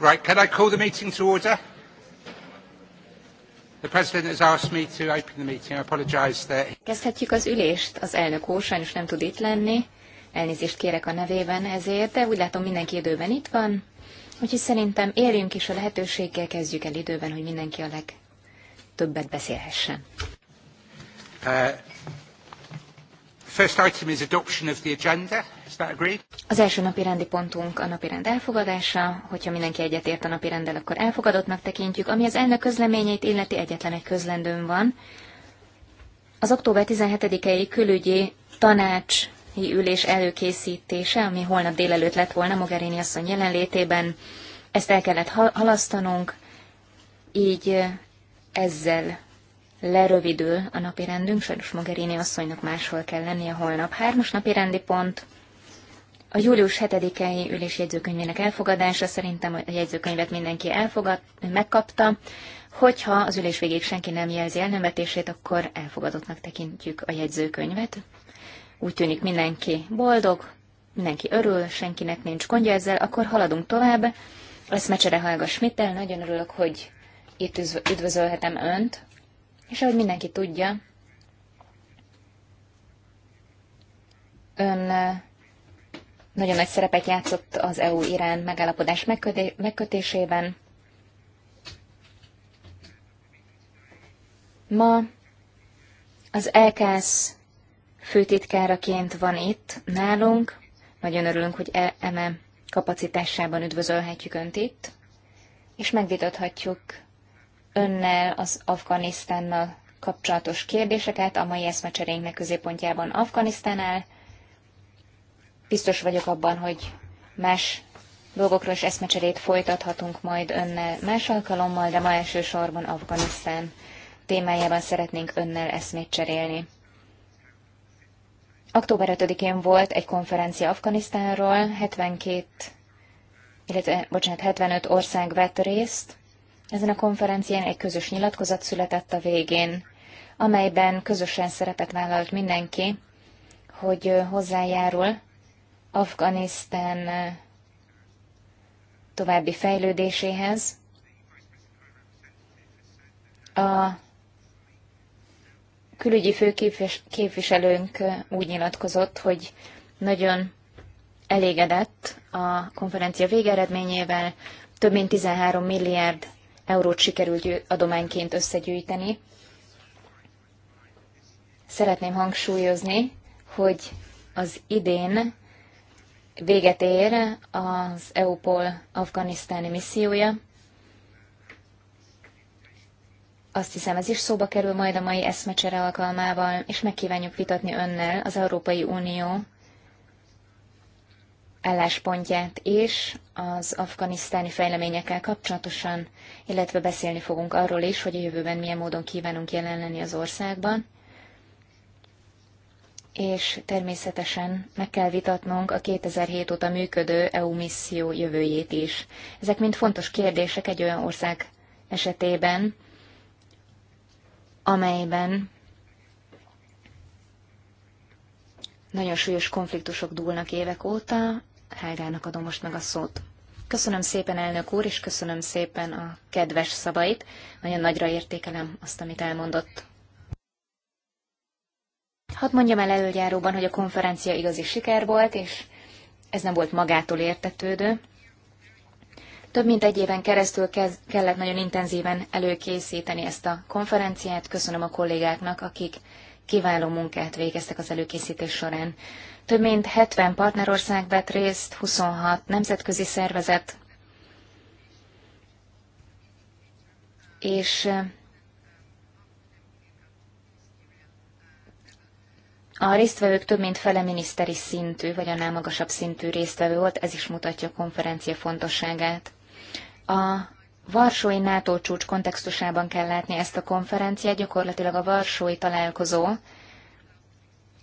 Right, can I call the meeting to order? The President has asked me to open the meeting. I apologize that... Kezdhetjük az ülést. Az elnök úr sajnos nem tud itt lenni. Elnézést kérek a nevében ezért, de úgy látom mindenki időben itt van. Úgyhogy szerintem érjünk is a lehetőséggel, kezdjük el időben, hogy mindenki a legtöbbet beszélhessen. Uh, first item is adoption of the agenda. Is that agreed? Az első napi rendi pontunk a napi rend elfogadása, hogyha mindenki egyetért a napi rendel, akkor elfogadottnak tekintjük, ami az elnök közleményeit illeti egyetlen egy közlendőn van. Az október 17-i külügyi tanácsi ülés előkészítése, ami holnap délelőtt lett volna Mogherini asszony jelenlétében, ezt el kellett halasztanunk, így ezzel lerövidül a napi rendünk, sajnos Mogherini asszonynak máshol kell lennie holnap. Hármas napi rendi pont – a július 7-i ülés jegyzőkönyvének elfogadása szerintem a jegyzőkönyvet mindenki elfogad, megkapta. Hogyha az ülés végéig senki nem jelzi elnevetését, akkor elfogadottnak tekintjük a jegyzőkönyvet. Úgy tűnik mindenki boldog, mindenki örül, senkinek nincs gondja ezzel, akkor haladunk tovább. Lesz mecsere Helga Schmidtel, nagyon örülök, hogy itt üdvözölhetem Önt, és ahogy mindenki tudja, Ön nagyon nagy szerepet játszott az EU-Irán megállapodás megkötésében. Ma az EKSZ főtitkáraként van itt nálunk. Nagyon örülünk, hogy EME e e kapacitásában üdvözölhetjük Önt itt, és megvitathatjuk Önnel az Afganisztánnal kapcsolatos kérdéseket. A mai eszmecserénknek középpontjában Afganisztán áll, Biztos vagyok abban, hogy más dolgokról is eszmecserét folytathatunk majd önnel más alkalommal, de ma elsősorban Afganisztán témájában szeretnénk önnel eszmét cserélni. Október 5-én volt egy konferencia Afganisztánról, 72, illetve, bocsánat, 75 ország vett részt. Ezen a konferencián egy közös nyilatkozat született a végén, amelyben közösen szerepet vállalt mindenki, hogy hozzájárul Afganisztán eh, további fejlődéséhez. A külügyi főképviselőnk eh, úgy nyilatkozott, hogy nagyon elégedett a konferencia végeredményével, több mint 13 milliárd eurót sikerült adományként összegyűjteni. Szeretném hangsúlyozni, hogy az idén Véget ér az EUPOL afganisztáni missziója. Azt hiszem, ez is szóba kerül majd a mai eszmecsere alkalmával, és megkívánjuk vitatni önnel az Európai Unió álláspontját és az afganisztáni fejleményekkel kapcsolatosan, illetve beszélni fogunk arról is, hogy a jövőben milyen módon kívánunk jelen lenni az országban és természetesen meg kell vitatnunk a 2007 óta működő EU misszió jövőjét is. Ezek mind fontos kérdések egy olyan ország esetében, amelyben nagyon súlyos konfliktusok dúlnak évek óta. Helgának adom most meg a szót. Köszönöm szépen, elnök úr, és köszönöm szépen a kedves szabait. Nagyon nagyra értékelem azt, amit elmondott. Hadd mondjam el előjáróban, hogy a konferencia igazi siker volt, és ez nem volt magától értetődő. Több mint egy éven keresztül kellett nagyon intenzíven előkészíteni ezt a konferenciát. Köszönöm a kollégáknak, akik kiváló munkát végeztek az előkészítés során. Több mint 70 partnerország vett részt, 26 nemzetközi szervezet, és A résztvevők több mint fele miniszteri szintű, vagy annál magasabb szintű résztvevő volt, ez is mutatja a konferencia fontosságát. A Varsói NATO csúcs kontextusában kell látni ezt a konferenciát, gyakorlatilag a Varsói találkozó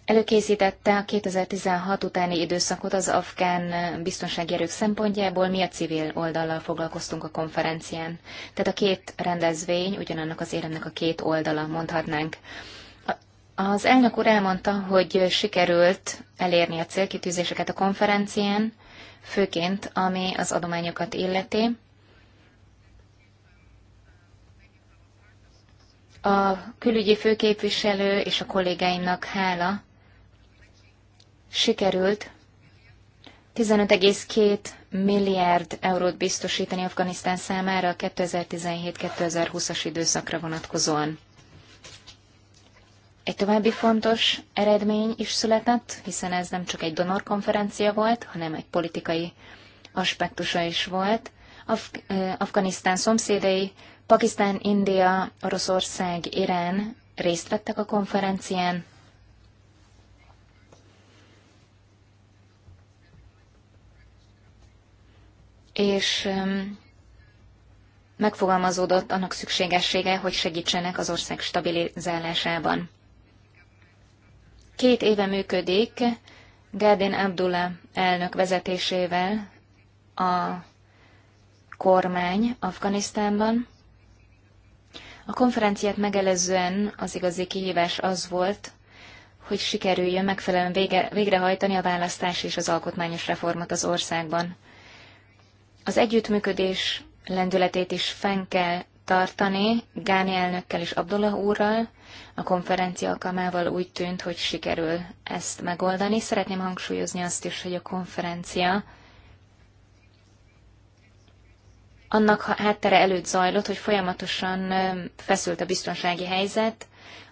előkészítette a 2016 utáni időszakot az afgán biztonsági erők szempontjából, mi a civil oldallal foglalkoztunk a konferencián. Tehát a két rendezvény ugyanannak az éremnek a két oldala, mondhatnánk. Az elnök úr elmondta, hogy sikerült elérni a célkitűzéseket a konferencián, főként ami az adományokat illeti. A külügyi főképviselő és a kollégáimnak hála sikerült 15,2 milliárd eurót biztosítani Afganisztán számára a 2017-2020-as időszakra vonatkozóan. Egy további fontos eredmény is született, hiszen ez nem csak egy donor konferencia volt, hanem egy politikai aspektusa is volt. Af- eh, Afganisztán szomszédei, Pakisztán, India, Oroszország, Irán részt vettek a konferencián. És megfogalmazódott annak szükségessége, hogy segítsenek az ország stabilizálásában. Két éve működik Gerdin Abdullah elnök vezetésével a kormány Afganisztánban. A konferenciát megelezően az igazi kihívás az volt, hogy sikerüljön megfelelően vége, végrehajtani a választás és az alkotmányos reformot az országban. Az együttműködés lendületét is fenn kell tartani Gáni elnökkel és Abdullah úrral. A konferencia alkalmával úgy tűnt, hogy sikerül ezt megoldani. Szeretném hangsúlyozni azt is, hogy a konferencia annak háttere előtt zajlott, hogy folyamatosan feszült a biztonsági helyzet,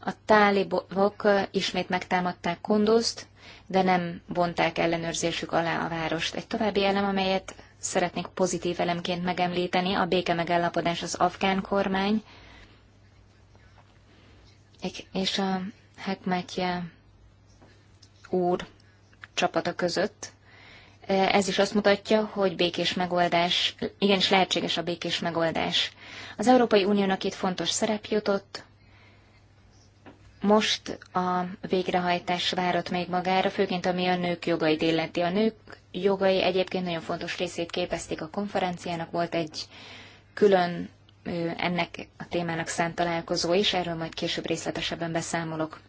a tálibok ismét megtámadták Kondozt, de nem vonták ellenőrzésük alá a várost. Egy további elem, amelyet szeretnék pozitív elemként megemlíteni, a béke megállapodás az afgán kormány, és a Hekmetje úr csapata között. E, ez is azt mutatja, hogy békés megoldás, igenis lehetséges a békés megoldás. Az Európai Uniónak itt fontos szerep jutott, most a végrehajtás várat még magára, főként ami a nők jogait illeti. A nők jogai egyébként nagyon fontos részét képezték a konferenciának. Volt egy külön ennek a témának szánt találkozó is, erről majd később részletesebben beszámolok.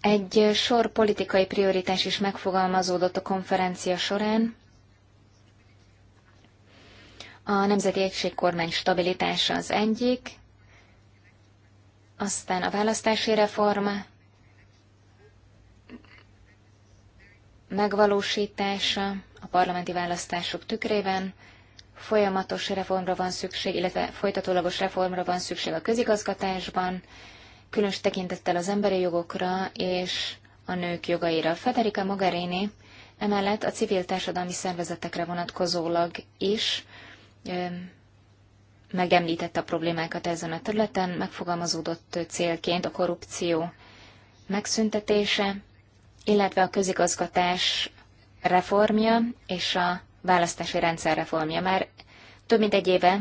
Egy sor politikai prioritás is megfogalmazódott a konferencia során. A Nemzeti Egység kormány stabilitása az egyik, aztán a választási reform megvalósítása a parlamenti választások tükrében, folyamatos reformra van szükség, illetve folytatólagos reformra van szükség a közigazgatásban, különös tekintettel az emberi jogokra és a nők jogaira. Federica Mogherini emellett a civil társadalmi szervezetekre vonatkozólag is megemlítette a problémákat ezen a területen, megfogalmazódott célként a korrupció megszüntetése, illetve a közigazgatás reformja és a választási rendszer reformja. Már több mint egy éve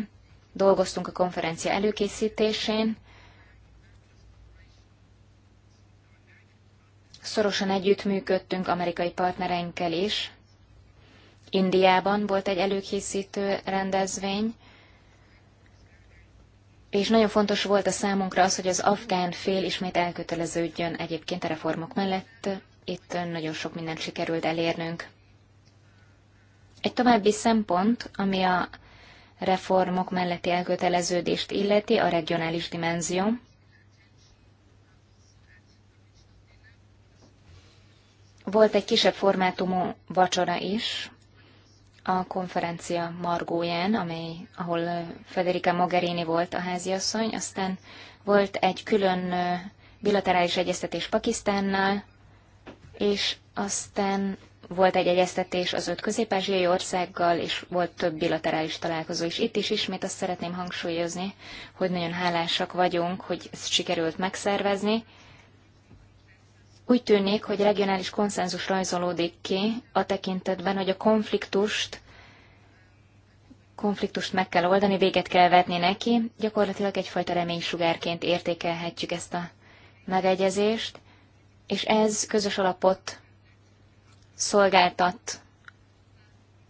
dolgoztunk a konferencia előkészítésén, Szorosan együttműködtünk amerikai partnereinkkel is. Indiában volt egy előkészítő rendezvény, és nagyon fontos volt a számunkra az, hogy az afgán fél ismét elköteleződjön egyébként a reformok mellett. Itt nagyon sok mindent sikerült elérnünk. Egy további szempont, ami a reformok melletti elköteleződést illeti, a regionális dimenzió. Volt egy kisebb formátumú vacsora is, a konferencia margóján, amely, ahol Federica Mogherini volt a háziasszony, aztán volt egy külön bilaterális egyeztetés Pakisztánnal, és aztán volt egy egyeztetés az öt közép országgal, és volt több bilaterális találkozó is. Itt is ismét azt szeretném hangsúlyozni, hogy nagyon hálásak vagyunk, hogy ezt sikerült megszervezni, úgy tűnik, hogy regionális konszenzus rajzolódik ki a tekintetben, hogy a konfliktust konfliktust meg kell oldani, véget kell vetni neki. Gyakorlatilag egyfajta reménysugárként értékelhetjük ezt a megegyezést, és ez közös alapot szolgáltat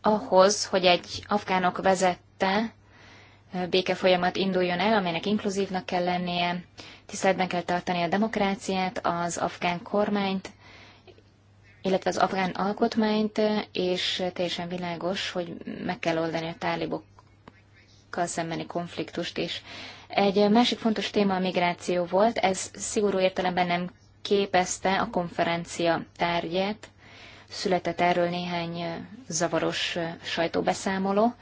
ahhoz, hogy egy afgánok vezette békefolyamat induljon el, amelynek inkluzívnak kell lennie, tiszteletben kell tartani a demokráciát, az afgán kormányt, illetve az afgán alkotmányt, és teljesen világos, hogy meg kell oldani a tálibokkal szembeni konfliktust is. Egy másik fontos téma a migráció volt, ez szigorú értelemben nem képezte a konferencia tárgyát, született erről néhány zavaros sajtóbeszámoló,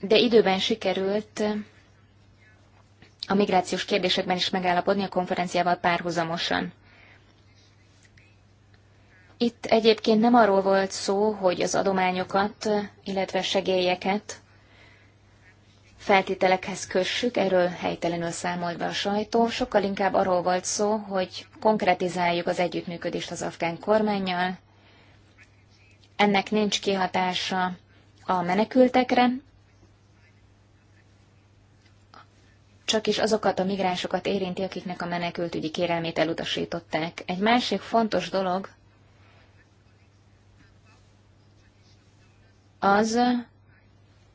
de időben sikerült a migrációs kérdésekben is megállapodni a konferenciával párhuzamosan. Itt egyébként nem arról volt szó, hogy az adományokat, illetve segélyeket feltételekhez kössük, erről helytelenül számolt be a sajtó, sokkal inkább arról volt szó, hogy konkretizáljuk az együttműködést az afgán kormányjal. Ennek nincs kihatása a menekültekre, csak is azokat a migránsokat érinti, akiknek a menekültügyi kérelmét elutasították. Egy másik fontos dolog az,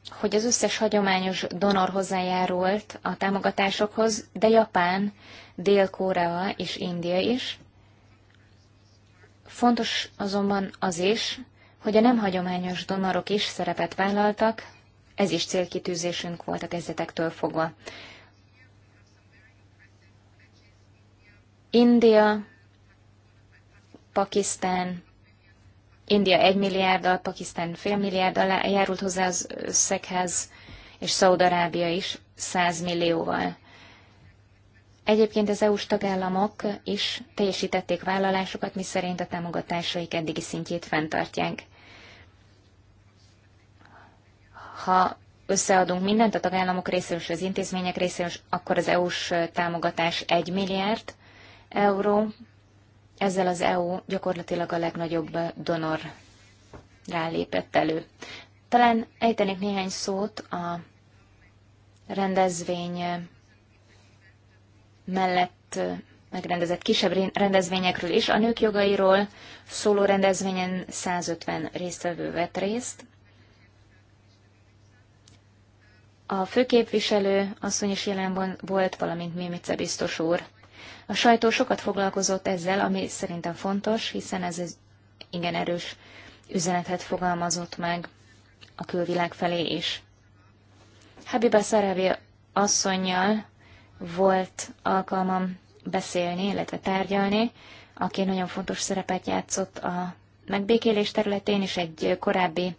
hogy az összes hagyományos donor hozzájárult a támogatásokhoz, de Japán, Dél-Korea és India is. Fontos azonban az is, hogy a nem hagyományos donorok is szerepet vállaltak, ez is célkitűzésünk volt a kezdetektől fogva. India, Pakisztán, India egy milliárddal, Pakisztán fél milliárddal járult hozzá az összeghez, és Szaudarábia is 100 millióval. Egyébként az EU-s tagállamok is teljesítették vállalásukat, miszerint a támogatásaik eddigi szintjét fenntartják. Ha összeadunk mindent a tagállamok részéről és az intézmények részéről, akkor az EU-s támogatás 1 milliárd, euró. Ezzel az EU gyakorlatilag a legnagyobb donor rálépett elő. Talán ejtenék néhány szót a rendezvény mellett megrendezett kisebb rendezvényekről is. A nők jogairól szóló rendezvényen 150 résztvevő vett részt. A főképviselő asszony is jelen volt, valamint Mimice biztos úr. A sajtó sokat foglalkozott ezzel, ami szerintem fontos, hiszen ez egy igen erős üzenetet fogalmazott meg a külvilág felé is. Habiba Szarevi asszonynal volt alkalmam beszélni, illetve tárgyalni, aki nagyon fontos szerepet játszott a megbékélés területén, és egy korábbi,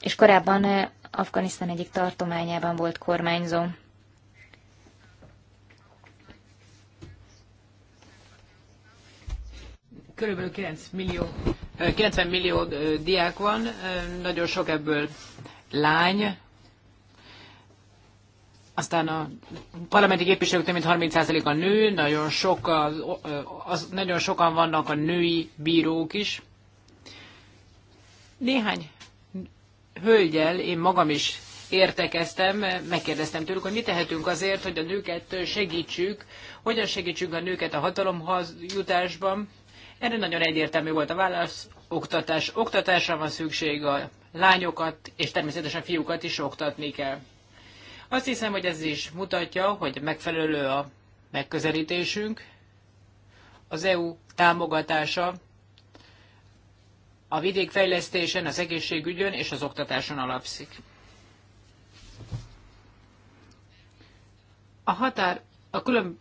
és korábban eh, Afganisztán egyik tartományában volt kormányzó. körülbelül 9 millió, 90 millió diák van, nagyon sok ebből lány, aztán a parlamenti képviselők több mint 30% a nő, nagyon, sok az, az, nagyon sokan vannak a női bírók is. Néhány hölgyel én magam is értekeztem, megkérdeztem tőlük, hogy mi tehetünk azért, hogy a nőket segítsük, hogyan segítsük a nőket a hatalomhoz jutásban. Erre nagyon egyértelmű volt a válasz, oktatás. Oktatásra van szükség a lányokat, és természetesen fiúkat is oktatni kell. Azt hiszem, hogy ez is mutatja, hogy megfelelő a megközelítésünk. Az EU támogatása a vidékfejlesztésen, az egészségügyön és az oktatáson alapszik. A határ a külön,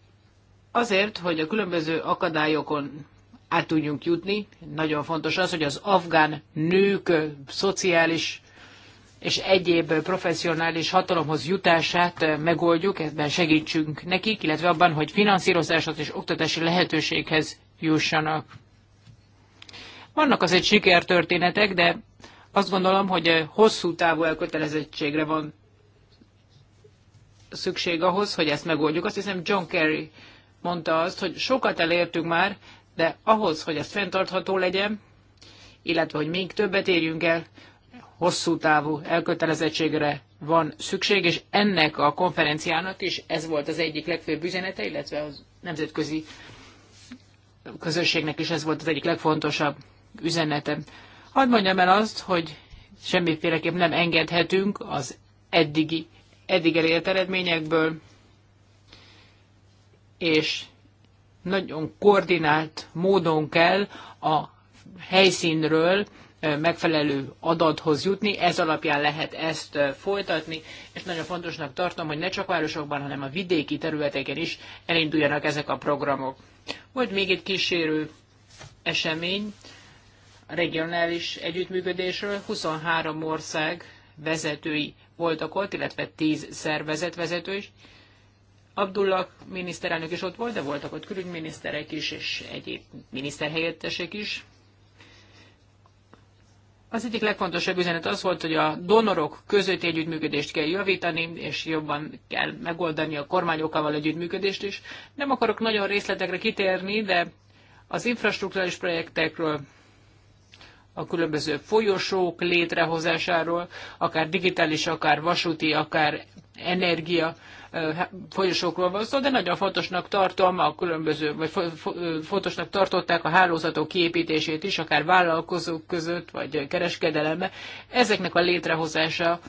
azért, hogy a különböző akadályokon át tudjunk jutni. Nagyon fontos az, hogy az afgán nők szociális és egyéb professzionális hatalomhoz jutását megoldjuk, ebben segítsünk nekik, illetve abban, hogy finanszírozáshoz és oktatási lehetőséghez jussanak. Vannak azért sikertörténetek, de azt gondolom, hogy hosszú távú elkötelezettségre van szükség ahhoz, hogy ezt megoldjuk. Azt hiszem John Kerry mondta azt, hogy sokat elértünk már, de ahhoz, hogy ez fenntartható legyen, illetve hogy még többet érjünk el, hosszú távú elkötelezettségre van szükség, és ennek a konferenciának is ez volt az egyik legfőbb üzenete, illetve az nemzetközi közösségnek is ez volt az egyik legfontosabb üzenete. Hadd mondjam el azt, hogy semmiféleképp nem engedhetünk az eddigi, eddig elért eredményekből, és nagyon koordinált módon kell a helyszínről megfelelő adathoz jutni, ez alapján lehet ezt folytatni, és nagyon fontosnak tartom, hogy ne csak városokban, hanem a vidéki területeken is elinduljanak ezek a programok. Volt még egy kísérő esemény a regionális együttműködésről, 23 ország vezetői voltak ott, illetve 10 szervezet vezetői. Abdullah miniszterelnök is ott volt, de voltak ott külügyminiszterek is, és egyéb miniszterhelyettesek is. Az egyik legfontosabb üzenet az volt, hogy a donorok közötti együttműködést kell javítani, és jobban kell megoldani a kormányokkal való együttműködést is. Nem akarok nagyon részletekre kitérni, de az infrastruktúrális projektekről, a különböző folyosók létrehozásáról, akár digitális, akár vasúti, akár energia folyosókról van szó, de nagyon fontosnak tartom a különböző, vagy fontosnak tartották a hálózatok kiépítését is, akár vállalkozók között, vagy kereskedelembe. Ezeknek a létrehozása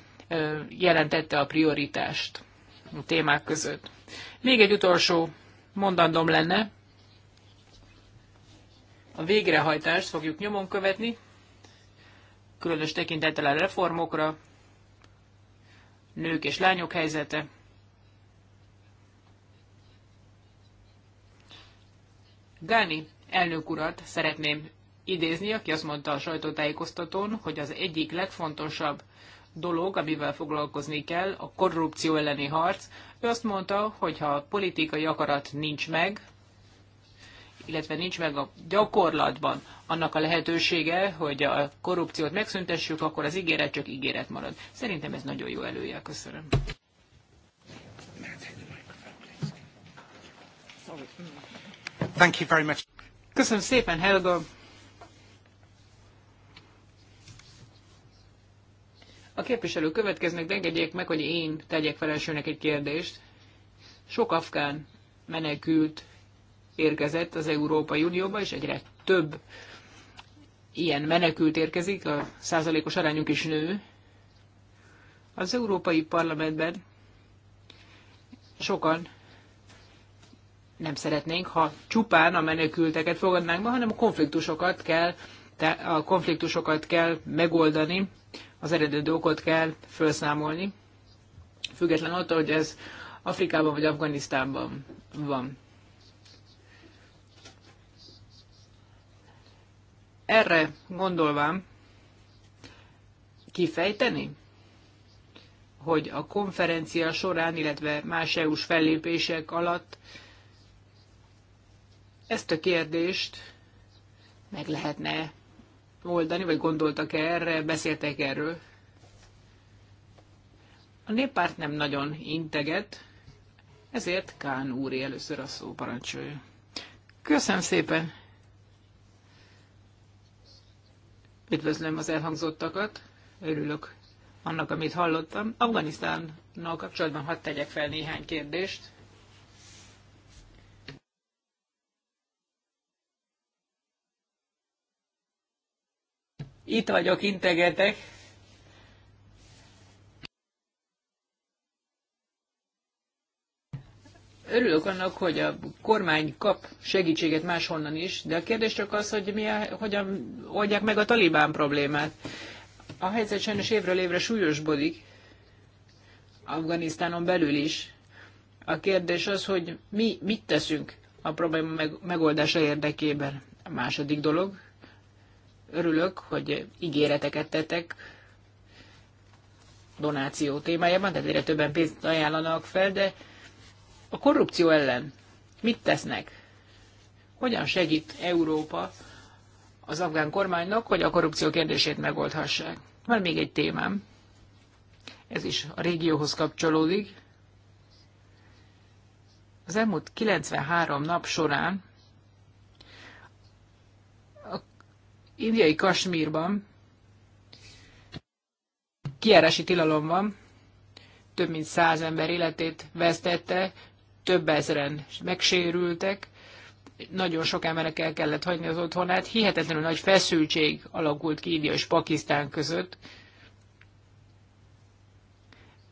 jelentette a prioritást a témák között. Még egy utolsó mondandom lenne. A végrehajtást fogjuk nyomon követni, különös tekintettel a reformokra, nők és lányok helyzete. Gáni elnök urat szeretném idézni, aki azt mondta a sajtótájékoztatón, hogy az egyik legfontosabb dolog, amivel foglalkozni kell, a korrupció elleni harc. Ő azt mondta, hogy ha politikai akarat nincs meg, illetve nincs meg a gyakorlatban annak a lehetősége, hogy a korrupciót megszüntessük, akkor az ígéret csak ígéret marad. Szerintem ez nagyon jó előjel. Köszönöm. Thank you very much. Köszönöm szépen, Helga. A képviselő következnek, de engedjék meg, hogy én tegyek fel elsőnek egy kérdést. Sok afgán menekült érkezett az Európai Unióba, és egyre több ilyen menekült érkezik, a százalékos arányunk is nő. Az Európai Parlamentben sokan nem szeretnénk, ha csupán a menekülteket fogadnánk be, hanem a konfliktusokat kell, a konfliktusokat kell megoldani, az eredeti okot kell felszámolni, független attól, hogy ez Afrikában vagy Afganisztánban van. Erre gondolvám kifejteni, hogy a konferencia során, illetve más EU-s fellépések alatt ezt a kérdést meg lehetne oldani, vagy gondoltak -e erre, beszéltek erről? A néppárt nem nagyon integet, ezért Kán úri először a szó parancsolja. Köszönöm szépen! Üdvözlöm az elhangzottakat, örülök annak, amit hallottam. Afganisztánnal kapcsolatban hadd tegyek fel néhány kérdést. Itt vagyok, integetek. Örülök annak, hogy a kormány kap segítséget máshonnan is, de a kérdés csak az, hogy milyen, hogyan oldják meg a talibán problémát. A helyzet sajnos évről évre súlyosbodik, Afganisztánon belül is. A kérdés az, hogy mi mit teszünk a probléma meg, megoldása érdekében. A második dolog, örülök, hogy ígéreteket tettek donáció témájában, tehát egyre többen pénzt ajánlanak fel, de a korrupció ellen mit tesznek? Hogyan segít Európa az afgán kormánynak, hogy a korrupció kérdését megoldhassák? Van még egy témám. Ez is a régióhoz kapcsolódik. Az elmúlt 93 nap során a indiai Kasmírban kiárási tilalom van, több mint száz ember életét vesztette, több ezeren megsérültek, nagyon sok embernek el kellett hagyni az otthonát, hihetetlenül nagy feszültség alakult ki India és Pakisztán között.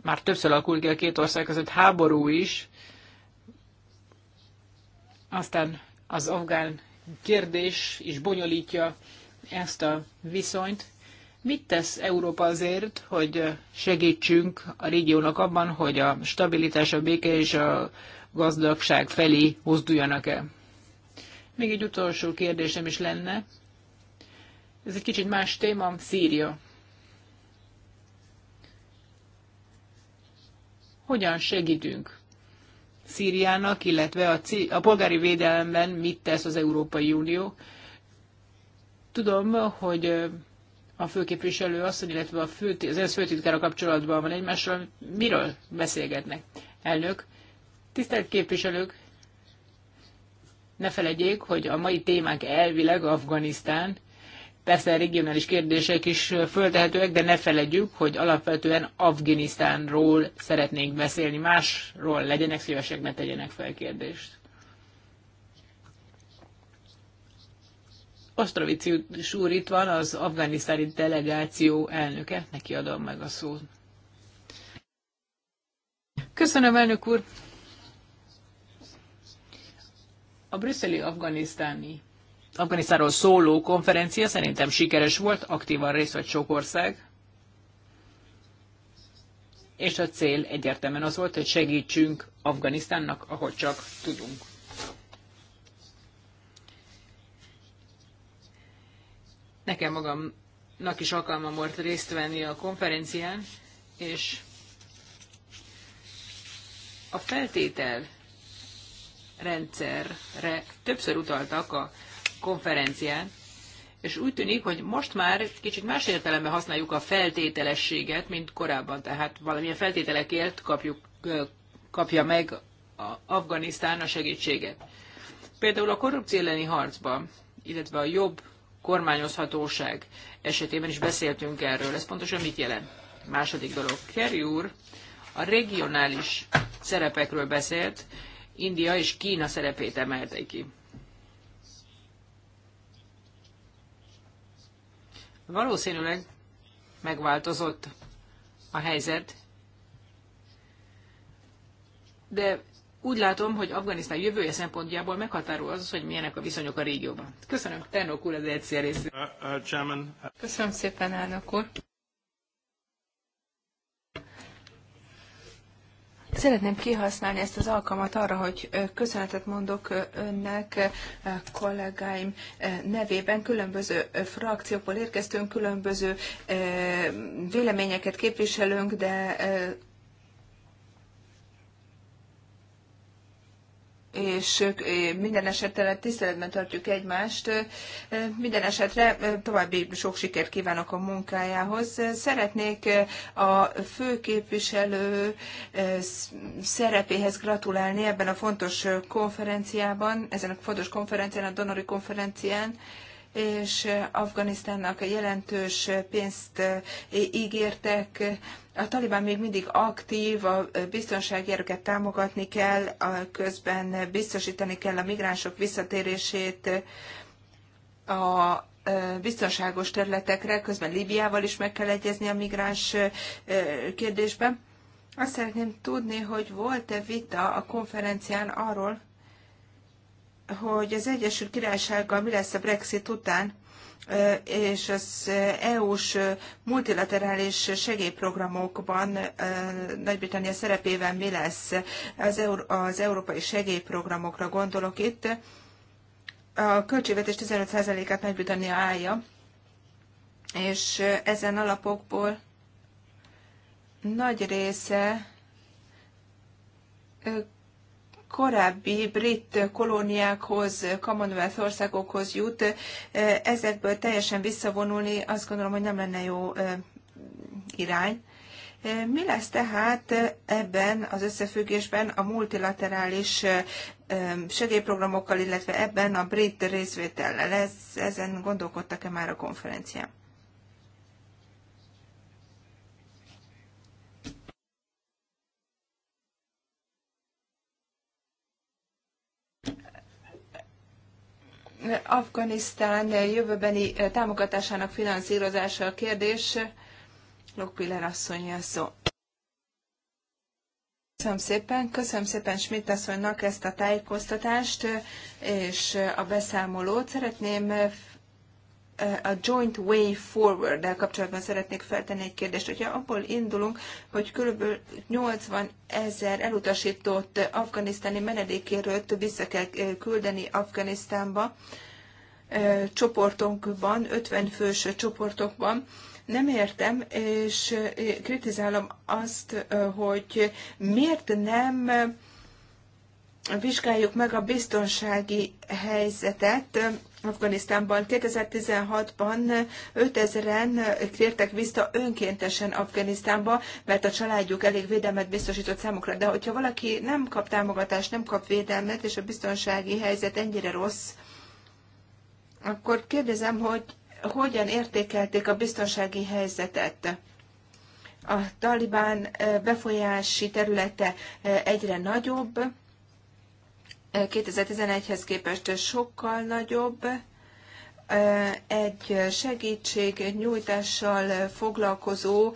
Már többször alakult ki a két ország között háború is, aztán az afgán kérdés is bonyolítja ezt a viszonyt. Mit tesz Európa azért, hogy segítsünk a régiónak abban, hogy a stabilitás, a béke és a gazdagság felé mozduljanak el. Még egy utolsó kérdésem is lenne. Ez egy kicsit más téma, Szíria. Hogyan segítünk Szíriának, illetve a, a polgári védelemben mit tesz az Európai Unió? Tudom, hogy a főképviselő asszony, illetve a fő, az ENSZ főtitkára kapcsolatban van egymással, miről beszélgetnek? Elnök, Tisztelt képviselők, ne felejtjék, hogy a mai témák elvileg Afganisztán, persze regionális kérdések is föltehetőek, de ne felejtjük, hogy alapvetően Afganisztánról szeretnénk beszélni, másról legyenek szívesek, ne tegyenek fel kérdést. Ostrovici úr itt van, az afganisztáni delegáció elnöke, neki adom meg a szót. Köszönöm, elnök úr! A brüsszeli afganisztáni Afganisztáról szóló konferencia szerintem sikeres volt, aktívan részt vett sok ország, és a cél egyértelműen az volt, hogy segítsünk Afganisztánnak, ahogy csak tudunk. Nekem magamnak is alkalmam volt részt venni a konferencián, és a feltétel rendszerre többször utaltak a konferencián, és úgy tűnik, hogy most már kicsit más értelemben használjuk a feltételességet, mint korábban. Tehát valamilyen feltételekért kapjuk, kapja meg a Afganisztán a segítséget. Például a korrupció elleni harcban, illetve a jobb kormányozhatóság esetében is beszéltünk erről. Ez pontosan mit jelent? Második dolog. Kerry úr a regionális szerepekről beszélt, India és Kína szerepét emelte ki. Valószínűleg megváltozott a helyzet, de úgy látom, hogy Afganisztán jövője szempontjából meghatározó az, hogy milyenek a viszonyok a régióban. Köszönöm, Ternok úr, az egyszer részét. Uh, uh, Köszönöm szépen, elnök úr. Szeretném kihasználni ezt az alkalmat arra, hogy köszönetet mondok önnek, kollégáim nevében. Különböző frakciókból érkeztünk, különböző véleményeket képviselünk, de és minden esetre tiszteletben tartjuk egymást. Minden esetre további sok sikert kívánok a munkájához. Szeretnék a főképviselő szerepéhez gratulálni ebben a fontos konferenciában, ezen a fontos konferencián, a donori konferencián és Afganisztánnak jelentős pénzt ígértek a talibán még mindig aktív, a biztonsági erőket támogatni kell, a közben biztosítani kell a migránsok visszatérését a biztonságos területekre, közben Líbiával is meg kell egyezni a migráns kérdésben. Azt szeretném tudni, hogy volt-e vita a konferencián arról, hogy az Egyesült Királysággal mi lesz a Brexit után, és az EU-s multilaterális segélyprogramokban Nagy-Britannia szerepében mi lesz? Az, Euró- az európai segélyprogramokra gondolok itt. A költségvetés 15%-át Nagy-Britannia állja, és ezen alapokból nagy része korábbi brit kolóniákhoz, Commonwealth országokhoz jut, e, ezekből teljesen visszavonulni azt gondolom, hogy nem lenne jó e, irány. E, mi lesz tehát ebben az összefüggésben a multilaterális segélyprogramokkal, illetve ebben a brit részvétellel? Ez, ezen gondolkodtak-e már a konferencián? Afganisztán jövőbeni eh, támogatásának finanszírozása a kérdés. Lokpiller asszony szó. Köszönöm szépen, köszönöm szépen Schmidt asszonynak ezt a tájékoztatást eh, és a beszámolót. Szeretném eh, a Joint Way Forward-del kapcsolatban szeretnék feltenni egy kérdést. Hogyha abból indulunk, hogy kb. 80 ezer elutasított afganisztáni menedékérőt vissza kell eh, küldeni Afganisztánba, eh, csoportokban, 50 fős csoportokban, nem értem, és eh, kritizálom azt, hogy miért nem vizsgáljuk meg a biztonsági helyzetet Afganisztánban. 2016-ban 5000-en tértek vissza önkéntesen Afganisztánba, mert a családjuk elég védelmet biztosított számukra. De hogyha valaki nem kap támogatást, nem kap védelmet, és a biztonsági helyzet ennyire rossz, akkor kérdezem, hogy hogyan értékelték a biztonsági helyzetet? A talibán befolyási területe egyre nagyobb, 2011-hez képest sokkal nagyobb, egy segítség nyújtással foglalkozó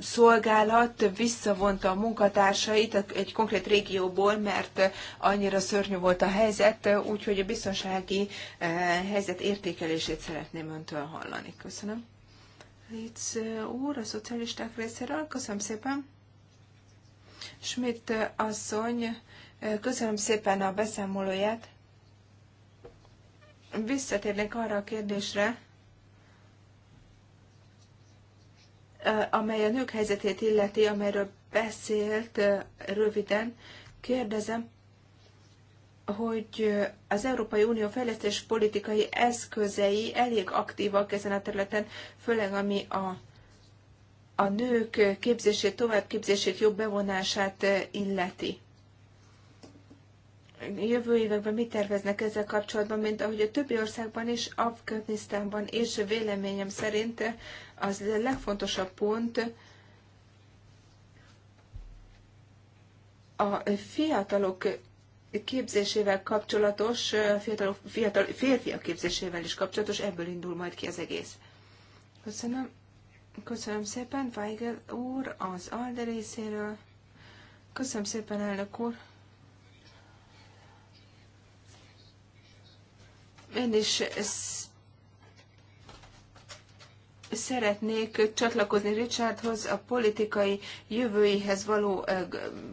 szolgálat visszavonta a munkatársait egy konkrét régióból, mert annyira szörnyű volt a helyzet, úgyhogy a biztonsági helyzet értékelését szeretném öntől hallani. Köszönöm. Litz úr, a szocialisták részéről, köszönöm szépen. Schmidt asszony, köszönöm szépen a beszámolóját. Visszatérnék arra a kérdésre, amely a nők helyzetét illeti, amelyről beszélt röviden. Kérdezem, hogy az Európai Unió fejlesztés politikai eszközei elég aktívak ezen a területen, főleg ami a a nők képzését, továbbképzését, jobb bevonását eh, illeti. Jövő években mit terveznek ezzel kapcsolatban, mint ahogy a többi országban is, Afganisztánban és véleményem szerint az a legfontosabb pont, a fiatalok képzésével kapcsolatos, eh, fiatal, fiatal, férfiak képzésével is kapcsolatos, ebből indul majd ki az egész. Köszönöm. Köszönöm szépen, Weigel úr, az ALDE részéről. Köszönöm szépen, elnök úr. Én is szeretnék csatlakozni Richardhoz a politikai jövőihez való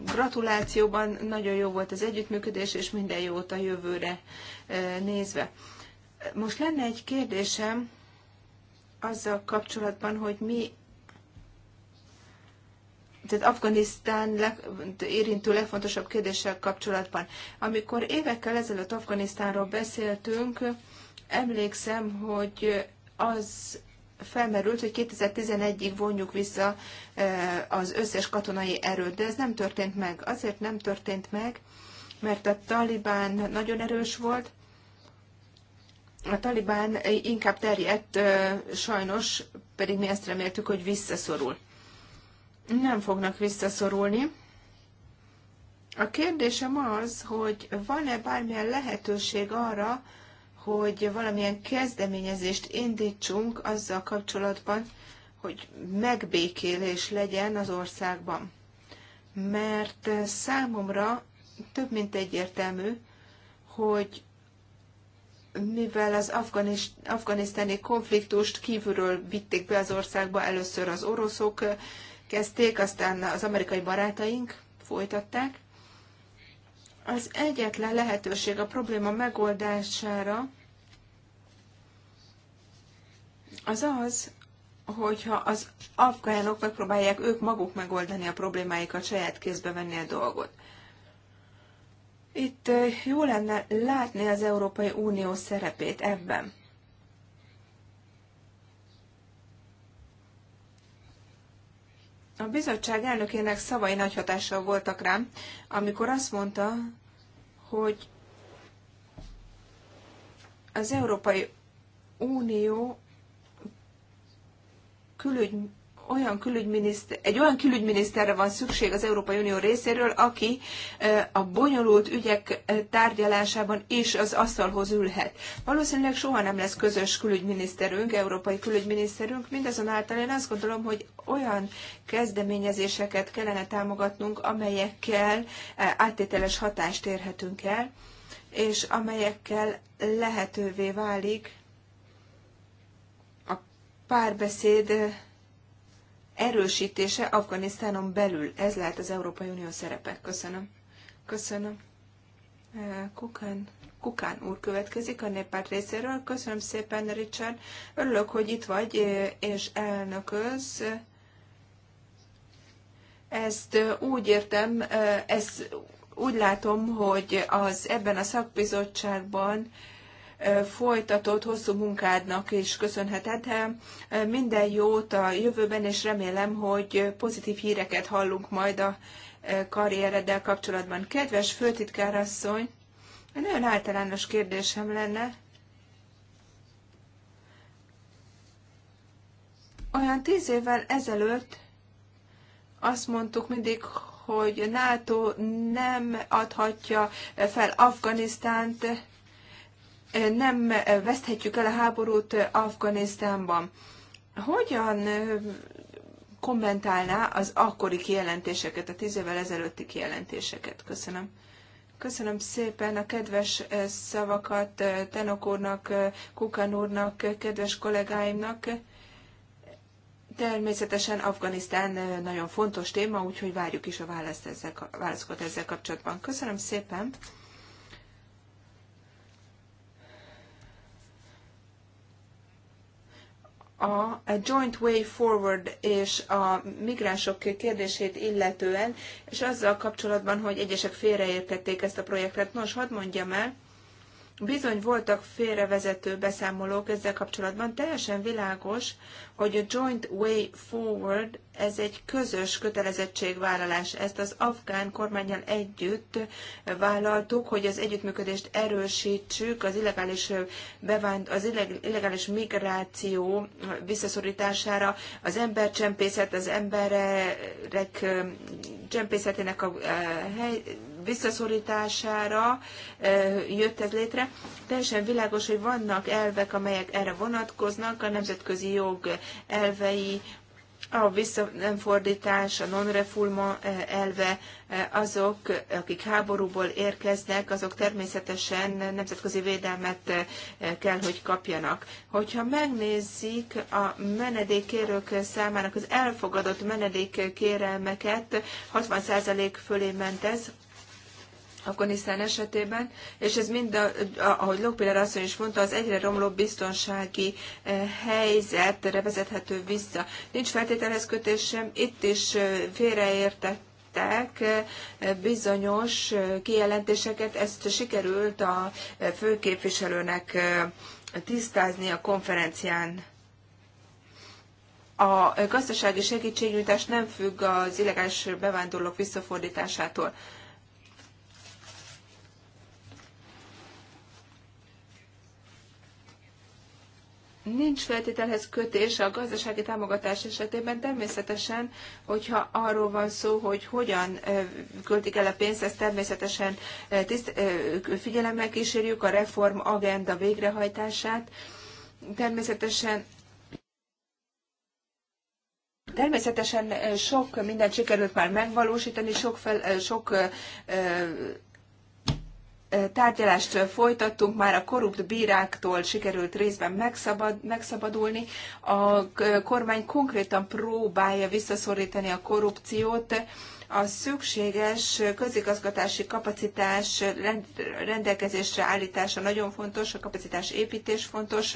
gratulációban. Nagyon jó volt az együttműködés, és minden jót a jövőre nézve. Most lenne egy kérdésem azzal kapcsolatban, hogy mi tehát Afganisztán le, érintő legfontosabb kérdéssel kapcsolatban. Amikor évekkel ezelőtt Afganisztánról beszéltünk, emlékszem, hogy az felmerült, hogy 2011-ig vonjuk vissza e, az összes katonai erőt, de ez nem történt meg. Azért nem történt meg, mert a Talibán nagyon erős volt, a talibán inkább terjedt, sajnos, pedig mi ezt reméltük, hogy visszaszorul. Nem fognak visszaszorulni. A kérdésem az, hogy van-e bármilyen lehetőség arra, hogy valamilyen kezdeményezést indítsunk azzal kapcsolatban, hogy megbékélés legyen az országban. Mert számomra több mint egyértelmű, hogy mivel az afganisztáni konfliktust kívülről vitték be az országba, először az oroszok kezdték, aztán az amerikai barátaink folytatták. Az egyetlen lehetőség a probléma megoldására az az, hogyha az afgánok megpróbálják ők maguk megoldani a problémáikat, saját kézbe venni a dolgot. Itt jó lenne látni az Európai Unió szerepét ebben. A bizottság elnökének szavai nagy hatással voltak rám, amikor azt mondta, hogy az Európai Unió külügy olyan külügyminiszter, egy olyan külügyminiszterre van szükség az Európai Unió részéről, aki a bonyolult ügyek tárgyalásában is az asztalhoz ülhet. Valószínűleg soha nem lesz közös külügyminiszterünk, európai külügyminiszterünk, mindazonáltal én azt gondolom, hogy olyan kezdeményezéseket kellene támogatnunk, amelyekkel áttételes hatást érhetünk el, és amelyekkel lehetővé válik a párbeszéd erősítése Afganisztánon belül. Ez lehet az Európai Unió szerepe. Köszönöm. Köszönöm. Eh, Kukán, Kukán úr következik a néppárt részéről. Köszönöm szépen, Richard. Örülök, hogy itt vagy, eh, és elnököz. Ezt eh, úgy értem, ez úgy látom, hogy az ebben a szakbizottságban folytatott hosszú munkádnak is köszönheted. Minden jót a jövőben, és remélem, hogy pozitív híreket hallunk majd a karriereddel kapcsolatban. Kedves főtitkárasszony, egy nagyon általános kérdésem lenne. Olyan tíz évvel ezelőtt azt mondtuk mindig, hogy NATO nem adhatja fel Afganisztánt, nem veszthetjük el a háborút Afganisztánban. Hogyan kommentálná az akkori kijelentéseket, a tíz évvel ezelőtti kijelentéseket? Köszönöm. Köszönöm szépen a kedves szavakat Tenok úrnak, Kukan úrnak, kedves kollégáimnak. Természetesen Afganisztán nagyon fontos téma, úgyhogy várjuk is a választ válaszokat ezzel kapcsolatban. Köszönöm szépen! a Joint Way Forward és a migránsok kérdését illetően, és azzal kapcsolatban, hogy egyesek félreértették ezt a projektet. Nos, hadd mondjam el, Bizony voltak félrevezető beszámolók ezzel kapcsolatban. Teljesen világos, hogy a Joint Way Forward ez egy közös kötelezettségvállalás. Ezt az afgán kormányjal együtt vállaltuk, hogy az együttműködést erősítsük az illegális, bevánt, az illegális migráció visszaszorítására, az embercsempészet, az emberek csempészetének a hely, visszaszorítására jött ez létre. Teljesen világos, hogy vannak elvek, amelyek erre vonatkoznak, a nemzetközi jog elvei, a visszafordítás, a non-refulma elve, azok, akik háborúból érkeznek, azok természetesen nemzetközi védelmet kell, hogy kapjanak. Hogyha megnézzük a menedékkérők számának az elfogadott menedékkérelmeket, 60% fölé ment ez, Afganisztán esetében, és ez mind, ahogy Lópiller asszony is mondta, az egyre romló biztonsági eh, helyzetre vezethető vissza. Nincs feltételhez kötés sem, itt is eh, félreértett eh, bizonyos kijelentéseket, ezt sikerült a főképviselőnek tisztázni a konferencián a gazdasági segítségnyújtás nem függ az illegális bevándorlók visszafordításától. Nincs feltételhez kötés a gazdasági támogatás esetében, természetesen, hogyha arról van szó, hogy hogyan költik el a pénzt, ezt természetesen tiszt, figyelemmel kísérjük a reform agenda végrehajtását. Természetesen Természetesen sok mindent sikerült már megvalósítani, sok, fel, sok tárgyalást folytattunk, már a korrupt bíráktól sikerült részben megszabad, megszabadulni. A kormány konkrétan próbálja visszaszorítani a korrupciót, a szükséges közigazgatási kapacitás rendelkezésre állítása nagyon fontos, a kapacitás építés fontos,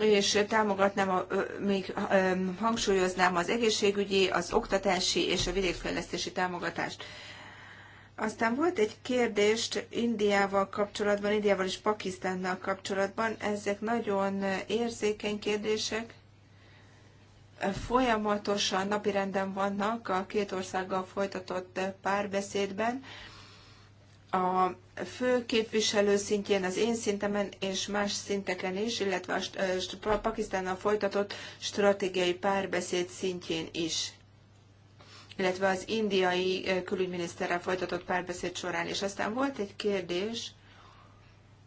és támogatnám, a, még hangsúlyoznám az egészségügyi, az oktatási és a vidékfejlesztési támogatást. Aztán volt egy kérdést Indiával kapcsolatban, Indiával és Pakisztánnal kapcsolatban. Ezek nagyon érzékeny kérdések. Folyamatosan napirenden vannak a két országgal folytatott párbeszédben. A fő képviselő szintjén, az én szintemen és más szinteken is, illetve a Pakisztánnal folytatott stratégiai párbeszéd szintjén is illetve az indiai külügyminiszterrel folytatott párbeszéd során. És aztán volt egy kérdés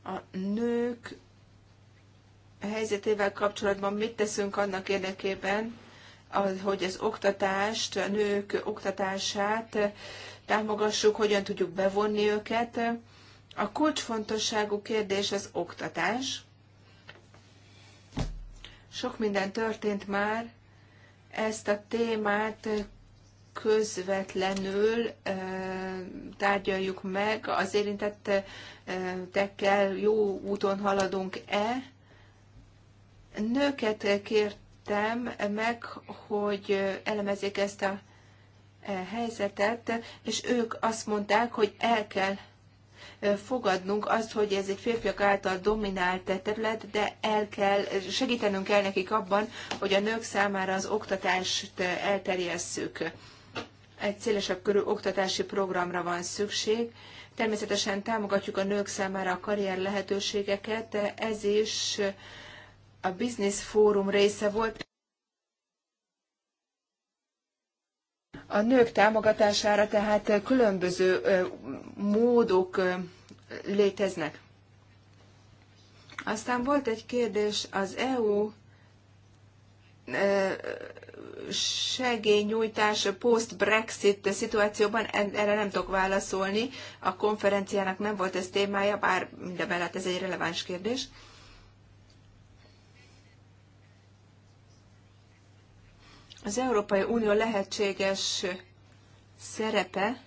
a nők helyzetével kapcsolatban, mit teszünk annak érdekében, hogy az oktatást, a nők oktatását támogassuk, hogyan tudjuk bevonni őket. A kulcsfontosságú kérdés az oktatás. Sok minden történt már, ezt a témát közvetlenül tárgyaljuk meg az érintettekkel, jó úton haladunk-e. Nőket kértem meg, hogy elemezzék ezt a e, helyzetet, és ők azt mondták, hogy el kell fogadnunk azt, hogy ez egy férfiak által dominált terület, de el kell, segítenünk kell nekik abban, hogy a nők számára az oktatást elterjesszük egy szélesebb körű oktatási programra van szükség. Természetesen támogatjuk a nők számára a karrier lehetőségeket, ez is a Business Fórum része volt. A nők támogatására tehát különböző módok léteznek. Aztán volt egy kérdés az EU segélynyújtás post-Brexit szituációban, erre nem tudok válaszolni. A konferenciának nem volt ez témája, bár mellett ez egy releváns kérdés. Az Európai Unió lehetséges szerepe.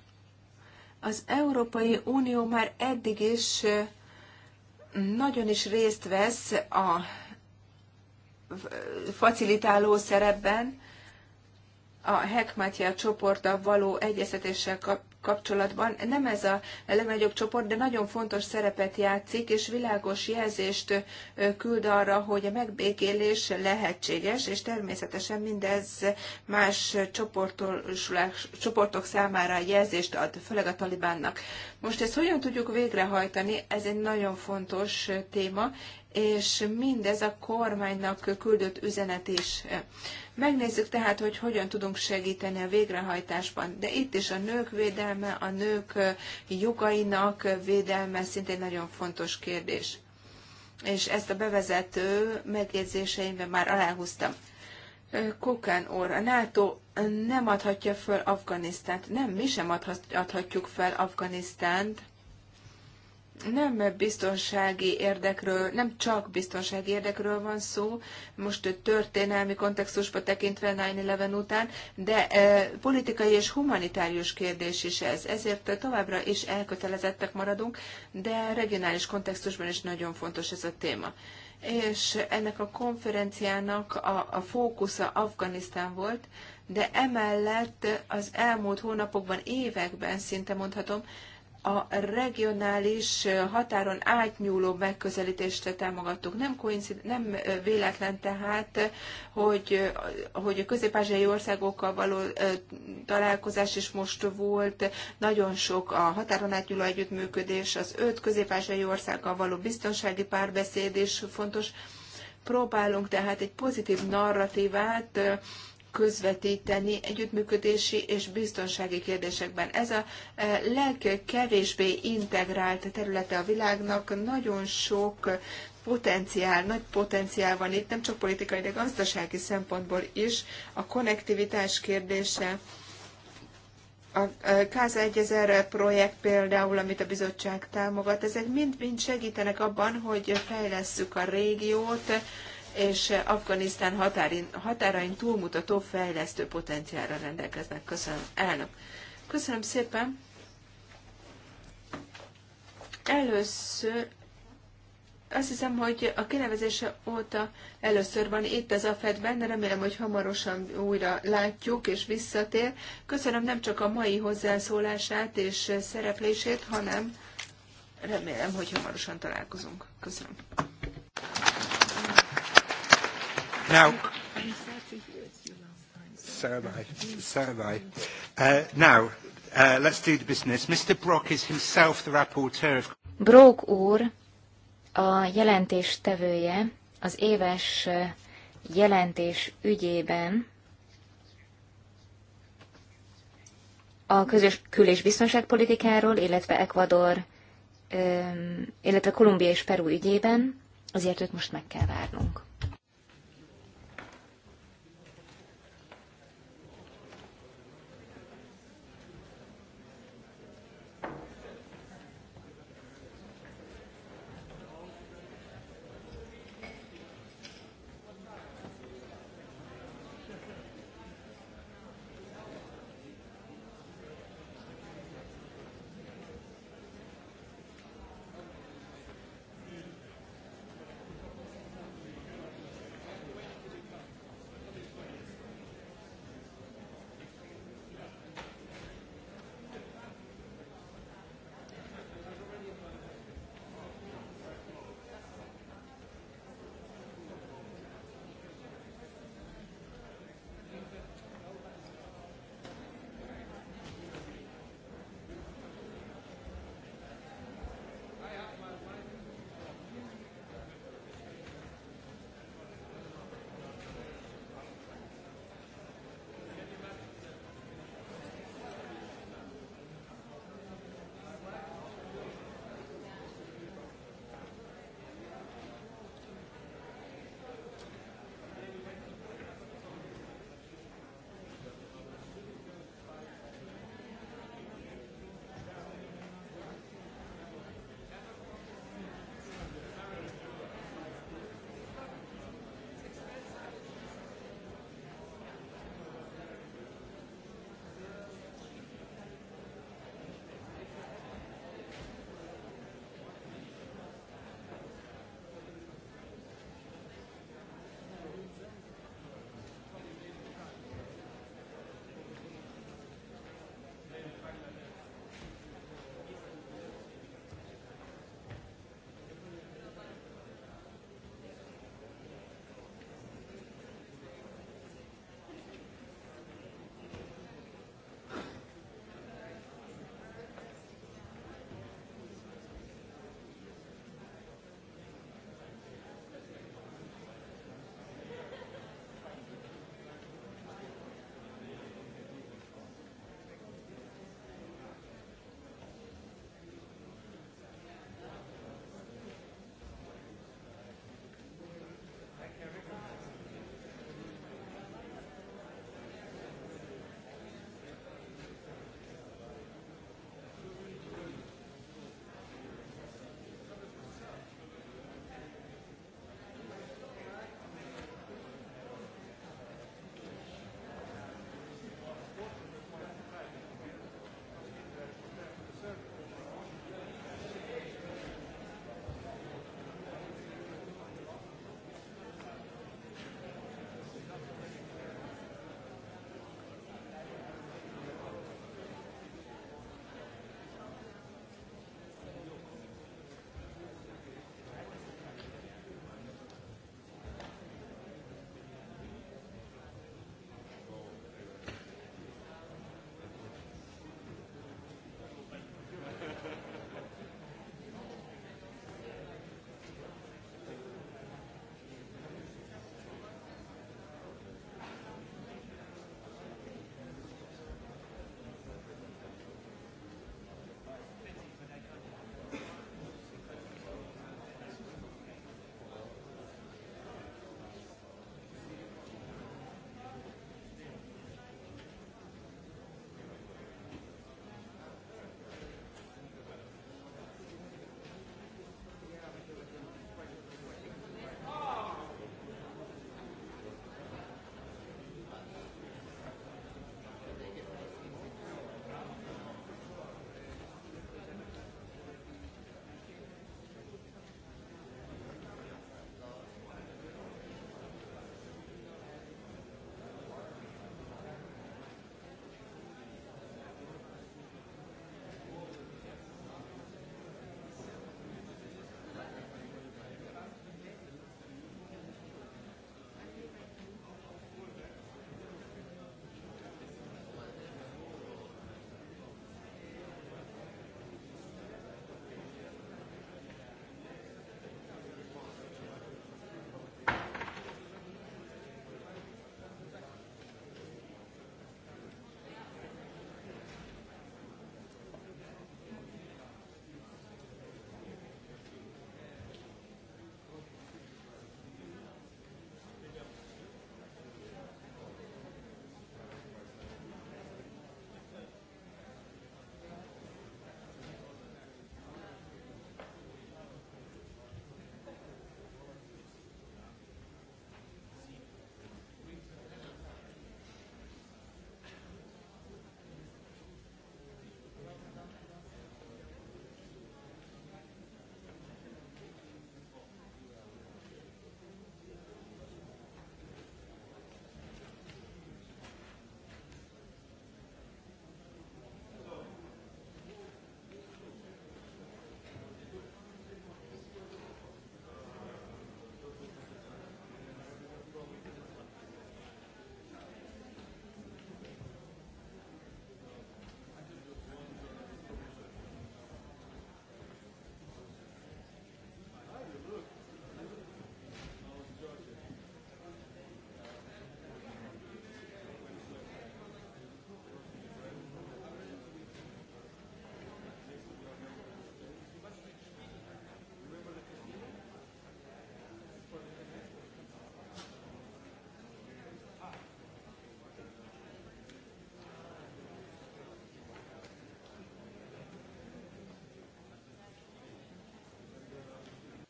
Az Európai Unió már eddig is nagyon is részt vesz a facilitáló szerepben, a Hekmatya csoporttal való egyeztetéssel kap, kapcsolatban. Nem ez a legnagyobb csoport, de nagyon fontos szerepet játszik, és világos jelzést küld arra, hogy a megbékélés lehetséges, és természetesen mindez más csoportok számára jelzést ad, főleg a talibánnak. Most ezt hogyan tudjuk végrehajtani, ez egy nagyon fontos téma, és mindez a kormánynak küldött üzenet is. Megnézzük tehát, hogy hogyan tudunk segíteni a végrehajtásban, de itt is a nők védelme, a nők jogainak védelme szintén nagyon fontos kérdés. És ezt a bevezető megjegyzéseimben már aláhúztam. Kukán or a NATO nem adhatja föl Afganisztánt. Nem, mi sem adhatjuk fel Afganisztánt nem biztonsági érdekről, nem csak biztonsági érdekről van szó, most történelmi kontextusba tekintve 9-11 után, de e, politikai és humanitárius kérdés is ez. Ezért továbbra is elkötelezettek maradunk, de regionális kontextusban is nagyon fontos ez a téma. És ennek a konferenciának a, a fókusza Afganisztán volt, de emellett az elmúlt hónapokban, években szinte mondhatom, a regionális határon átnyúló megközelítést támogattuk. Nem, koincid, nem véletlen tehát, hogy, hogy a közép országokkal való találkozás is most volt, nagyon sok a határon átnyúló együttműködés, az öt közép országgal való biztonsági párbeszéd is fontos. Próbálunk tehát egy pozitív narratívát közvetíteni együttműködési és biztonsági kérdésekben. Ez a e, legkevésbé integrált területe a világnak, nagyon sok potenciál, nagy potenciál van itt, nem csak politikai, de gazdasági szempontból is. A konnektivitás kérdése, a e, Káza 1000 projekt például, amit a bizottság támogat, ezek mind-mind segítenek abban, hogy fejlesszük a régiót, és Afganisztán határin, határain túlmutató fejlesztő potenciálra rendelkeznek. Köszönöm, elnök. Köszönöm szépen. Először azt hiszem, hogy a kinevezése óta először van itt ez a Fedben, de remélem, hogy hamarosan újra látjuk és visszatér. Köszönöm nem csak a mai hozzászólását és szereplését, hanem remélem, hogy hamarosan találkozunk. Köszönöm. Now, so am I. So am I. Uh, now, uh, let's do the business. Mr. Brock is himself the rapporteur of... Brock úr a jelentés tevője az éves uh, jelentés ügyében a közös kül- és biztonságpolitikáról, illetve Ecuador, um, illetve Kolumbia és Peru ügyében, azért őt most meg kell várnunk.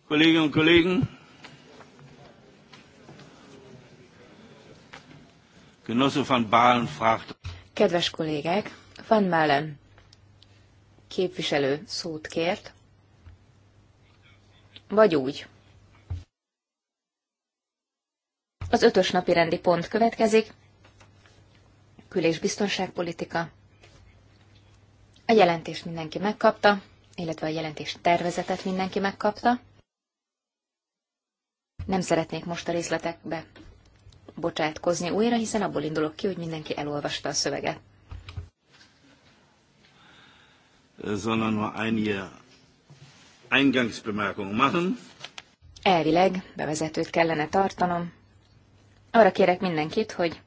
Kolleginnen und Kollegen, Genosse van Balen fragt. Kedves kollégák, Van Malen képviselő szót kért, vagy úgy. Az ötös napi rendi pont következik, kül- és biztonságpolitika. A jelentést mindenki megkapta, illetve a jelentés tervezetet mindenki megkapta. Nem szeretnék most a részletekbe bocsátkozni újra, hiszen abból indulok ki, hogy mindenki elolvasta a szöveget. Äh, sondern nur einige Eingangsbemerkungen machen. Elvileg bevezetőt kellene tartanom. Arra kérek mindenkit, hogy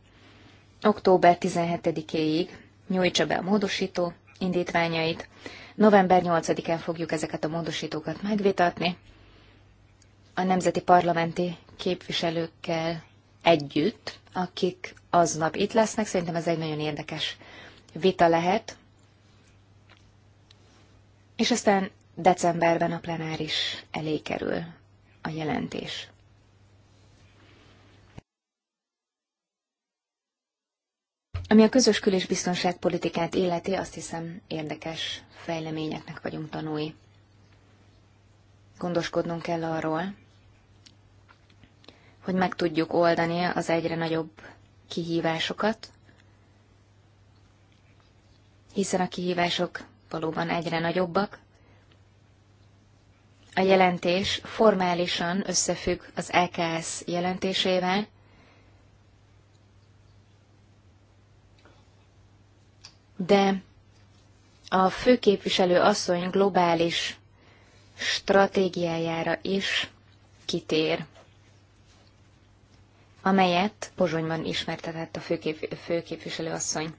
október 17-éig nyújtsa be a módosító indítványait. November 8-án fogjuk ezeket a módosítókat megvitatni, a nemzeti parlamenti képviselőkkel együtt, akik aznap itt lesznek. Szerintem ez egy nagyon érdekes vita lehet. És aztán decemberben a plenáris elé kerül a jelentés. Ami a közös kül- és biztonságpolitikát illeti, azt hiszem érdekes fejleményeknek vagyunk tanúi gondoskodnunk kell arról, hogy meg tudjuk oldani az egyre nagyobb kihívásokat, hiszen a kihívások valóban egyre nagyobbak. A jelentés formálisan összefügg az EKS jelentésével, de a főképviselő asszony globális stratégiájára is kitér, amelyet Pozsonyban ismertetett a főkép- asszony.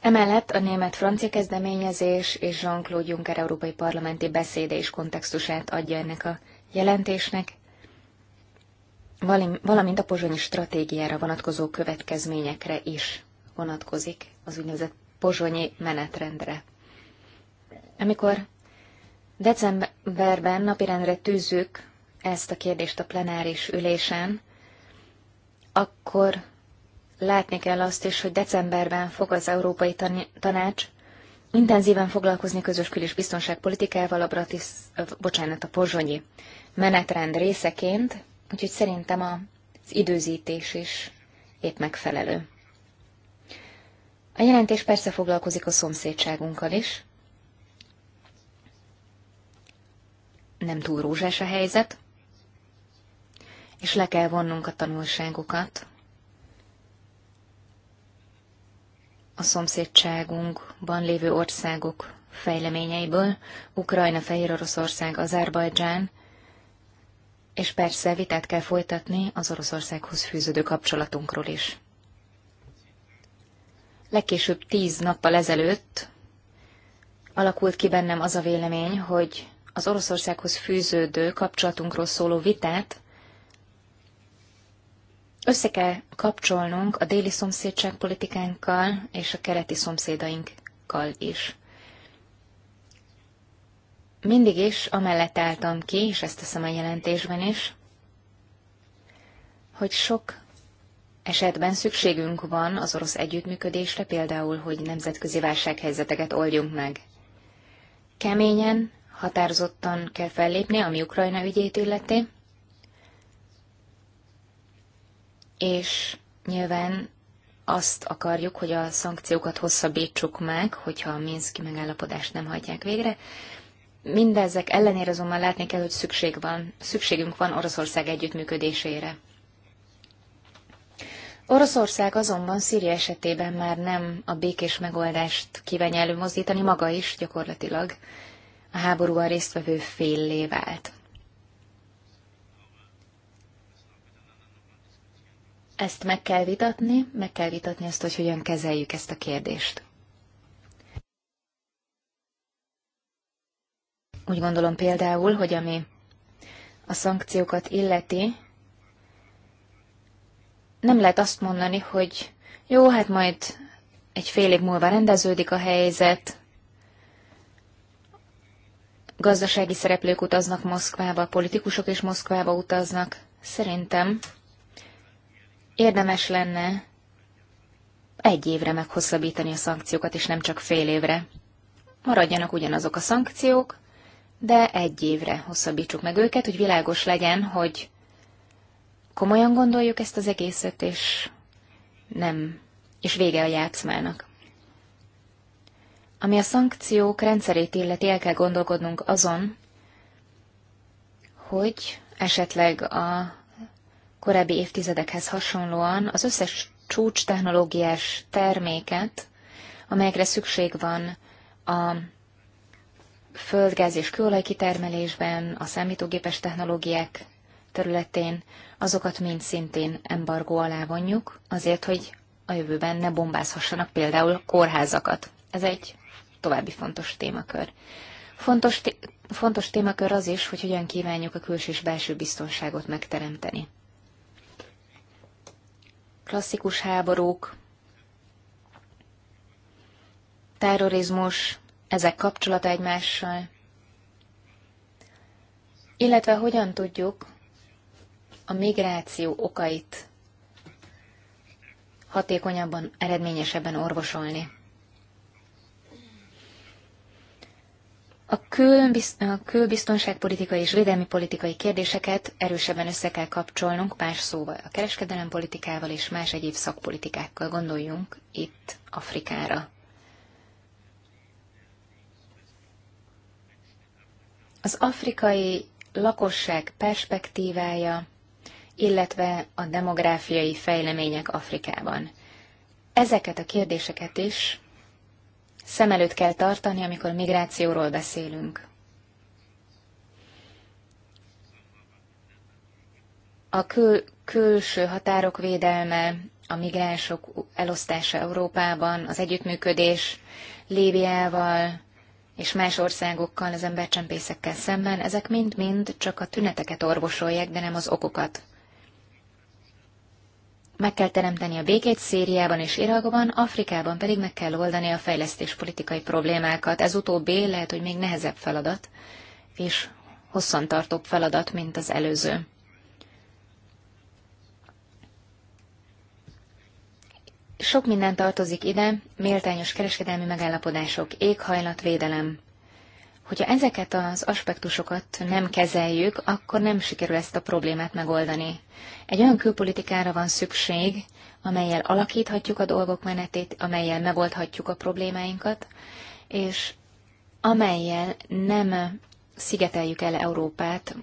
Emellett a német-francia kezdeményezés és Jean-Claude Juncker európai parlamenti beszéde is kontextusát adja ennek a jelentésnek, valamint a pozsonyi stratégiára vonatkozó következményekre is vonatkozik az úgynevezett pozsonyi menetrendre. Amikor Decemberben napirendre tűzzük ezt a kérdést a plenáris ülésen, akkor látni kell azt is, hogy decemberben fog az Európai Tanács intenzíven foglalkozni közös kül- és biztonságpolitikával a, Bratis, bocsánat, a pozsonyi menetrend részeként, úgyhogy szerintem az időzítés is épp megfelelő. A jelentés persze foglalkozik a szomszédságunkkal is, nem túl rózsás a helyzet, és le kell vonnunk a tanulságokat a szomszédságunkban lévő országok fejleményeiből, Ukrajna, Fehér Oroszország, Azerbajdzsán, és persze vitát kell folytatni az Oroszországhoz fűződő kapcsolatunkról is. Legkésőbb tíz nappal ezelőtt alakult ki bennem az a vélemény, hogy az Oroszországhoz fűződő kapcsolatunkról szóló vitát össze kell kapcsolnunk a déli szomszédság politikánkkal és a keleti szomszédainkkal is. Mindig is amellett álltam ki, és ezt teszem a jelentésben is, hogy sok esetben szükségünk van az orosz együttműködésre, például, hogy nemzetközi válsághelyzeteket oldjunk meg. Keményen, határozottan kell fellépni, ami Ukrajna ügyét illeti, és nyilván azt akarjuk, hogy a szankciókat hosszabbítsuk meg, hogyha a Minszki megállapodást nem hajtják végre. Mindezek ellenére azonban látni kell, hogy szükség van, szükségünk van Oroszország együttműködésére. Oroszország azonban Szíria esetében már nem a békés megoldást kívánja előmozdítani, maga is gyakorlatilag a háborúban résztvevő féllé vált. Ezt meg kell vitatni, meg kell vitatni azt, hogy hogyan kezeljük ezt a kérdést. Úgy gondolom például, hogy ami a szankciókat illeti, nem lehet azt mondani, hogy jó, hát majd egy fél év múlva rendeződik a helyzet, Gazdasági szereplők utaznak Moszkvába, politikusok is Moszkvába utaznak. Szerintem érdemes lenne egy évre meghosszabbítani a szankciókat, és nem csak fél évre. Maradjanak ugyanazok a szankciók, de egy évre hosszabbítsuk meg őket, hogy világos legyen, hogy komolyan gondoljuk ezt az egészet, és nem, és vége a játszmának. Ami a szankciók rendszerét illeti, el kell gondolkodnunk azon, hogy esetleg a korábbi évtizedekhez hasonlóan az összes csúcs technológiás terméket, amelyekre szükség van a földgáz és kőolaj kitermelésben, a számítógépes technológiák területén, azokat mind szintén embargó alá vonjuk, azért, hogy a jövőben ne bombázhassanak például kórházakat. Ez egy további fontos témakör. Fontos, t- fontos témakör az is, hogy hogyan kívánjuk a külső és belső biztonságot megteremteni. Klasszikus háborúk, terrorizmus, ezek kapcsolata egymással, illetve hogyan tudjuk a migráció okait hatékonyabban, eredményesebben orvosolni. A, külbiz, a külbiztonságpolitikai és védelmi politikai kérdéseket erősebben össze kell kapcsolnunk más szóval a kereskedelempolitikával és más egyéb szakpolitikákkal gondoljunk itt Afrikára. Az afrikai lakosság perspektívája, illetve a demográfiai fejlemények Afrikában. Ezeket a kérdéseket is szem előtt kell tartani, amikor migrációról beszélünk. A kül- külső határok védelme, a migránsok elosztása Európában, az együttműködés Líbiával és más országokkal, az embercsempészekkel szemben, ezek mind-mind csak a tüneteket orvosolják, de nem az okokat. Meg kell teremteni a békét Szíriában és Irakban, Afrikában pedig meg kell oldani a fejlesztéspolitikai problémákat. Ez utóbbi lehet, hogy még nehezebb feladat, és hosszantartóbb feladat, mint az előző. Sok minden tartozik ide, méltányos kereskedelmi megállapodások, éghajlatvédelem, Hogyha ezeket az aspektusokat nem kezeljük, akkor nem sikerül ezt a problémát megoldani. Egy olyan külpolitikára van szükség, amelyel alakíthatjuk a dolgok menetét, amelyel megoldhatjuk a problémáinkat, és amelyel nem szigeteljük el Európát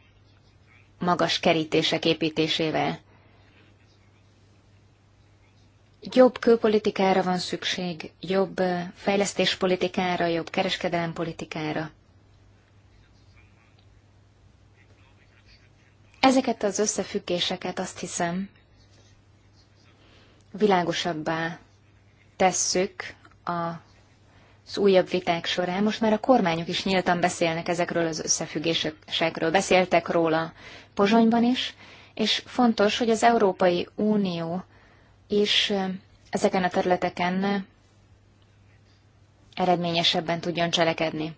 magas kerítések építésével. Jobb külpolitikára van szükség, jobb fejlesztéspolitikára, jobb kereskedelempolitikára. Ezeket az összefüggéseket azt hiszem világosabbá tesszük a az újabb viták során most már a kormányok is nyíltan beszélnek ezekről az összefüggésekről. Beszéltek róla Pozsonyban is, és fontos, hogy az Európai Unió is ezeken a területeken eredményesebben tudjon cselekedni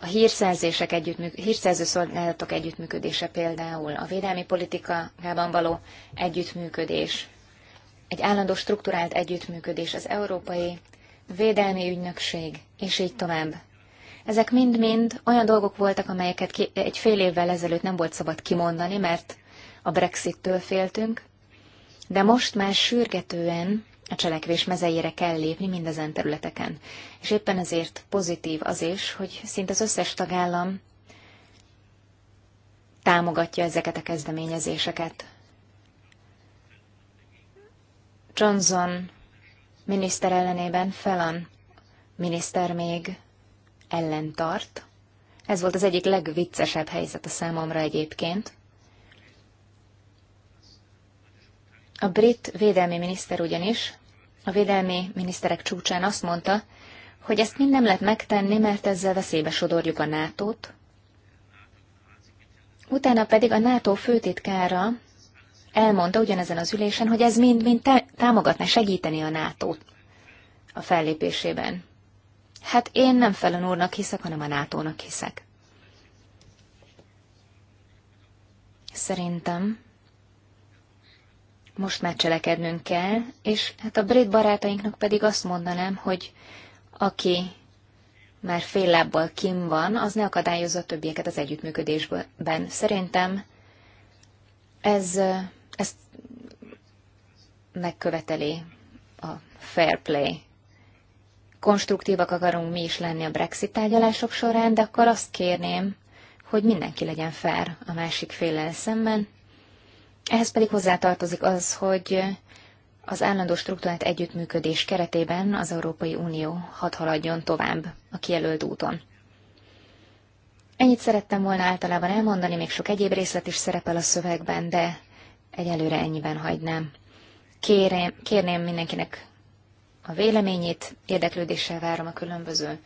a hírszerzések együttműk, hírszerző szolgálatok együttműködése például, a védelmi politikában való együttműködés, egy állandó strukturált együttműködés, az Európai Védelmi Ügynökség, és így tovább. Ezek mind-mind olyan dolgok voltak, amelyeket ki, egy fél évvel ezelőtt nem volt szabad kimondani, mert a Brexit-től féltünk, de most már sürgetően a cselekvés mezejére kell lépni mindezen területeken. És éppen ezért pozitív az is, hogy szinte az összes tagállam támogatja ezeket a kezdeményezéseket. Johnson miniszter ellenében Felan miniszter még ellentart. Ez volt az egyik legviccesebb helyzet a számomra egyébként. A brit védelmi miniszter ugyanis a védelmi miniszterek csúcsán azt mondta, hogy ezt mind nem lehet megtenni, mert ezzel veszélybe sodorjuk a NATO-t. Utána pedig a NATO főtitkára elmondta ugyanezen az ülésen, hogy ez mind-mind támogatná, segíteni a NATO-t a fellépésében. Hát én nem Felen úrnak hiszek, hanem a NATO-nak hiszek. Szerintem most már cselekednünk kell, és hát a brit barátainknak pedig azt mondanám, hogy aki már fél lábbal kim van, az ne akadályozza a többieket az együttműködésben. Szerintem ez, ez megköveteli a fair play. Konstruktívak akarunk mi is lenni a Brexit tárgyalások során, de akkor azt kérném, hogy mindenki legyen fair a másik félel szemben, ehhez pedig hozzátartozik az, hogy az állandó struktúrált együttműködés keretében az Európai Unió hat haladjon tovább a kijelölt úton. Ennyit szerettem volna általában elmondani, még sok egyéb részlet is szerepel a szövegben, de egyelőre ennyiben hagynám. Kérem, kérném mindenkinek a véleményét, érdeklődéssel várom a különböző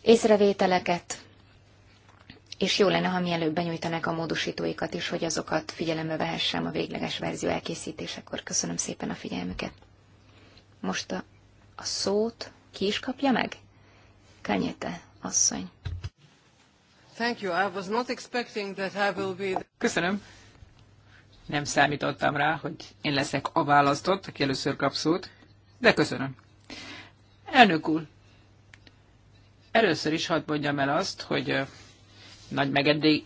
észrevételeket, és jó lenne, ha mielőbb benyújtanák a módosítóikat is, hogy azokat figyelembe vehessem a végleges verzió elkészítésekor. Köszönöm szépen a figyelmüket. Most a, a szót ki is kapja meg? Kanyete asszony. Thank you. I was not expecting that I will be... Köszönöm. Nem számítottam rá, hogy én leszek a választott, aki először kap szót, de köszönöm. Elnök úr, először is hadd mondjam el azt, hogy nagy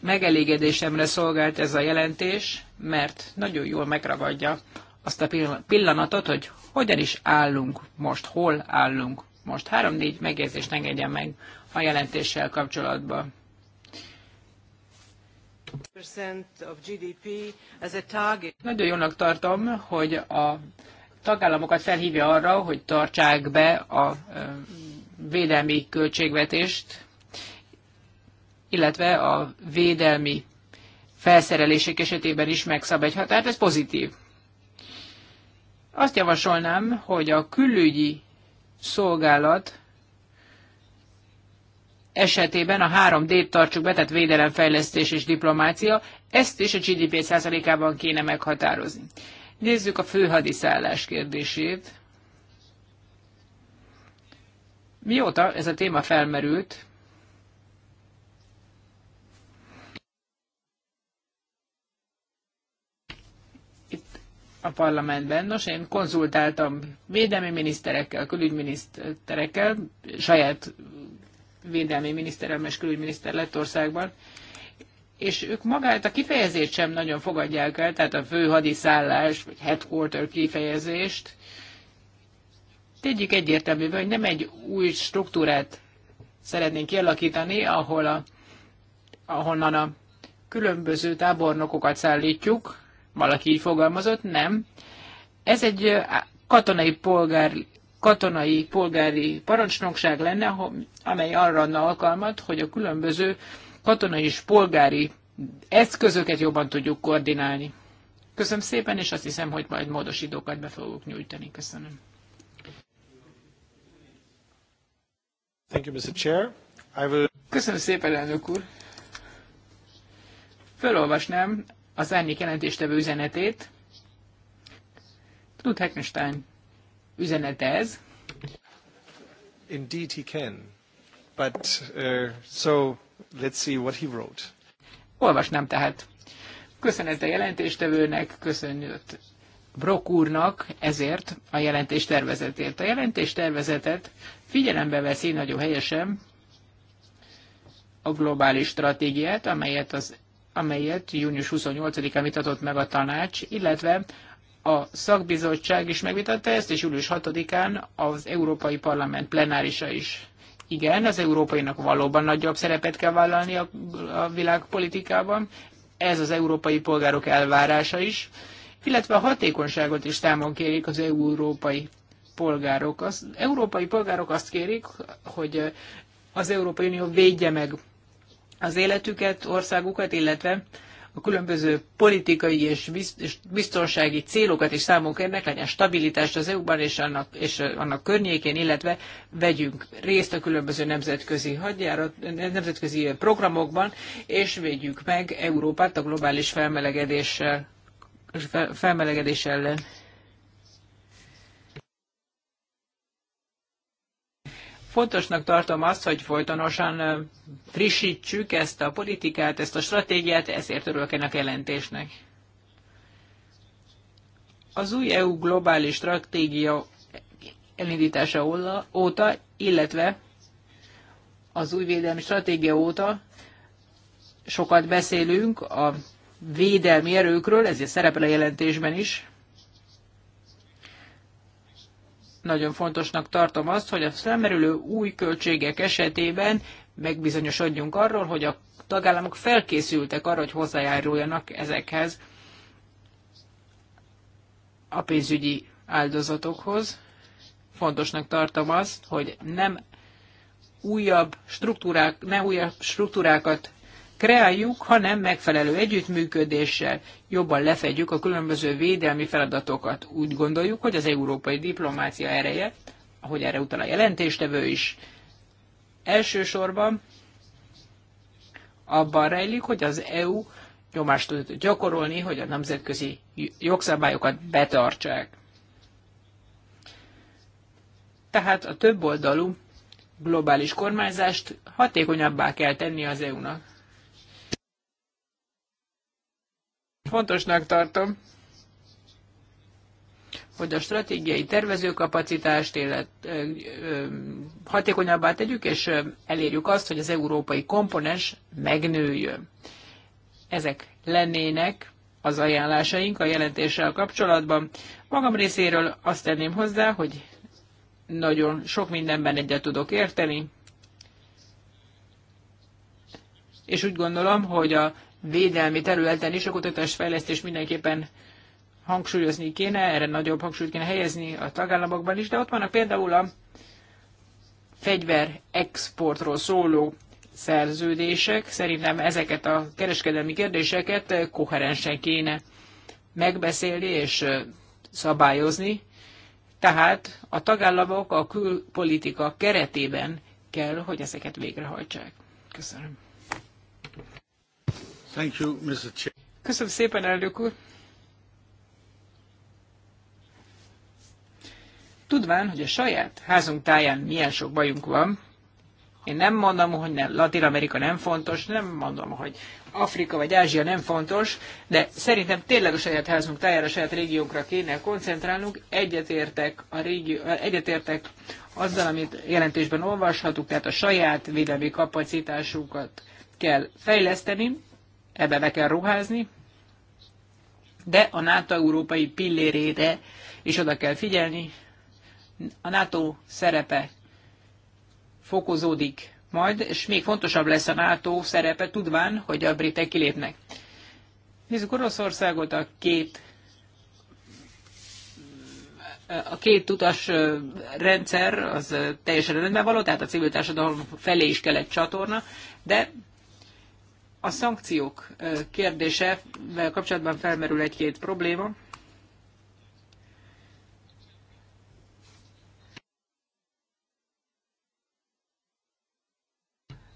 megelégedésemre szolgált ez a jelentés, mert nagyon jól megragadja azt a pillanatot, hogy hogyan is állunk most, hol állunk most. Három-négy megjegyzést engedjen meg a jelentéssel kapcsolatban. Nagyon jónak tartom, hogy a tagállamokat felhívja arra, hogy tartsák be a védelmi költségvetést illetve a védelmi felszerelések esetében is megszab egy határt, ez pozitív. Azt javasolnám, hogy a külügyi szolgálat esetében a 3D-t tartsuk be, tehát védelemfejlesztés és diplomácia, ezt is a GDP százalékában kéne meghatározni. Nézzük a főhadiszállás kérdését. Mióta ez a téma felmerült, a parlamentben. Nos, én konzultáltam védelmi miniszterekkel, külügyminiszterekkel, saját védelmi miniszterem és külügyminiszter országban és ők magát a kifejezést sem nagyon fogadják el, tehát a fő hadiszállás, vagy headquarter kifejezést. Tegyük egyértelművé, hogy nem egy új struktúrát szeretnénk kialakítani, ahol a, ahonnan a különböző tábornokokat szállítjuk, valaki így fogalmazott, nem. Ez egy katonai polgár, katonai polgári parancsnokság lenne, amely arra adna alkalmat, hogy a különböző katonai és polgári eszközöket jobban tudjuk koordinálni. Köszönöm szépen, és azt hiszem, hogy majd módosítókat be fogok nyújtani. Köszönöm. Thank you, Mr. Chair. I will... Köszönöm szépen, elnök úr. Felolvasnám az árnyék jelentéstevő üzenetét. Tud Heckenstein üzenete ez. Indeed he can. But uh, so let's see what he wrote. Olvasnám tehát. Köszönet a jelentéstevőnek, köszönjük Brok úrnak ezért a jelentés tervezetért. A jelentés tervezetet figyelembe veszi nagyon helyesen a globális stratégiát, amelyet az amelyet június 28-án vitatott meg a tanács, illetve a szakbizottság is megvitatta ezt, és július 6-án az Európai Parlament plenárisa is. Igen, az európainak valóban nagyobb szerepet kell vállalni a, a világpolitikában, ez az európai polgárok elvárása is, illetve a hatékonyságot is támon kérik az európai polgárok. Az európai polgárok azt kérik, hogy az Európai Unió védje meg az életüket, országukat, illetve a különböző politikai és biztonsági célokat és számunk ennek legyen stabilitást az EU-ban és annak, és annak környékén, illetve vegyünk részt a különböző nemzetközi hadjárat, nemzetközi programokban, és védjük meg Európát a globális felmelegedéssel, felmelegedés ellen. Fontosnak tartom azt, hogy folytonosan frissítsük ezt a politikát, ezt a stratégiát, ezért örülök ennek jelentésnek. Az új EU globális stratégia elindítása óta, illetve az új védelmi stratégia óta sokat beszélünk a védelmi erőkről, ezért szerepel a jelentésben is. Nagyon fontosnak tartom azt, hogy a felmerülő új költségek esetében megbizonyosodjunk arról, hogy a tagállamok felkészültek arra, hogy hozzájáruljanak ezekhez a pénzügyi áldozatokhoz. Fontosnak tartom azt, hogy nem újabb struktúrák, ne újabb struktúrákat kreáljuk, hanem megfelelő együttműködéssel jobban lefedjük a különböző védelmi feladatokat. Úgy gondoljuk, hogy az európai diplomácia ereje, ahogy erre utal a jelentéstevő is, elsősorban abban rejlik, hogy az EU nyomást tud gyakorolni, hogy a nemzetközi jogszabályokat betartsák. Tehát a többoldalú globális kormányzást hatékonyabbá kell tenni az EU-nak. Fontosnak tartom, hogy a stratégiai tervezőkapacitást élet, ö, ö, hatékonyabbá tegyük, és elérjük azt, hogy az európai komponens megnőjön. Ezek lennének az ajánlásaink a jelentéssel kapcsolatban. Magam részéről azt tenném hozzá, hogy nagyon sok mindenben egyet tudok érteni, és úgy gondolom, hogy a védelmi területen is a kutatásfejlesztés mindenképpen hangsúlyozni kéne, erre nagyobb hangsúlyt kéne helyezni a tagállamokban is, de ott vannak például a fegyver exportról szóló szerződések. Szerintem ezeket a kereskedelmi kérdéseket koherensen kéne megbeszélni és szabályozni. Tehát a tagállamok a külpolitika keretében kell, hogy ezeket végrehajtsák. Köszönöm. Thank you, Mr. Chair. Köszönöm szépen, elnök úr. Tudván, hogy a saját házunk táján milyen sok bajunk van, én nem mondom, hogy nem, Latin Amerika nem fontos, nem mondom, hogy Afrika vagy Ázsia nem fontos, de szerintem tényleg a saját házunk tájára, a saját régiókra kéne koncentrálnunk. Egyetértek, a régió, egyetértek azzal, amit jelentésben olvashatunk, tehát a saját védelmi kapacitásunkat kell fejleszteni, ebbe be kell ruházni, de a NATO európai pillérére is oda kell figyelni. A NATO szerepe fokozódik majd, és még fontosabb lesz a NATO szerepe, tudván, hogy a britek kilépnek. Nézzük Oroszországot, a két a két utas rendszer az teljesen rendben való, tehát a civil társadalom felé is kellett csatorna, de a szankciók kérdésevel kapcsolatban felmerül egy-két probléma.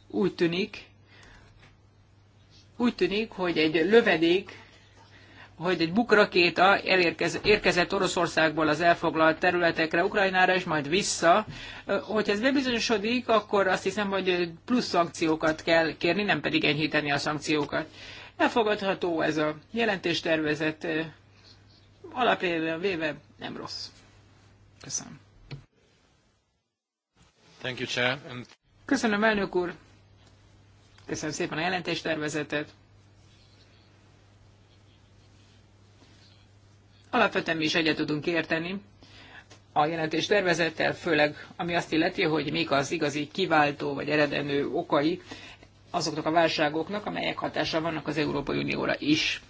Úgy tűnik, úgy tűnik, hogy egy lövedék hogy egy bukrakéta elérkez, érkezett Oroszországból az elfoglalt területekre, Ukrajnára, és majd vissza. Hogyha ez bebizonyosodik, akkor azt hiszem, hogy plusz szankciókat kell kérni, nem pedig enyhíteni a szankciókat. Elfogadható ez a jelentéstervezet, alapjában véve nem rossz. Köszönöm. Thank you, Chair. Köszönöm, elnök úr. Köszönöm szépen a jelentéstervezetet. Alapvetően mi is egyet tudunk érteni a jelentés tervezettel, főleg ami azt illeti, hogy mik az igazi kiváltó vagy eredendő okai azoknak a válságoknak, amelyek hatása vannak az Európai Unióra is.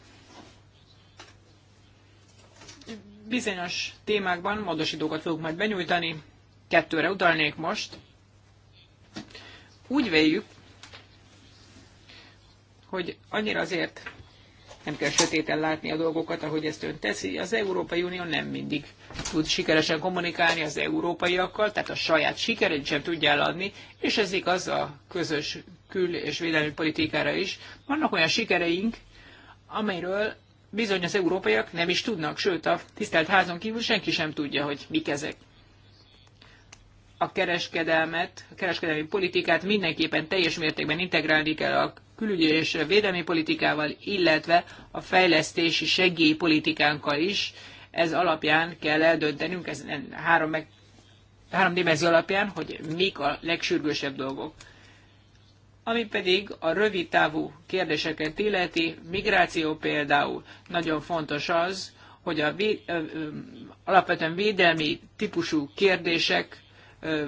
Bizonyos témákban módosítókat fogunk majd benyújtani, kettőre utalnék most. Úgy véljük, hogy annyira azért nem kell sötéten látni a dolgokat, ahogy ezt ön teszi. Az Európai Unió nem mindig tud sikeresen kommunikálni az európaiakkal, tehát a saját sikerét sem tudja eladni, és ez igaz a közös kül- és védelmi politikára is. Vannak olyan sikereink, amelyről bizony az európaiak nem is tudnak, sőt a tisztelt házon kívül senki sem tudja, hogy mik ezek. A kereskedelmet, a kereskedelmi politikát mindenképpen teljes mértékben integrálni kell a külügyi és védelmi politikával, illetve a fejlesztési segélypolitikánkkal is. Ez alapján kell eldöntenünk, ez három, meg, három dimenzió alapján, hogy mik a legsürgősebb dolgok. Ami pedig a rövid távú kérdéseket illeti, migráció például nagyon fontos az, hogy a vé, ö, ö, alapvetően védelmi típusú kérdések ö,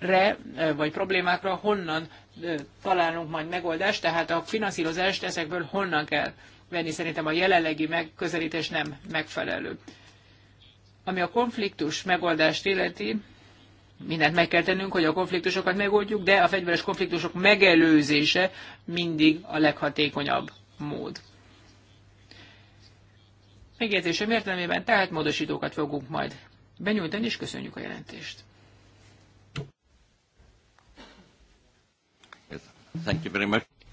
re, vagy problémákra honnan találunk majd megoldást, tehát a finanszírozást ezekből honnan kell venni, szerintem a jelenlegi megközelítés nem megfelelő. Ami a konfliktus megoldást illeti, mindent meg kell tennünk, hogy a konfliktusokat megoldjuk, de a fegyveres konfliktusok megelőzése mindig a leghatékonyabb mód. Megjegyzésem értelmében tehát módosítókat fogunk majd benyújtani, és köszönjük a jelentést.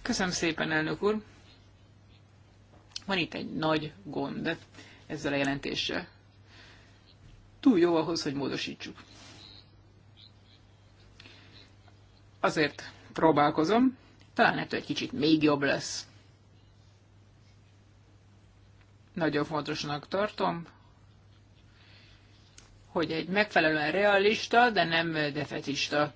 Köszönöm szépen, elnök úr. Van itt egy nagy gond ezzel a jelentéssel. Túl jó ahhoz, hogy módosítsuk. Azért próbálkozom, talán ettől egy kicsit még jobb lesz. Nagyon fontosnak tartom, hogy egy megfelelően realista, de nem defetista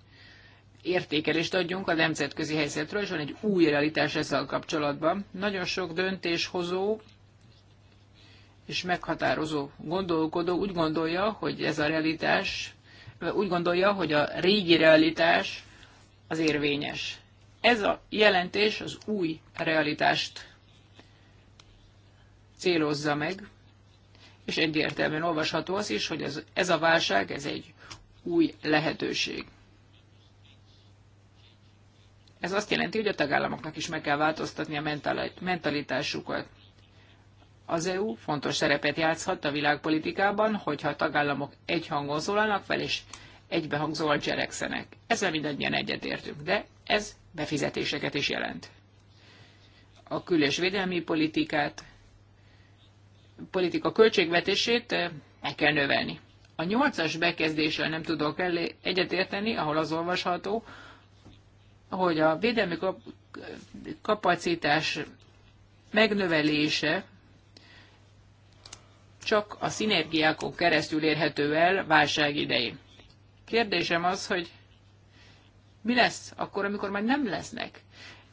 értékelést adjunk a nemzetközi helyzetről, és van egy új realitás ezzel kapcsolatban. Nagyon sok döntéshozó és meghatározó gondolkodó úgy gondolja, hogy ez a realitás, úgy gondolja, hogy a régi realitás az érvényes. Ez a jelentés az új realitást célozza meg, és egyértelműen olvasható az is, hogy ez, ez a válság, ez egy új lehetőség. Ez azt jelenti, hogy a tagállamoknak is meg kell változtatni a mentalitásukat. Az EU fontos szerepet játszhat a világpolitikában, hogyha a tagállamok egyhangon szólalnak fel, és egybehangzóan cselekszenek. Ezzel mindannyian egyetértünk, de ez befizetéseket is jelent. A kül- és védelmi politikát, politika költségvetését eh, meg kell növelni. A nyolcas bekezdéssel nem tudok egyetérteni, ahol az olvasható, hogy a védelmi kapacitás megnövelése csak a szinergiákon keresztül érhető el válság idején. Kérdésem az, hogy mi lesz akkor, amikor majd nem lesznek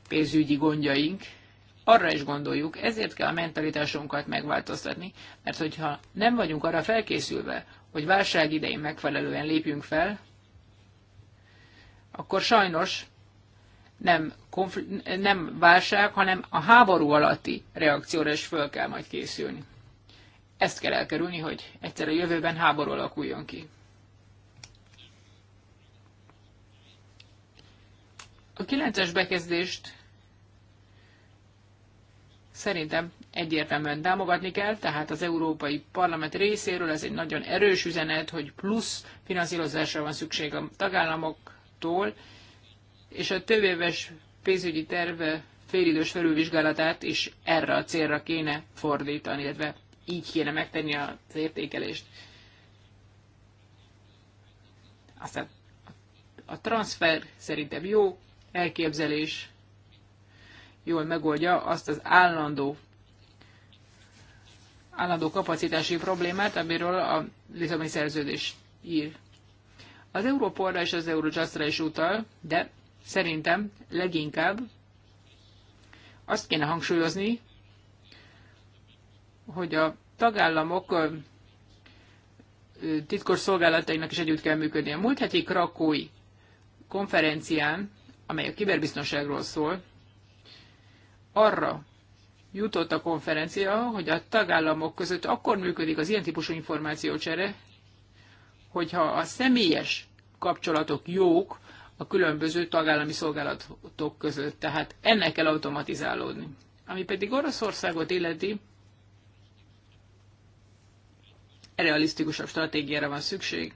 pénzügyi gondjaink, arra is gondoljuk, ezért kell a mentalitásunkat megváltoztatni, mert hogyha nem vagyunk arra felkészülve, hogy válság idején megfelelően lépjünk fel, akkor sajnos nem, konfl- nem válság, hanem a háború alatti reakcióra is föl kell majd készülni. Ezt kell elkerülni, hogy egyszer a jövőben háború alakuljon ki. A kilences bekezdést szerintem egyértelműen támogatni kell, tehát az Európai Parlament részéről ez egy nagyon erős üzenet, hogy plusz finanszírozásra van szükség a tagállamoktól, és a több éves pénzügyi terve félidős felülvizsgálatát is erre a célra kéne fordítani, illetve így kéne megtenni az értékelést. Aztán a transfer szerintem jó elképzelés, jól megoldja azt az állandó állandó kapacitási problémát, amiről a Lisszaboni szerződés ír. Az Európorra és az Eurojustra is utal, de szerintem leginkább azt kéne hangsúlyozni, hogy a tagállamok titkos szolgálatainak is együtt kell működni. A múlt heti krakói konferencián, amely a kiberbiztonságról szól, arra jutott a konferencia, hogy a tagállamok között akkor működik az ilyen típusú információcsere, hogyha a személyes kapcsolatok jók, a különböző tagállami szolgálatok között. Tehát ennek kell automatizálódni. Ami pedig Oroszországot illeti, realisztikusabb stratégiára van szükség.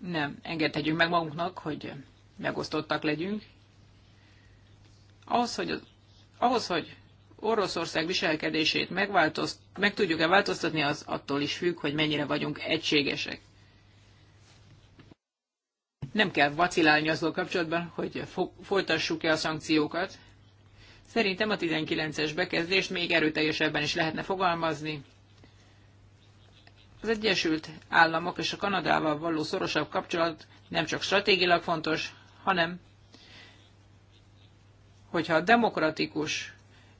Nem engedhetjük meg magunknak, hogy megosztottak legyünk. Ahhoz, hogy, az, ahhoz, hogy Oroszország viselkedését meg tudjuk-e változtatni, az attól is függ, hogy mennyire vagyunk egységesek nem kell vacilálni azzal kapcsolatban, hogy fo folytassuk-e a szankciókat. Szerintem a 19-es bekezdést még erőteljesebben is lehetne fogalmazni. Az Egyesült Államok és a Kanadával való szorosabb kapcsolat nem csak stratégilag fontos, hanem hogyha a demokratikus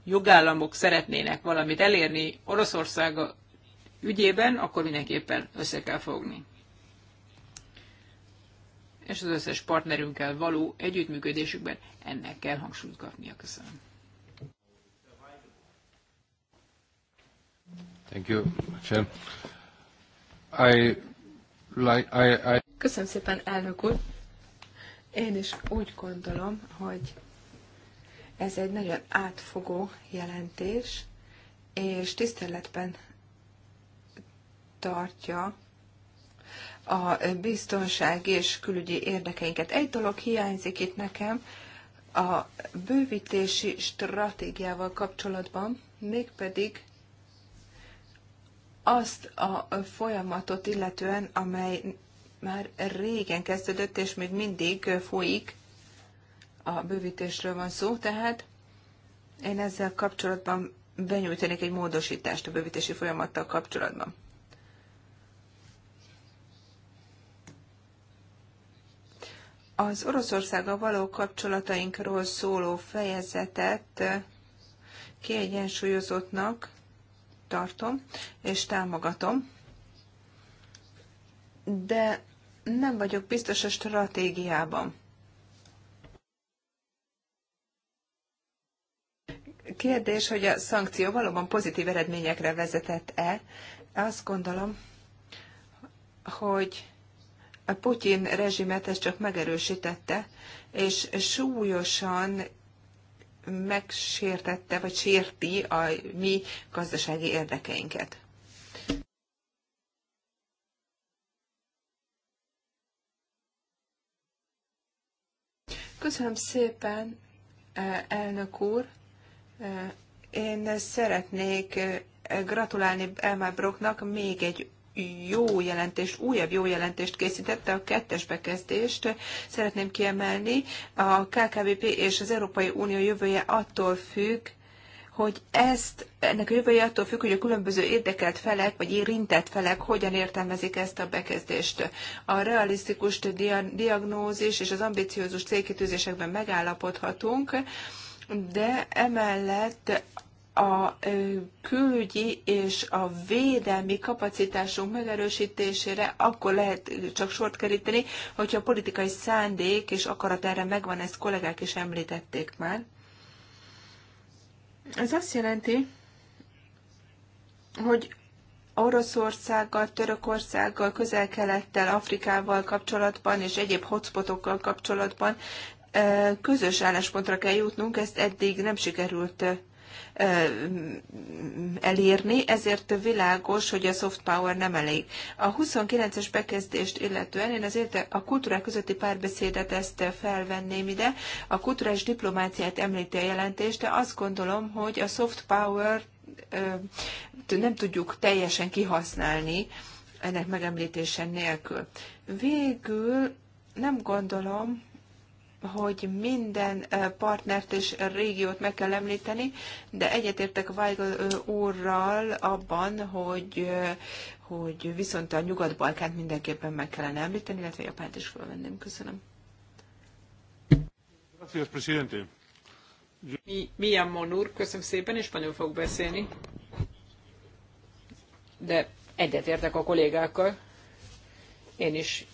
jogállamok szeretnének valamit elérni Oroszország ügyében, akkor mindenképpen össze kell fogni és az összes partnerünkkel való együttműködésükben ennek kell hangsúlyt kapnia. Köszönöm. Thank you, I, like, I, I... Köszönöm szépen, elnök úr. Én is úgy gondolom, hogy ez egy nagyon átfogó jelentés, és tiszteletben tartja a biztonság és külügyi érdekeinket. Egy dolog hiányzik itt nekem a bővítési stratégiával kapcsolatban, mégpedig azt a folyamatot illetően, amely már régen kezdődött, és még mindig folyik, a bővítésről van szó, tehát én ezzel kapcsolatban benyújtanék egy módosítást a bővítési folyamattal kapcsolatban. Az a való kapcsolatainkról szóló fejezetet kiegyensúlyozottnak tartom és támogatom, de nem vagyok biztos a stratégiában. Kérdés, hogy a szankció valóban pozitív eredményekre vezetett-e? Azt gondolom, hogy a Putyin rezsimet ez csak megerősítette, és súlyosan megsértette, vagy sérti a mi gazdasági érdekeinket. Köszönöm szépen, elnök úr. Én szeretnék gratulálni Elmar Brocknak még egy jó jelentést, újabb jó jelentést készítette, a kettes bekezdést szeretném kiemelni. A KKVP és az Európai Unió jövője attól függ, hogy ezt, ennek a jövője attól függ, hogy a különböző érdekelt felek, vagy érintett felek hogyan értelmezik ezt a bekezdést. A realisztikus diagnózis és az ambiciózus célkitűzésekben megállapodhatunk, de emellett a külügyi és a védelmi kapacitásunk megerősítésére akkor lehet csak sort keríteni, hogyha a politikai szándék és akarat erre megvan, ezt kollégák is említették már. Ez azt jelenti, hogy Oroszországgal, Törökországgal, Közel-Kelettel, Afrikával kapcsolatban és egyéb hotspotokkal kapcsolatban közös álláspontra kell jutnunk, ezt eddig nem sikerült elérni, ezért világos, hogy a soft power nem elég. A 29-es bekezdést illetően én azért a kultúrák közötti párbeszédet ezt felvenném ide. A kulturális diplomáciát említi a jelentést, de azt gondolom, hogy a soft power nem tudjuk teljesen kihasználni ennek megemlítése nélkül. Végül nem gondolom, hogy minden partnert és régiót meg kell említeni, de egyetértek Weigel úrral abban, hogy, hogy viszont a Nyugat-Balkánt mindenképpen meg kellene említeni, illetve Japánt is fölvenném. Köszönöm. Gracias, presidente. Mi, Milyen köszönöm szépen, és spanyol fog beszélni. De egyetértek a kollégákkal. Én is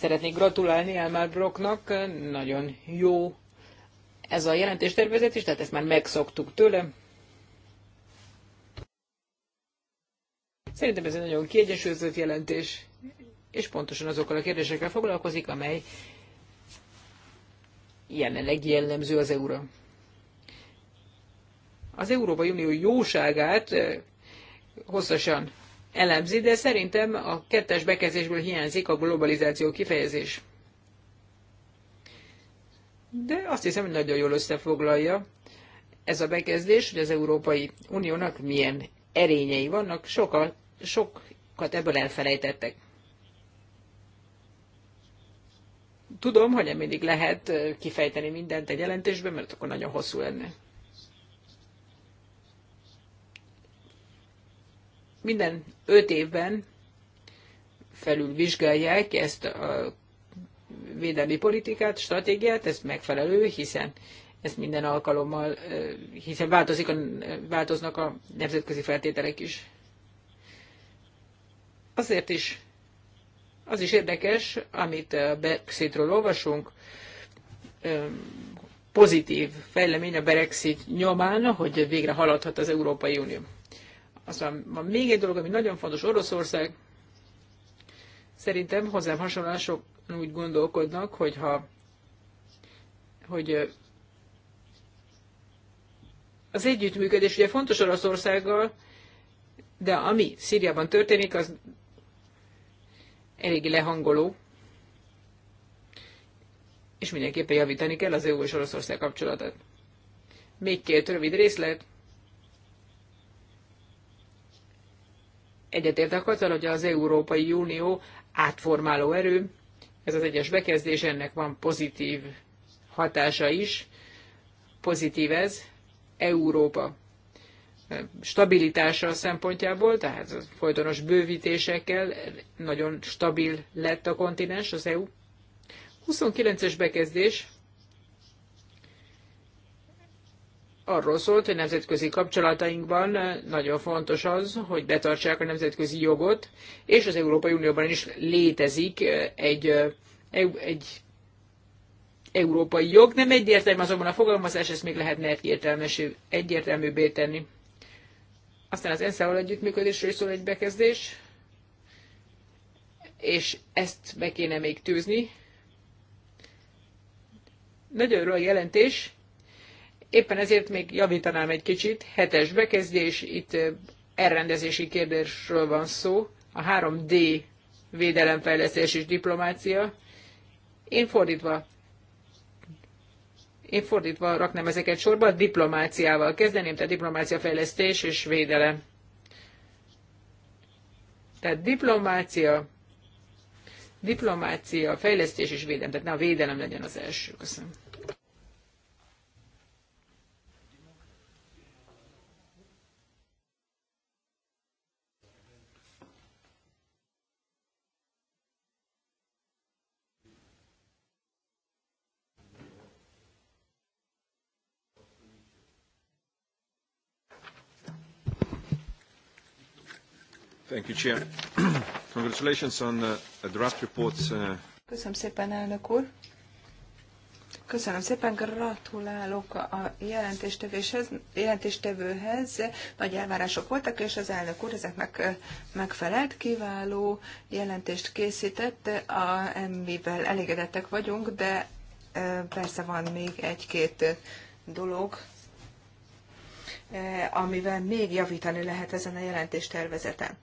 Szeretnék gratulálni Elmar Brocknak, nagyon jó ez a jelentéstervezet is, tehát ezt már megszoktuk tőle. Szerintem ez egy nagyon kiegyensúlyozott jelentés, és pontosan azokkal a kérdésekkel foglalkozik, amely jelenleg jellemző az euró. Az Európai Unió jóságát eh, hosszasan elemzi, de szerintem a kettes bekezdésből hiányzik a globalizáció kifejezés. De azt hiszem, hogy nagyon jól összefoglalja ez a bekezdés, hogy az Európai Uniónak milyen erényei vannak, sokat, sokat ebből elfelejtettek. Tudom, hogy nem mindig lehet kifejteni mindent egy jelentésben, mert akkor nagyon hosszú lenne. minden öt évben felülvizsgálják ezt a védelmi politikát, stratégiát, ez megfelelő, hiszen ez minden alkalommal, hiszen változik a, változnak a nemzetközi feltételek is. Azért is, az is érdekes, amit a Brexitről olvasunk, pozitív fejlemény a Brexit nyomán, hogy végre haladhat az Európai Unió. Aztán van még egy dolog, ami nagyon fontos, Oroszország. Szerintem hozzám hasonlóan sok úgy gondolkodnak, hogyha, hogy az együttműködés ugye fontos Oroszországgal, de ami Szíriában történik, az eléggé lehangoló, és mindenképpen javítani kell az EU és Oroszország kapcsolatát. Még két rövid részlet. Egyetértek azzal, hogy az Európai Unió átformáló erő, ez az egyes bekezdés, ennek van pozitív hatása is. Pozitív ez Európa stabilitása szempontjából, tehát a folytonos bővítésekkel nagyon stabil lett a kontinens, az EU. 29-es bekezdés arról szólt, hogy nemzetközi kapcsolatainkban eh, nagyon fontos az, hogy betartsák a nemzetközi jogot, és az Európai Unióban is létezik eh, egy, eh, egy európai jog. Nem egyértelmű azonban a fogalmazás, ezt még lehetne egyértelműbbé tenni. Aztán az ENSZ-val együttműködésről szól egy bekezdés, és ezt be kéne még tűzni. Nagyon jó jelentés, Éppen ezért még javítanám egy kicsit. Hetes bekezdés, itt elrendezési kérdésről van szó. A 3D védelemfejlesztés és diplomácia. Én fordítva én fordítva raknám ezeket sorba, diplomáciával kezdeném, tehát diplomáciafejlesztés és védelem. Tehát diplomácia, diplomácia, fejlesztés és védelem, tehát ne a védelem legyen az első. Köszönöm. Chair. Congratulations on a uh, draft uh, Köszönöm szépen, elnök úr. Köszönöm szépen, gratulálok a jelentéstevéshez, jelentéstevőhez. Nagy elvárások voltak, és az elnök úr ezeknek uh, megfelelt. Kiváló jelentést készített, a, mivel elégedettek vagyunk, de persze van még egy-két dolog, amivel még javítani lehet ezen a jelentéstervezeten.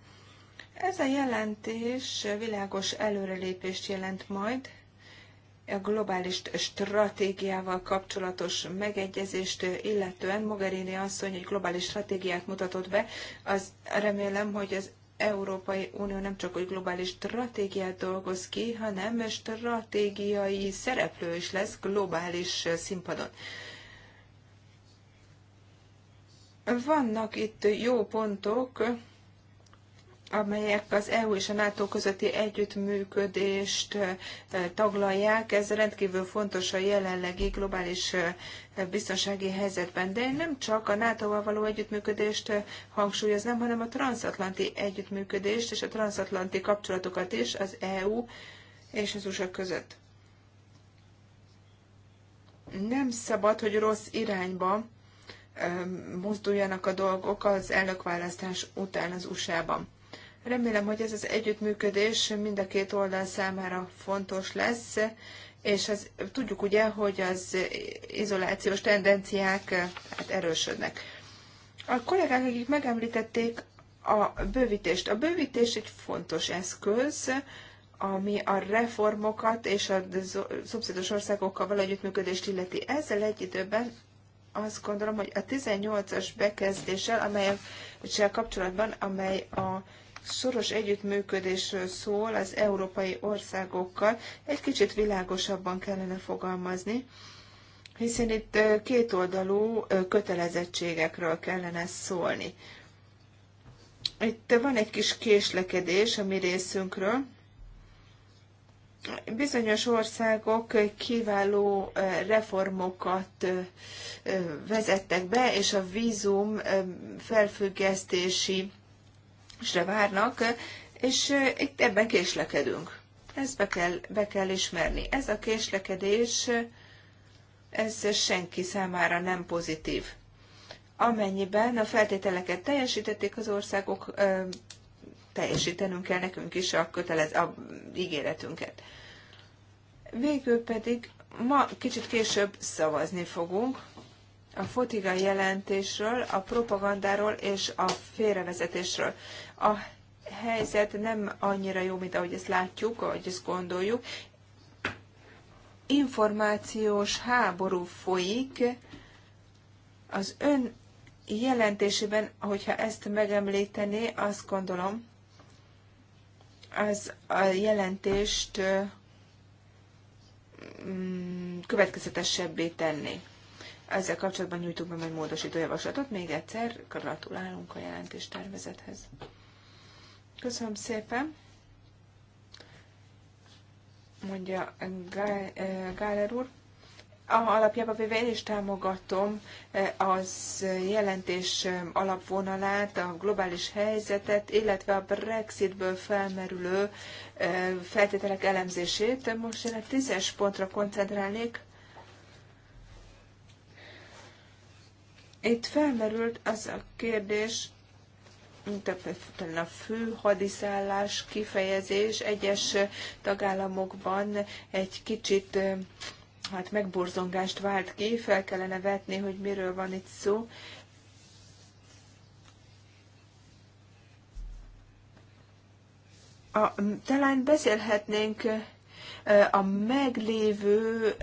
Ez a jelentés világos előrelépést jelent majd a globális stratégiával kapcsolatos megegyezést illetően. Mogherini asszony egy globális stratégiát mutatott be. Az remélem, hogy az Európai Unió nem csak egy globális stratégiát dolgoz ki, hanem stratégiai szereplő is lesz globális színpadon. Vannak itt jó pontok, amelyek az EU és a NATO közötti együttműködést taglalják. Ez rendkívül fontos a jelenlegi globális biztonsági helyzetben. De én nem csak a NATO-val való együttműködést hangsúlyoznám, hanem a transatlanti együttműködést és a transatlanti kapcsolatokat is az EU és az USA között. Nem szabad, hogy rossz irányba mozduljanak a dolgok az elnökválasztás után az USA-ban. Remélem, hogy ez az együttműködés mind a két oldal számára fontos lesz, és az, tudjuk ugye, hogy az izolációs tendenciák hát erősödnek. A kollégák, akik megemlítették a bővítést. A bővítés egy fontos eszköz, ami a reformokat és a szomszédos országokkal való együttműködést illeti. Ezzel egy időben azt gondolom, hogy a 18-as bekezdéssel, amelyekkel kapcsolatban, amely a szoros együttműködésről szól az európai országokkal, egy kicsit világosabban kellene fogalmazni, hiszen itt kétoldalú kötelezettségekről kellene szólni. Itt van egy kis késlekedés a mi részünkről. Bizonyos országok kiváló reformokat vezettek be, és a vízum felfüggesztési és várnak, és itt ebben késlekedünk. Ezt be kell, be kell ismerni. Ez a késlekedés, ez senki számára nem pozitív. Amennyiben a feltételeket teljesítették az országok, teljesítenünk kell nekünk is a kötelez, a ígéretünket. Végül pedig ma kicsit később szavazni fogunk a fotiga jelentésről, a propagandáról és a félrevezetésről a helyzet nem annyira jó, mint ahogy ezt látjuk, ahogy ezt gondoljuk. Információs háború folyik. Az ön jelentésében, hogyha ezt megemlítené, azt gondolom, az a jelentést mm, következetesebbé tenni. Ezzel kapcsolatban nyújtunk be egy módosító javaslatot. Még egyszer gratulálunk a jelentés tervezethez. Köszönöm szépen. Mondja eh, Gáler úr. Alapjában véve én is támogatom eh, az jelentés eh, alapvonalát, a globális helyzetet, illetve a Brexitből felmerülő feltételek elemzését. Most én a tízes pontra koncentrálnék. Itt felmerült az a kérdés, a fő hadiszállás kifejezés egyes tagállamokban egy kicsit hát megborzongást vált ki, fel kellene vetni, hogy miről van itt szó. A, talán beszélhetnénk a meglévő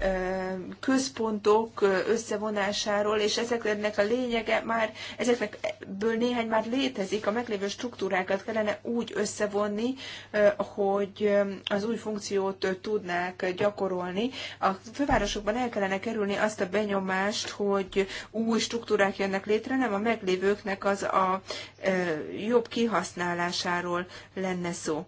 központok összevonásáról, és ezeknek a lényege már, ezekből néhány már létezik, a meglévő struktúrákat kellene úgy összevonni, hogy az új funkciót tudnák gyakorolni. A fővárosokban el kellene kerülni azt a benyomást, hogy új struktúrák jönnek létre, nem a meglévőknek az a jobb kihasználásáról lenne szó.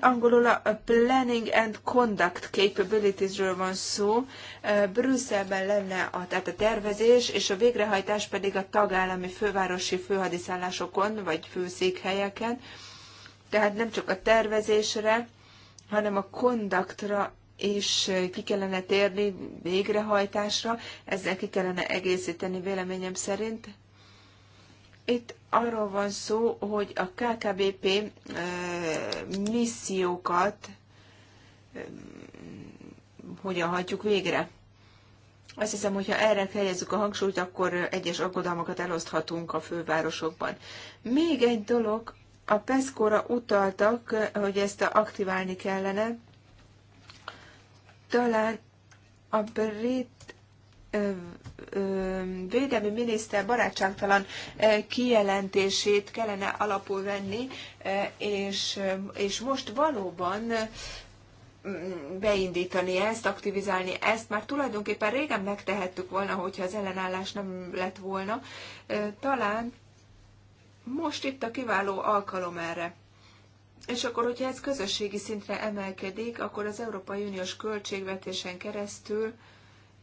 Angolul a Planning and Conduct Capabilities-ről van szó. Brüsszelben lenne a, tehát a tervezés, és a végrehajtás pedig a tagállami fővárosi főhadiszállásokon, vagy főszékhelyeken. Tehát nem csak a tervezésre, hanem a conductra és ki kellene térni végrehajtásra, ezzel ki kellene egészíteni véleményem szerint. Itt arról van szó, hogy a KKBP missziókat hogyan hajtjuk végre. Azt hiszem, hogyha erre helyezzük a hangsúlyt, akkor egyes aggodalmakat eloszthatunk a fővárosokban. Még egy dolog, a Peszkóra utaltak, hogy ezt aktiválni kellene. Talán a brit védelmi miniszter barátságtalan kijelentését kellene alapul venni, és, és most valóban beindítani ezt, aktivizálni ezt, már tulajdonképpen régen megtehettük volna, hogyha az ellenállás nem lett volna. Talán most itt a kiváló alkalom erre. És akkor, hogyha ez közösségi szintre emelkedik, akkor az Európai Uniós költségvetésen keresztül,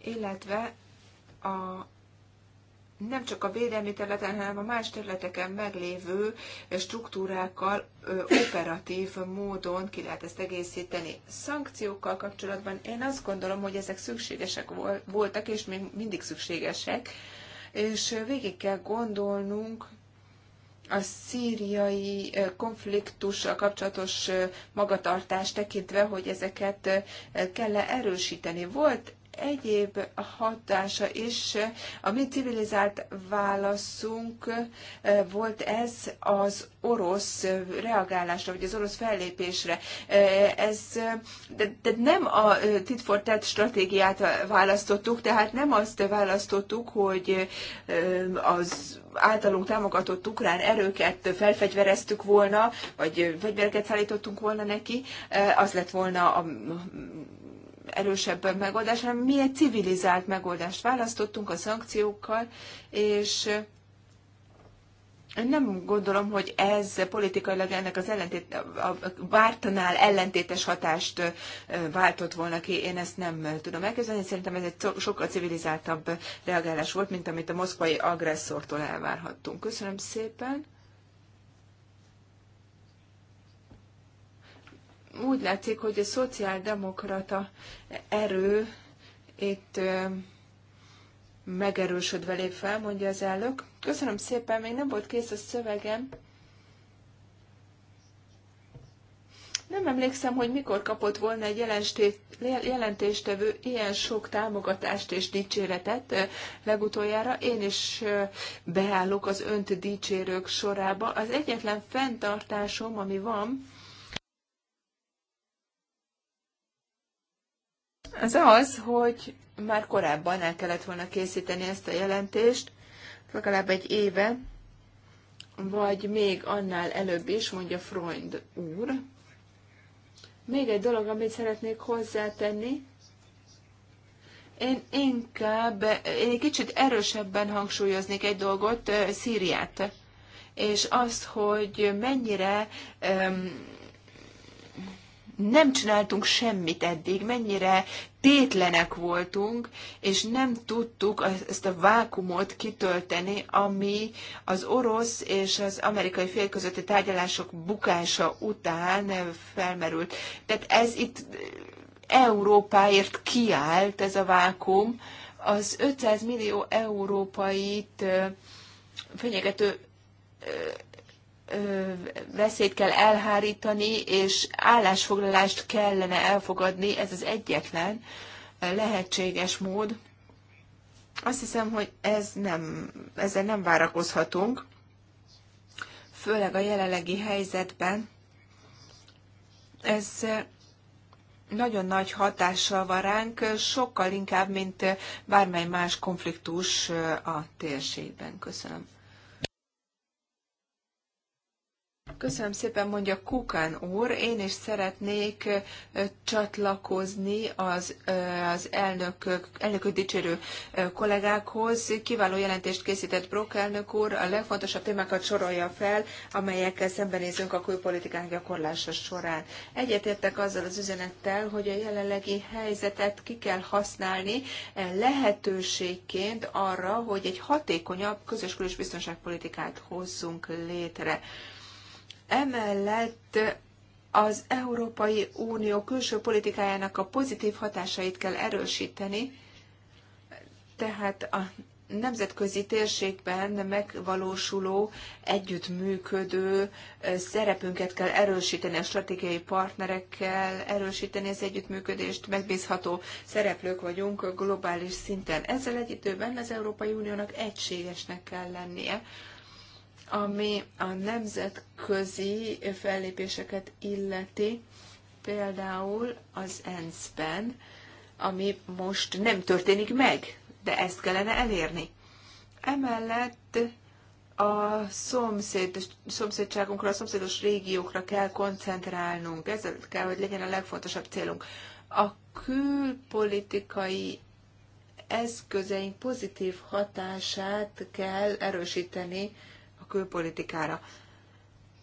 illetve a nem csak a védelmi területen, hanem a más területeken meglévő eh, struktúrákkal ö, operatív módon ki lehet ezt egészíteni. Szankciókkal kapcsolatban én azt gondolom, hogy ezek szükségesek voltak, és még mindig szükségesek, és végig kell gondolnunk a szíriai eh, konfliktussal kapcsolatos eh, magatartást tekintve, hogy ezeket kell -e erősíteni. Volt egyéb hatása is. A mi civilizált válaszunk eh, volt ez az orosz eh, reagálásra, vagy az orosz fellépésre. Eh, ez, de, de nem a tit for tat stratégiát választottuk, tehát nem azt választottuk, hogy az általunk támogatott ukrán erőket felfegyvereztük volna, vagy fegyvereket szállítottunk volna neki, az lett volna a erősebb megoldás, hanem mi egy civilizált megoldást választottunk a szankciókkal, és én nem gondolom, hogy ez politikailag ennek az ellentét, a vártanál ellentétes hatást váltott volna ki. Én ezt nem tudom elképzelni. Szerintem ez egy sokkal civilizáltabb reagálás volt, mint amit a moszkvai agresszortól elvárhattunk. Köszönöm szépen. úgy látszik, hogy a szociáldemokrata erő itt megerősödve lép fel, mondja az elnök. Köszönöm szépen, még nem volt kész a szövegem. Nem emlékszem, hogy mikor kapott volna egy jelentéstevő ilyen sok támogatást és dicséretet legutoljára. Én is beállok az önt dicsérők sorába. Az egyetlen fenntartásom, ami van, az az, hogy már korábban el kellett volna készíteni ezt a jelentést, legalább egy éve, vagy még annál előbb is, mondja Freund úr. Még egy dolog, amit szeretnék hozzátenni, én inkább, én egy kicsit erősebben hangsúlyoznék egy dolgot, Szíriát, és azt, hogy mennyire um, nem csináltunk semmit eddig, mennyire tétlenek voltunk, és nem tudtuk ezt a vákumot kitölteni, ami az orosz és az amerikai fél közötti tárgyalások bukása után felmerült. Tehát ez itt Európáért kiállt ez a vákum, az 500 millió európait fenyegető veszélyt kell elhárítani, és állásfoglalást kellene elfogadni, ez az egyetlen lehetséges mód. Azt hiszem, hogy ez nem, ezzel nem várakozhatunk, főleg a jelenlegi helyzetben. Ez nagyon nagy hatással van ránk, sokkal inkább, mint bármely más konfliktus a térségben. Köszönöm. Köszönöm szépen, mondja Kukán úr. Én is szeretnék csatlakozni az, az elnökök, elnökök dicsérő kollégákhoz. Kiváló jelentést készített Brok elnök úr. A legfontosabb témákat sorolja fel, amelyekkel szembenézünk a külpolitikán gyakorlása során. Egyetértek azzal az üzenettel, hogy a jelenlegi helyzetet ki kell használni e, lehetőségként arra, hogy egy hatékonyabb közös külös biztonságpolitikát hozzunk létre. Emellett az Európai Unió külső politikájának a pozitív hatásait kell erősíteni, tehát a nemzetközi térségben megvalósuló, együttműködő szerepünket kell erősíteni a stratégiai partnerekkel, erősíteni az együttműködést, megbízható szereplők vagyunk globális szinten. Ezzel egy időben az Európai Uniónak egységesnek kell lennie ami a nemzetközi fellépéseket illeti, például az ENSZ-ben, ami most nem történik meg, de ezt kellene elérni. Emellett a szomszéd, szomszédságunkra, a szomszédos régiókra kell koncentrálnunk. Ez kell, hogy legyen a legfontosabb célunk. A külpolitikai eszközeink pozitív hatását kell erősíteni külpolitikára.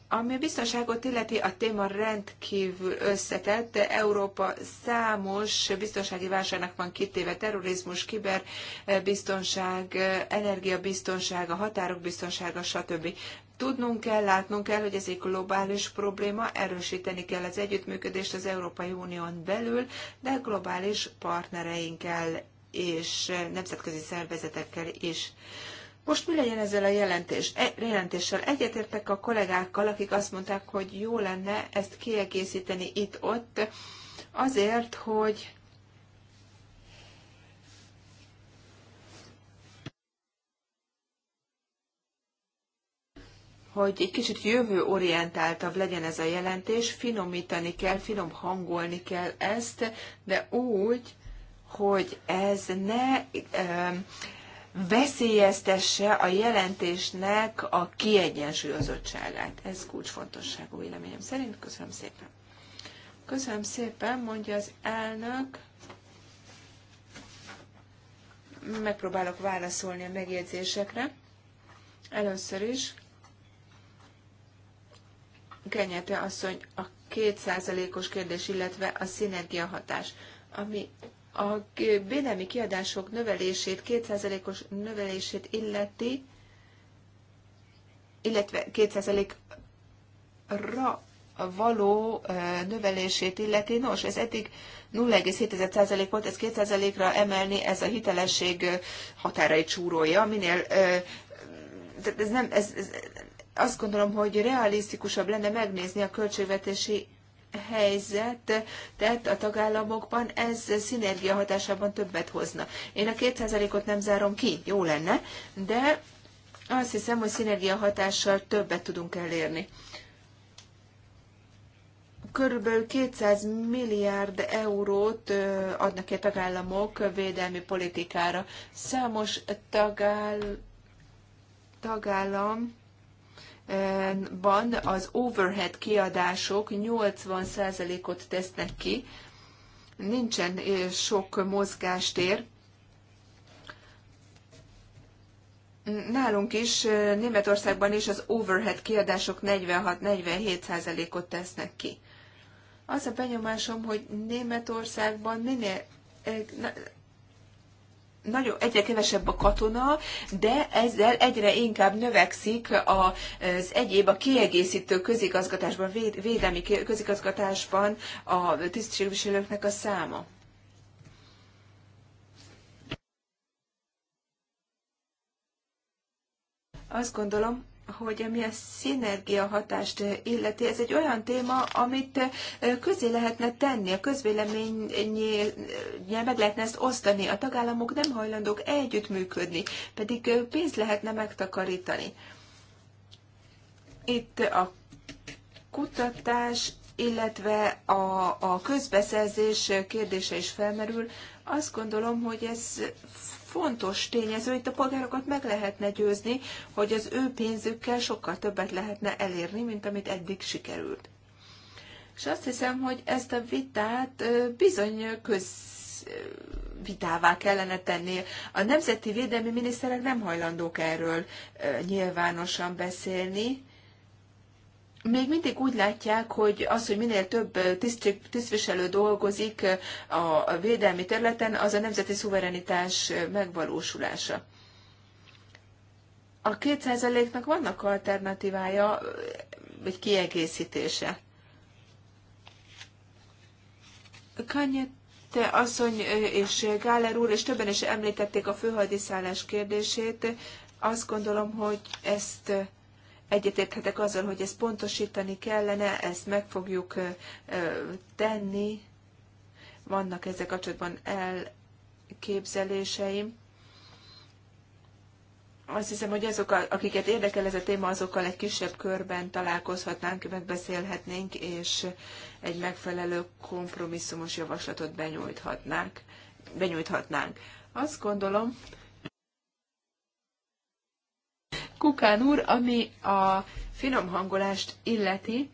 Ami a biztonságot illeti, a téma rendkívül összetett. Európa számos biztonsági válságnak van kitéve. Terrorizmus, kiberbiztonság, eh, energiabiztonság, eh, a határok biztonsága, stb. Tudnunk kell, látnunk kell, hogy ez egy globális probléma, erősíteni kell az együttműködést az Európai Unión belül, de globális partnereinkkel és eh, nemzetközi szervezetekkel is. Most mi legyen ezzel a jelentés, e, jelentéssel? Egyetértek a kollégákkal, akik azt mondták, hogy jó lenne ezt kiegészíteni itt-ott, azért, hogy hogy egy kicsit jövőorientáltabb legyen ez a jelentés, finomítani kell, finom hangolni kell ezt, de úgy, hogy ez ne veszélyeztesse a jelentésnek a kiegyensúlyozottságát. Ez kulcsfontosságú véleményem szerint. Köszönöm szépen. Köszönöm szépen, mondja az elnök. Megpróbálok válaszolni a megjegyzésekre. Először is Kenyete asszony a kétszázalékos kérdés, illetve a szinergia hatás, ami a védelmi kiadások növelését, 2%-os növelését illeti, illetve 2%-ra való növelését illeti. Nos, ez eddig 0,7% volt, ez 2%-ra emelni, ez a hitelesség határai csúrója, minél ez nem, ez, ez, azt gondolom, hogy realisztikusabb lenne megnézni a költségvetési helyzet, tehát a tagállamokban ez szinergia hatásában többet hozna. Én a 2%-ot nem zárom ki, jó lenne, de azt hiszem, hogy szinergia hatással többet tudunk elérni. Körülbelül 200 milliárd eurót adnak ki a tagállamok védelmi politikára. Számos tagáll... tagállam ban az overhead kiadások 80%-ot tesznek ki, nincsen sok mozgástér. Nálunk is, Németországban is az overhead kiadások 46-47%-ot tesznek ki. Az a benyomásom, hogy Németországban minél nagyon, egyre kevesebb a katona, de ezzel egyre inkább növekszik az egyéb, a kiegészítő közigazgatásban, védelmi közigazgatásban a tisztségviselőknek a száma. Azt gondolom, hogy ami a szinergia hatást illeti, ez egy olyan téma, amit közé lehetne tenni, a közvéleménynél meg lehetne ezt osztani, a tagállamok nem hajlandók együttműködni, pedig pénzt lehetne megtakarítani. Itt a kutatás, illetve a, a közbeszerzés kérdése is felmerül. Azt gondolom, hogy ez fontos tényező, itt a polgárokat meg lehetne győzni, hogy az ő pénzükkel sokkal többet lehetne elérni, mint amit eddig sikerült. És azt hiszem, hogy ezt a vitát bizony köz vitává kellene tenni. A nemzeti védelmi miniszterek nem hajlandók erről nyilvánosan beszélni, még mindig úgy látják, hogy az, hogy minél több tisztviselő dolgozik a védelmi területen, az a nemzeti szuverenitás megvalósulása. A kétszerzeléknek vannak alternatívája, vagy kiegészítése. te asszony és Gáler úr, és többen is említették a főhadiszállás kérdését. Azt gondolom, hogy ezt Egyetérthetek azzal, hogy ezt pontosítani kellene, ezt meg fogjuk tenni. Vannak a kapcsolatban elképzeléseim azt hiszem, hogy azok, akiket érdekel ez a téma, azokkal egy kisebb körben találkozhatnánk, megbeszélhetnénk, és egy megfelelő kompromisszumos javaslatot benyújthatnánk. benyújthatnánk. Azt gondolom, Kukán úr, ami a finom hangolást illeti,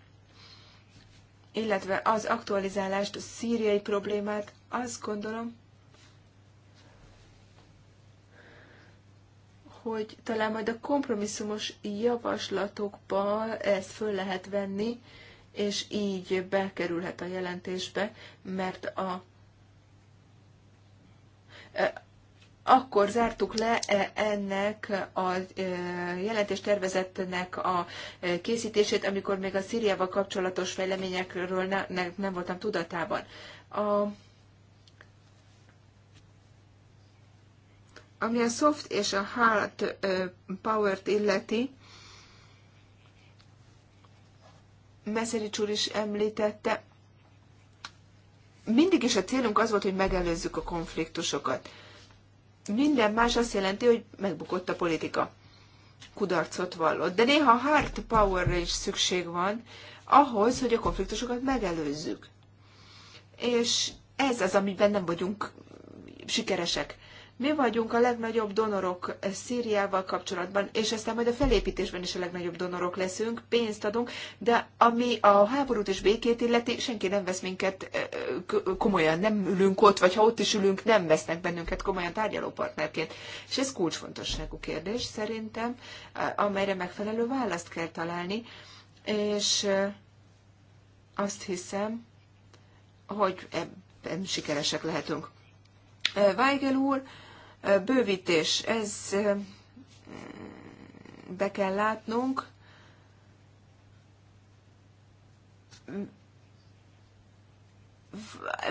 illetve az aktualizálást, a szíriai problémát, azt gondolom, hogy talán majd a kompromisszumos javaslatokba ezt föl lehet venni, és így bekerülhet a jelentésbe, mert a akkor zártuk le e, ennek a e, jelentéstervezetnek a e, készítését, amikor még a Szíriával kapcsolatos fejleményekről ne, ne, nem voltam tudatában. A, ami a soft és a hard power-t illeti, Meszerics úr is említette, mindig is a célunk az volt, hogy megelőzzük a konfliktusokat minden más azt jelenti, hogy megbukott a politika. Kudarcot vallott. De néha hard powerre is szükség van, ahhoz, hogy a konfliktusokat megelőzzük. És ez az, amiben nem vagyunk sikeresek. Mi vagyunk a legnagyobb donorok eh, Szíriával kapcsolatban, és aztán majd a felépítésben is a legnagyobb donorok leszünk, pénzt adunk, de ami a háborút és békét illeti, senki nem vesz minket eh, komolyan, nem ülünk ott, vagy ha ott is ülünk, nem vesznek bennünket komolyan tárgyalópartnerként. És ez kulcsfontosságú kérdés szerintem, eh, amelyre megfelelő választ kell találni, és azt hiszem, hogy ebben sikeresek lehetünk. Weigel úr bővítés, ez mm, be kell látnunk.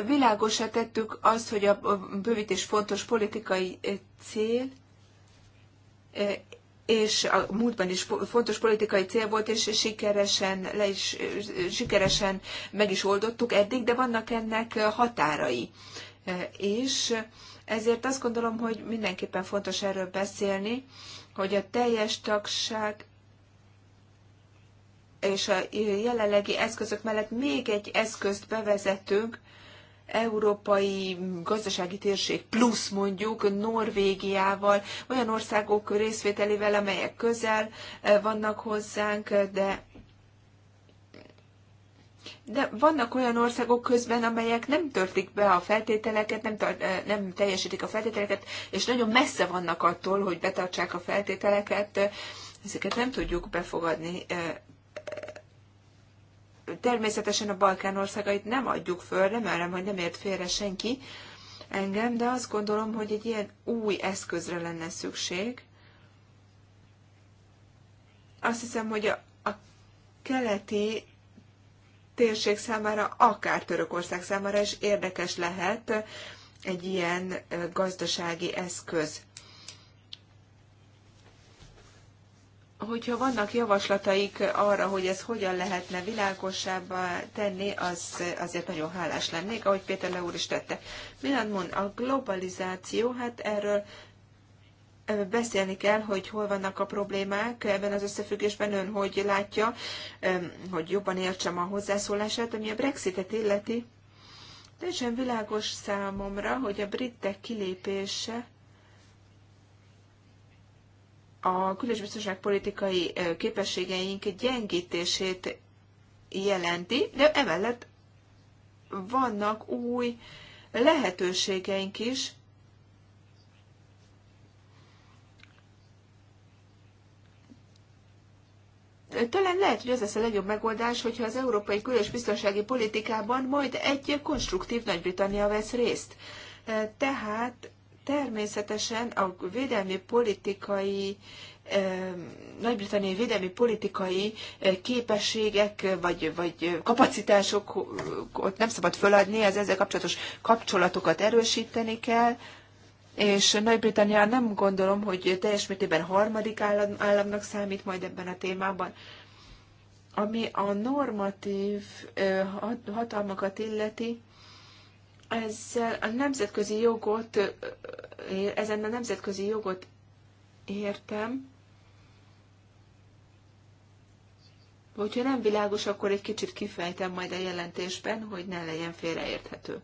Világosra tettük azt, hogy a bővítés fontos politikai eh, cél, eh, és a múltban is fontos politikai cél volt, és sikeresen, le is, eh, sikeresen meg is oldottuk eddig, de vannak ennek határai. És ezért azt gondolom, hogy mindenképpen fontos erről beszélni, hogy a teljes tagság és a jelenlegi eszközök mellett még egy eszközt bevezetünk, európai gazdasági térség plusz mondjuk Norvégiával, olyan országok részvételével, amelyek közel eh, vannak hozzánk, de de vannak olyan országok közben, amelyek nem törtik be a feltételeket, nem, tar- eh, nem teljesítik a feltételeket, és nagyon messze vannak attól, hogy betartsák a feltételeket. Ezeket nem tudjuk befogadni. Eh, természetesen a Balkán országait nem adjuk föl, remélem, hogy nem ért félre senki engem, de azt gondolom, hogy egy ilyen új eszközre lenne szükség. Azt hiszem, hogy a, a keleti térség számára, akár Törökország számára is érdekes lehet egy ilyen gazdasági eszköz. hogyha vannak javaslataik arra, hogy ez hogyan lehetne világosabbá tenni, az, azért nagyon hálás lennék, ahogy Péter Leúr is tette. Milyen mond, a globalizáció, hát erről beszélni kell, hogy hol vannak a problémák ebben az összefüggésben, ön hogy látja, hogy jobban értsem a hozzászólását, ami a Brexitet illeti. Teljesen világos számomra, hogy a britek kilépése a politikai képességeink gyengítését jelenti, de emellett vannak új lehetőségeink is, talán lehet, hogy az lesz a legjobb megoldás, hogyha az európai külös biztonsági politikában majd egy konstruktív Nagy-Britannia vesz részt. E, tehát természetesen a védelmi politikai e, nagy-britanniai védelmi politikai e, képességek vagy, vagy kapacitások ott nem szabad föladni, az ezzel kapcsolatos kapcsolatokat erősíteni kell, és Nagy-Britannia nem gondolom, hogy teljes mértékben harmadik állam, államnak számít majd ebben a témában. Ami a normatív hatalmakat illeti, ezzel a nemzetközi jogot, ezen a nemzetközi jogot értem, Hogyha nem világos, akkor egy kicsit kifejtem majd a jelentésben, hogy ne legyen félreérthető.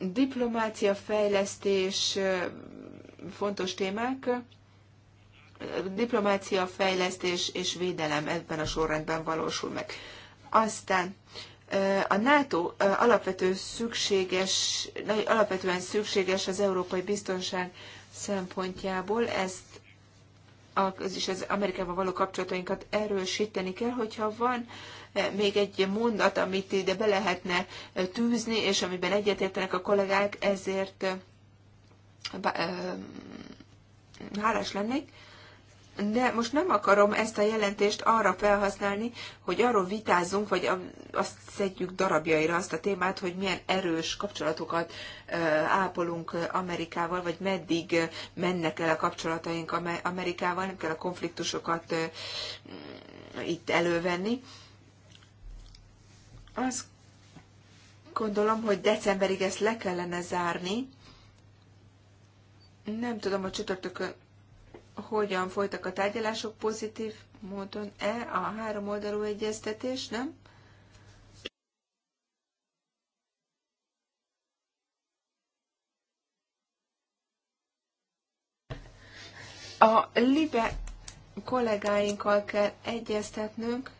Diplomácia, fejlesztés, fontos témák. Diplomácia, fejlesztés és védelem ebben a sorrendben valósul meg. Aztán a NATO alapvető szükséges, alapvetően szükséges az európai biztonság szempontjából, ezt az is az Amerikával való kapcsolatainkat erősíteni kell, hogyha van eh, még egy mondat, amit ide be lehetne eh, tűzni, és amiben egyetértenek a kollégák, ezért eh, hálás lennék de most nem akarom ezt a jelentést arra felhasználni, hogy arról vitázzunk, vagy azt szedjük darabjaira azt a témát, hogy milyen erős kapcsolatokat ápolunk Amerikával, vagy meddig mennek el a kapcsolataink Amerikával, nem kell a konfliktusokat itt elővenni. Azt gondolom, hogy decemberig ezt le kellene zárni. Nem tudom, hogy csütörtökön hogyan folytak a tárgyalások pozitív módon-e a három oldalú egyeztetés, nem? A libe kollégáinkkal kell egyeztetnünk,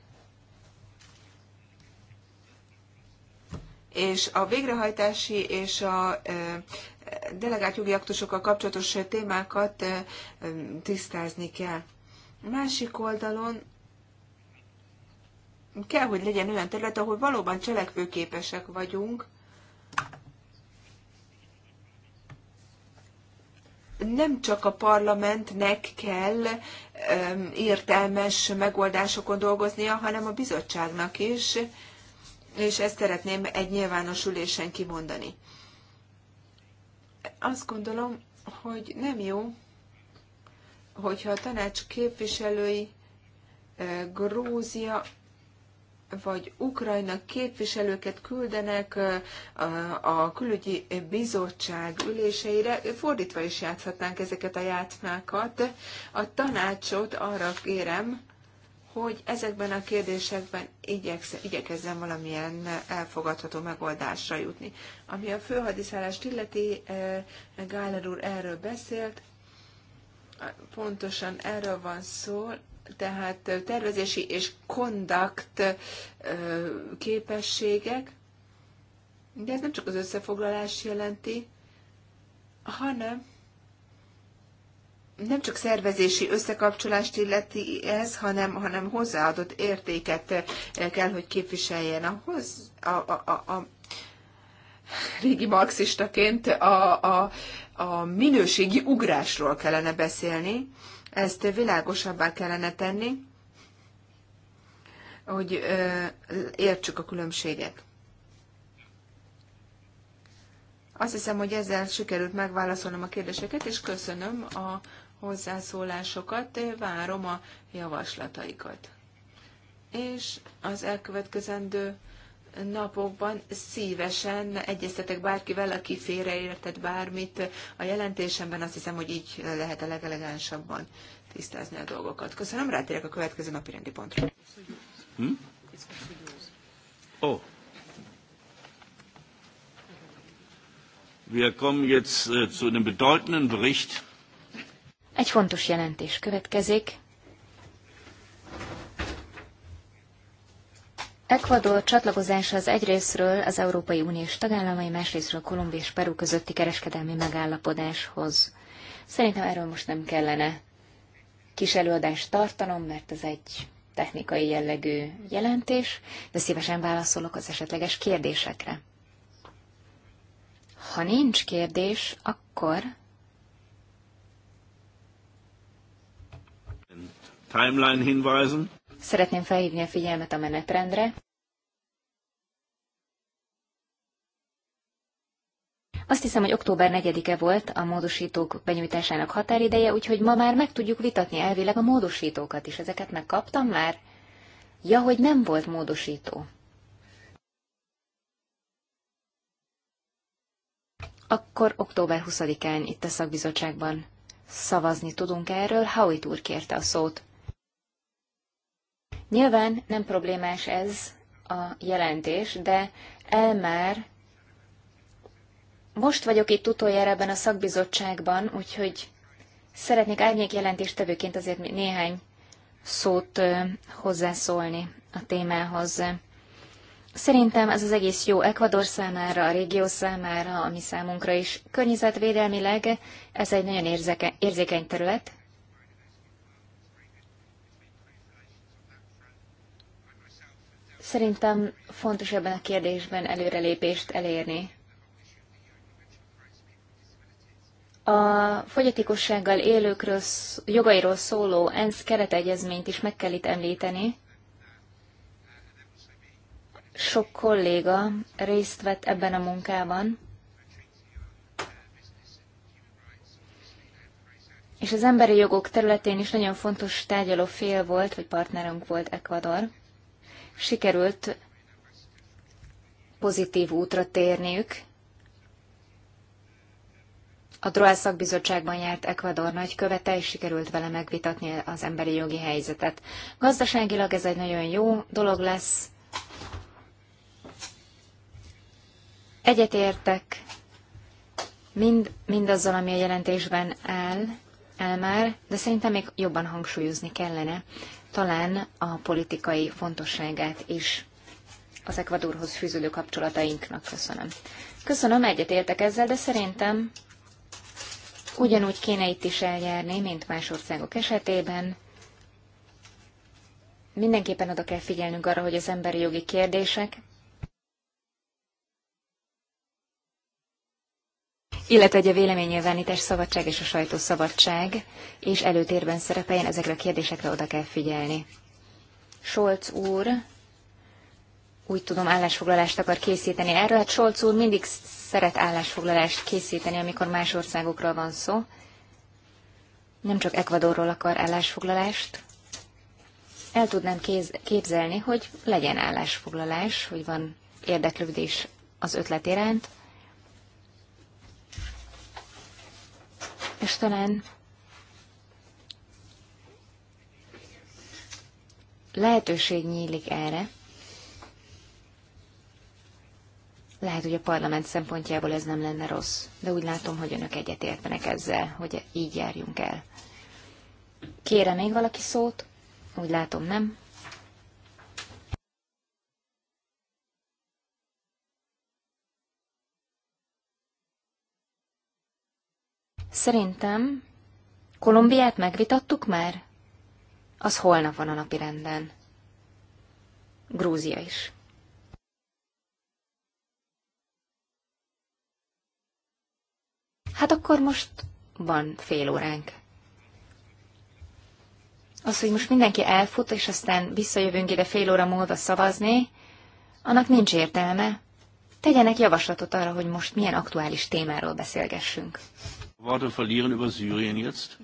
és a végrehajtási és a delegált jogi aktusokkal kapcsolatos témákat tisztázni kell. Másik oldalon kell, hogy legyen olyan terület, ahol valóban cselekvőképesek vagyunk, nem csak a parlamentnek kell értelmes megoldásokon dolgoznia, hanem a bizottságnak is, és ezt szeretném egy nyilvános ülésen kimondani. Azt gondolom, hogy nem jó, hogyha a tanács képviselői e, Grúzia vagy Ukrajna képviselőket küldenek e, a külügyi bizottság üléseire, fordítva is játszhatnánk ezeket a játszmákat. A tanácsot arra kérem, hogy ezekben a kérdésekben igyeksz, igyekezzen valamilyen elfogadható megoldásra jutni. Ami a főhadiszállást illeti, eh, Gáler úr erről beszélt, pontosan erről van szó, tehát tervezési és kondakt eh, képességek, de ez nem csak az összefoglalás jelenti, hanem nem csak szervezési összekapcsolást illeti ez, hanem, hanem hozzáadott értéket eh, kell, hogy képviseljen ahhoz, a, a, a, a régi marxistaként a, a, a minőségi ugrásról kellene beszélni, ezt világosabbá kellene tenni, hogy ö, eh, értsük a különbséget. Azt hiszem, hogy ezzel sikerült megválaszolnom a kérdéseket, és köszönöm a hozzászólásokat, várom a javaslataikat. És az elkövetkezendő napokban szívesen egyeztetek bárkivel, aki félreértett bármit a jelentésemben. Azt hiszem, hogy így lehet a legelegánsabban tisztázni a dolgokat. Köszönöm, rátérek a következő napi rendi pontra. Hm? Oh. Wir kommen jetzt äh, zu einem bedeutenden Bericht egy fontos jelentés következik. Ecuador csatlakozása az egyrésztről az Európai Uniós tagállamai, másrésztről Kolumbia és Peru közötti kereskedelmi megállapodáshoz. Szerintem erről most nem kellene kis előadást tartanom, mert ez egy technikai jellegű jelentés, de szívesen válaszolok az esetleges kérdésekre. Ha nincs kérdés, akkor timeline hinweisen. Szeretném felhívni a figyelmet a menetrendre. Azt hiszem, hogy október 4-e volt a módosítók benyújtásának határideje, úgyhogy ma már meg tudjuk vitatni elvileg a módosítókat is. Ezeket megkaptam már? Ja, hogy nem volt módosító. Akkor október 20-án itt a szakbizottságban szavazni tudunk erről. Howitt úr kérte a szót. Nyilván nem problémás ez a jelentés, de el már most vagyok itt utoljára ebben a szakbizottságban, úgyhogy szeretnék árnyék jelentéstevőként azért néhány szót hozzászólni a témához. Szerintem ez az egész jó Ecuador számára, a régió számára, ami számunkra is. Környezetvédelmileg ez egy nagyon érzeke, érzékeny terület, Szerintem fontos ebben a kérdésben előrelépést elérni. A fogyatékossággal élőkről, jogairól szóló ENSZ keretegyezményt is meg kell itt említeni. Sok kolléga részt vett ebben a munkában. És az emberi jogok területén is nagyon fontos tárgyaló fél volt, vagy partnerünk volt Ecuador sikerült pozitív útra térniük. A Droál szakbizottságban járt Ecuador nagykövete, és sikerült vele megvitatni az emberi jogi helyzetet. Gazdaságilag ez egy nagyon jó dolog lesz. Egyetértek mind, mindazzal, ami a jelentésben áll, el már, de szerintem még jobban hangsúlyozni kellene talán a politikai fontosságát is az Ekvadorhoz fűződő kapcsolatainknak köszönöm. Köszönöm, értek ezzel, de szerintem ugyanúgy kéne itt is eljárni, mint más országok esetében. Mindenképpen oda kell figyelnünk arra, hogy az emberi jogi kérdések illetve egy a véleménynyilvánítás szabadság és a sajtószabadság, és előtérben szerepeljen, ezekre a kérdésekre oda kell figyelni. Solc úr, úgy tudom, állásfoglalást akar készíteni erről. Hát Solc úr mindig szeret állásfoglalást készíteni, amikor más országokról van szó. Nem csak Ekvadorról akar állásfoglalást. El tudnám kéz- képzelni, hogy legyen állásfoglalás, hogy van érdeklődés az ötlet iránt. és talán lehetőség nyílik erre. Lehet, hogy a parlament szempontjából ez nem lenne rossz, de úgy látom, hogy önök egyetértenek ezzel, hogy így járjunk el. Kére még valaki szót? Úgy látom, nem. Szerintem Kolumbiát megvitattuk már? Az holnap van a napi renden. Grúzia is. Hát akkor most van fél óránk. Az, hogy most mindenki elfut, és aztán visszajövünk ide fél óra múlva szavazni, annak nincs értelme. Tegyenek javaslatot arra, hogy most milyen aktuális témáról beszélgessünk. Worte verlieren über Syrien jetzt?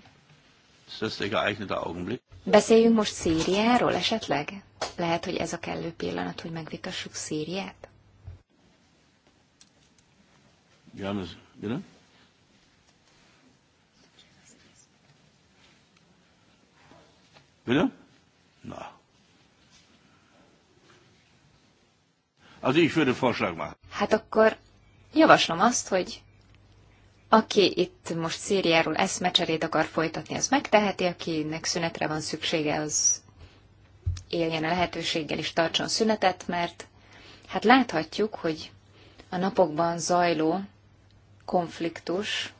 Ist das der geeignete Augenblick? Beszéljünk most Szíriáról esetleg? Lehet, hogy ez a kellő pillanat, hogy megvitassuk Szíriát? Wir haben es, Bitte? Na. Also ich würde Vorschlag machen. Hát akkor javaslom azt, hogy aki itt most Szíriáról eszmecserét akar folytatni, az megteheti, akinek szünetre van szüksége, az éljen a lehetőséggel is tartson szünetet, mert hát láthatjuk, hogy a napokban zajló konfliktus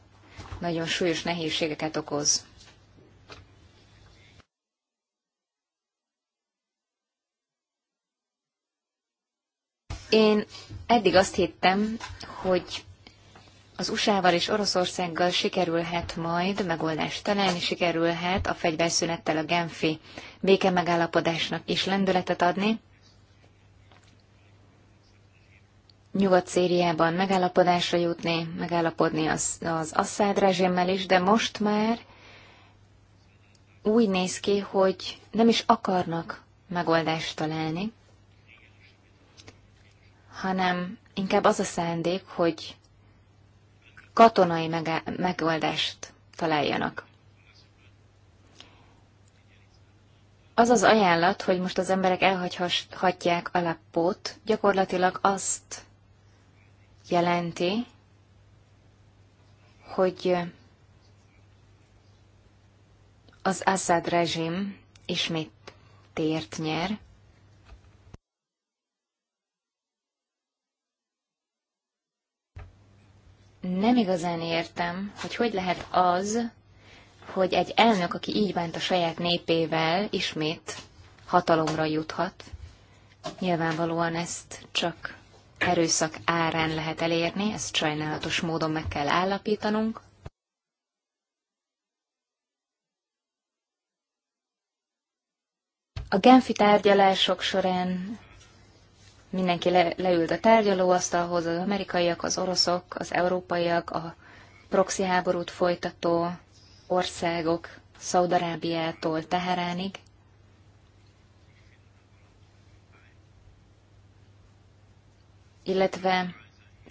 nagyon súlyos nehézségeket okoz. Én eddig azt hittem, hogy az USA-val és Oroszországgal sikerülhet majd megoldást találni, sikerülhet a fegyverszünettel a Genfi béke megállapodásnak is lendületet adni. nyugat szériában megállapodásra jutni, megállapodni az, az Assad rezsimmel is, de most már úgy néz ki, hogy nem is akarnak megoldást találni, hanem inkább az a szándék, hogy katonai megoldást találjanak. Az az ajánlat, hogy most az emberek elhagyhatják Aleppót, gyakorlatilag azt jelenti, hogy az Assad rezsim ismét tért nyer, nem igazán értem, hogy hogy lehet az, hogy egy elnök, aki így bánt a saját népével, ismét hatalomra juthat. Nyilvánvalóan ezt csak erőszak árán lehet elérni, ezt sajnálatos módon meg kell állapítanunk. A Genfi tárgyalások során mindenki le, leült a tárgyalóasztalhoz, az amerikaiak, az oroszok, az európaiak, a proxy háborút folytató országok, Szaudarábiától Teheránig. Illetve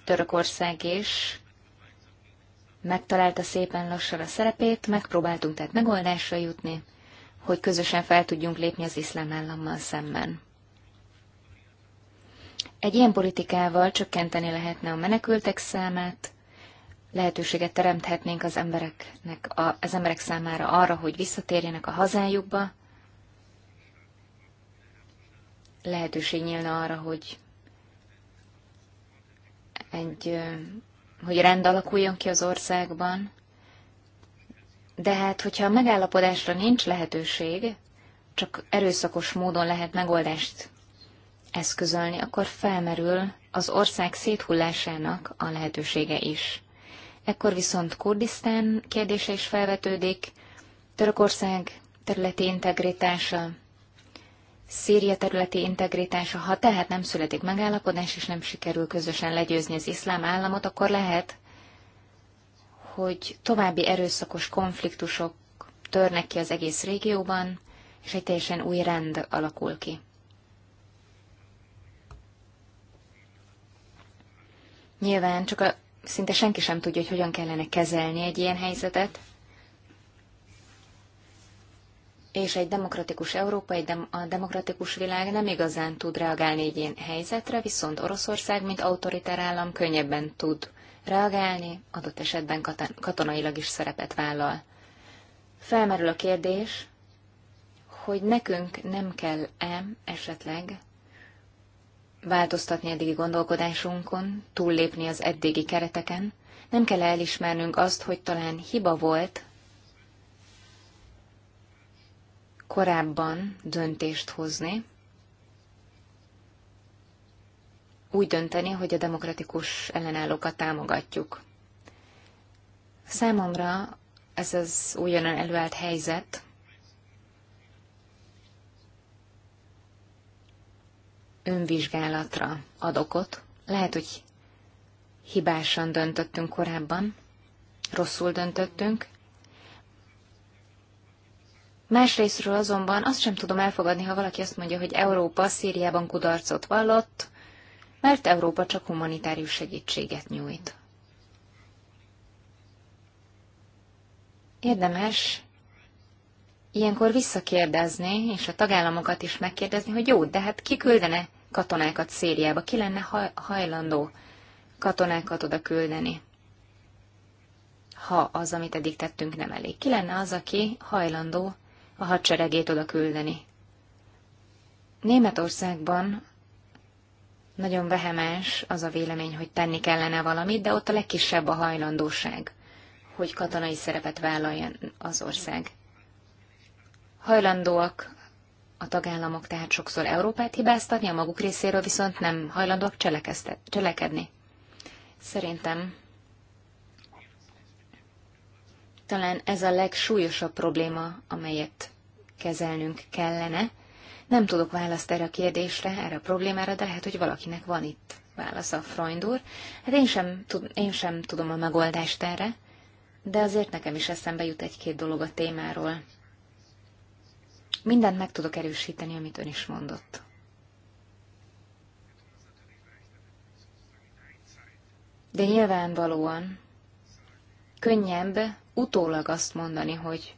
Törökország is megtalálta szépen lassan a szerepét, megpróbáltunk tehát megoldásra jutni, hogy közösen fel tudjunk lépni az iszlám állammal szemben. Egy ilyen politikával csökkenteni lehetne a menekültek számát, lehetőséget teremthetnénk az embereknek, a, az emberek számára arra, hogy visszatérjenek a hazájukba, lehetőség nyílna arra, hogy egy, hogy rend alakuljon ki az országban, de hát, hogyha a megállapodásra nincs lehetőség, csak erőszakos módon lehet megoldást eszközölni, akkor felmerül az ország széthullásának a lehetősége is. Ekkor viszont Kurdisztán kérdése is felvetődik, Törökország területi integritása, Szíria területi integritása, ha tehát nem születik megállapodás, és nem sikerül közösen legyőzni az iszlám államot, akkor lehet, hogy további erőszakos konfliktusok törnek ki az egész régióban, és egy teljesen új rend alakul ki. Nyilván csak a, szinte senki sem tudja, hogy hogyan kellene kezelni egy ilyen helyzetet. És egy demokratikus Európa, egy dem, a demokratikus világ nem igazán tud reagálni egy ilyen helyzetre, viszont Oroszország, mint autoritár állam könnyebben tud reagálni, adott esetben katonailag is szerepet vállal. Felmerül a kérdés, hogy nekünk nem kell-e esetleg változtatni eddigi gondolkodásunkon, túllépni az eddigi kereteken. Nem kell elismernünk azt, hogy talán hiba volt korábban döntést hozni, úgy dönteni, hogy a demokratikus ellenállókat támogatjuk. Számomra ez az újonnan előállt helyzet önvizsgálatra ad okot. Lehet, hogy hibásan döntöttünk korábban, rosszul döntöttünk. Másrésztről azonban azt sem tudom elfogadni, ha valaki azt mondja, hogy Európa Szíriában kudarcot vallott, mert Európa csak humanitárius segítséget nyújt. Érdemes ilyenkor visszakérdezni, és a tagállamokat is megkérdezni, hogy jó, de hát ki küldene katonákat Szériába. Ki lenne hajlandó katonákat oda küldeni? Ha az, amit eddig tettünk, nem elég. Ki lenne az, aki hajlandó a hadseregét oda küldeni? Németországban nagyon vehemens az a vélemény, hogy tenni kellene valamit, de ott a legkisebb a hajlandóság, hogy katonai szerepet vállaljon az ország. Hajlandóak a tagállamok tehát sokszor Európát hibáztatni, a maguk részéről viszont nem hajlandóak cselekedni. Szerintem talán ez a legsúlyosabb probléma, amelyet kezelnünk kellene. Nem tudok választ erre a kérdésre, erre a problémára, de lehet, hogy valakinek van itt válasza, Freund úr. Hát én sem, tud, én sem tudom a megoldást erre, de azért nekem is eszembe jut egy-két dolog a témáról. Mindent meg tudok erősíteni, amit ön is mondott. De nyilvánvalóan könnyebb utólag azt mondani, hogy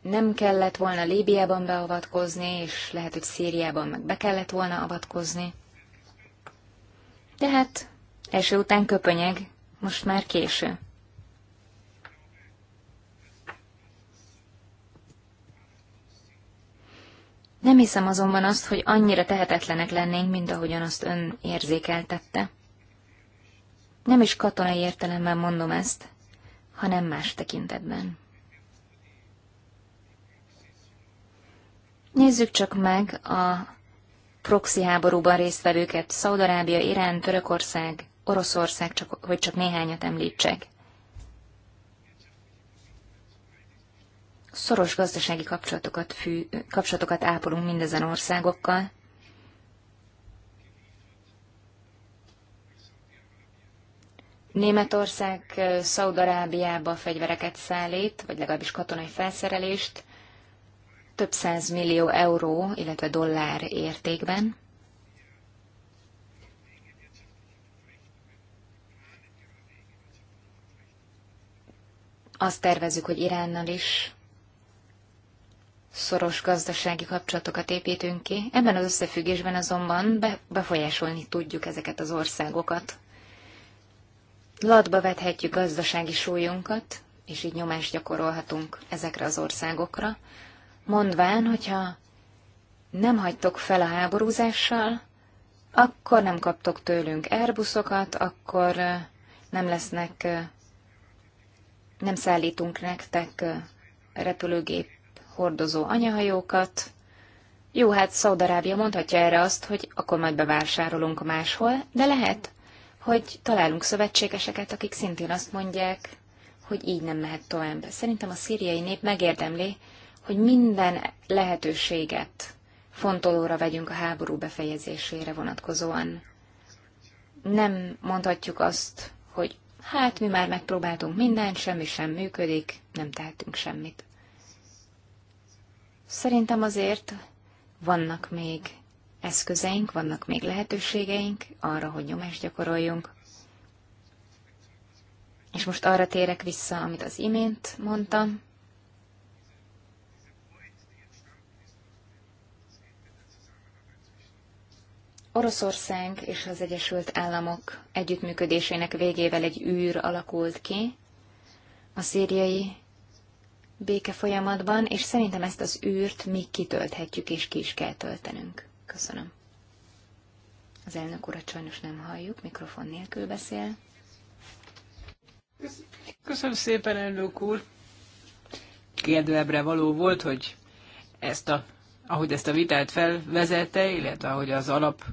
nem kellett volna Líbiában beavatkozni, és lehet, hogy Szíriában meg be kellett volna avatkozni. Tehát első után köpönyeg, most már késő. Nem hiszem azonban azt, hogy annyira tehetetlenek lennénk, mint ahogyan azt ön érzékeltette. Nem is katonai értelemben mondom ezt, hanem más tekintetben. Nézzük csak meg a proxy háborúban résztvevőket, Szaudarábia, Irán, Törökország, Oroszország, csak, hogy csak néhányat említsek. Szoros gazdasági kapcsolatokat, fű, kapcsolatokat ápolunk mindezen országokkal. Németország Szaudarábiába fegyvereket szállít, vagy legalábbis katonai felszerelést, több száz millió euró, illetve dollár értékben. Azt tervezük, hogy Iránnal is szoros gazdasági kapcsolatokat építünk ki. Ebben az összefüggésben azonban befolyásolni tudjuk ezeket az országokat. Latba vethetjük gazdasági súlyunkat, és így nyomást gyakorolhatunk ezekre az országokra, mondván, hogyha nem hagytok fel a háborúzással, akkor nem kaptok tőlünk Airbusokat, akkor nem lesznek, nem szállítunk nektek repülőgép hordozó anyahajókat. Jó, hát Szaudarábia mondhatja erre azt, hogy akkor majd bevásárolunk máshol, de lehet, hogy találunk szövetségeseket, akik szintén azt mondják, hogy így nem mehet tovább. Szerintem a szíriai nép megérdemli, hogy minden lehetőséget fontolóra vegyünk a háború befejezésére vonatkozóan. Nem mondhatjuk azt, hogy hát mi már megpróbáltunk mindent, semmi sem működik, nem tehetünk semmit. Szerintem azért vannak még eszközeink, vannak még lehetőségeink arra, hogy nyomást gyakoroljunk. És most arra térek vissza, amit az imént mondtam. Oroszország és az Egyesült Államok együttműködésének végével egy űr alakult ki. A szíriai béke folyamatban, és szerintem ezt az űrt még kitölthetjük, és ki is kell töltenünk. Köszönöm. Az elnök urat sajnos nem halljuk, mikrofon nélkül beszél. Köszönöm szépen, elnök úr. Kérdőebbre való volt, hogy ezt a, ahogy ezt a vitát felvezette, illetve ahogy az alap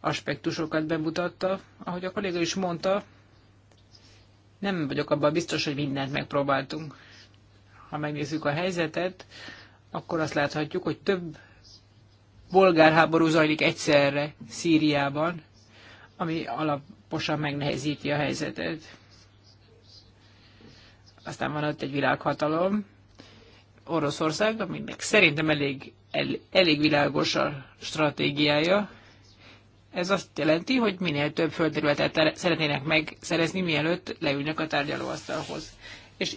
aspektusokat bemutatta, ahogy a kolléga is mondta, nem vagyok abban biztos, hogy mindent megpróbáltunk. Ha megnézzük a helyzetet, akkor azt láthatjuk, hogy több bolgárháború zajlik egyszerre Szíriában, ami alaposan megnehezíti a helyzetet. Aztán van ott egy világhatalom, Oroszország, aminek szerintem elég, el, elég világos a stratégiája. Ez azt jelenti, hogy minél több földterületet szeretnének megszerezni, mielőtt leülnek a tárgyalóasztalhoz. És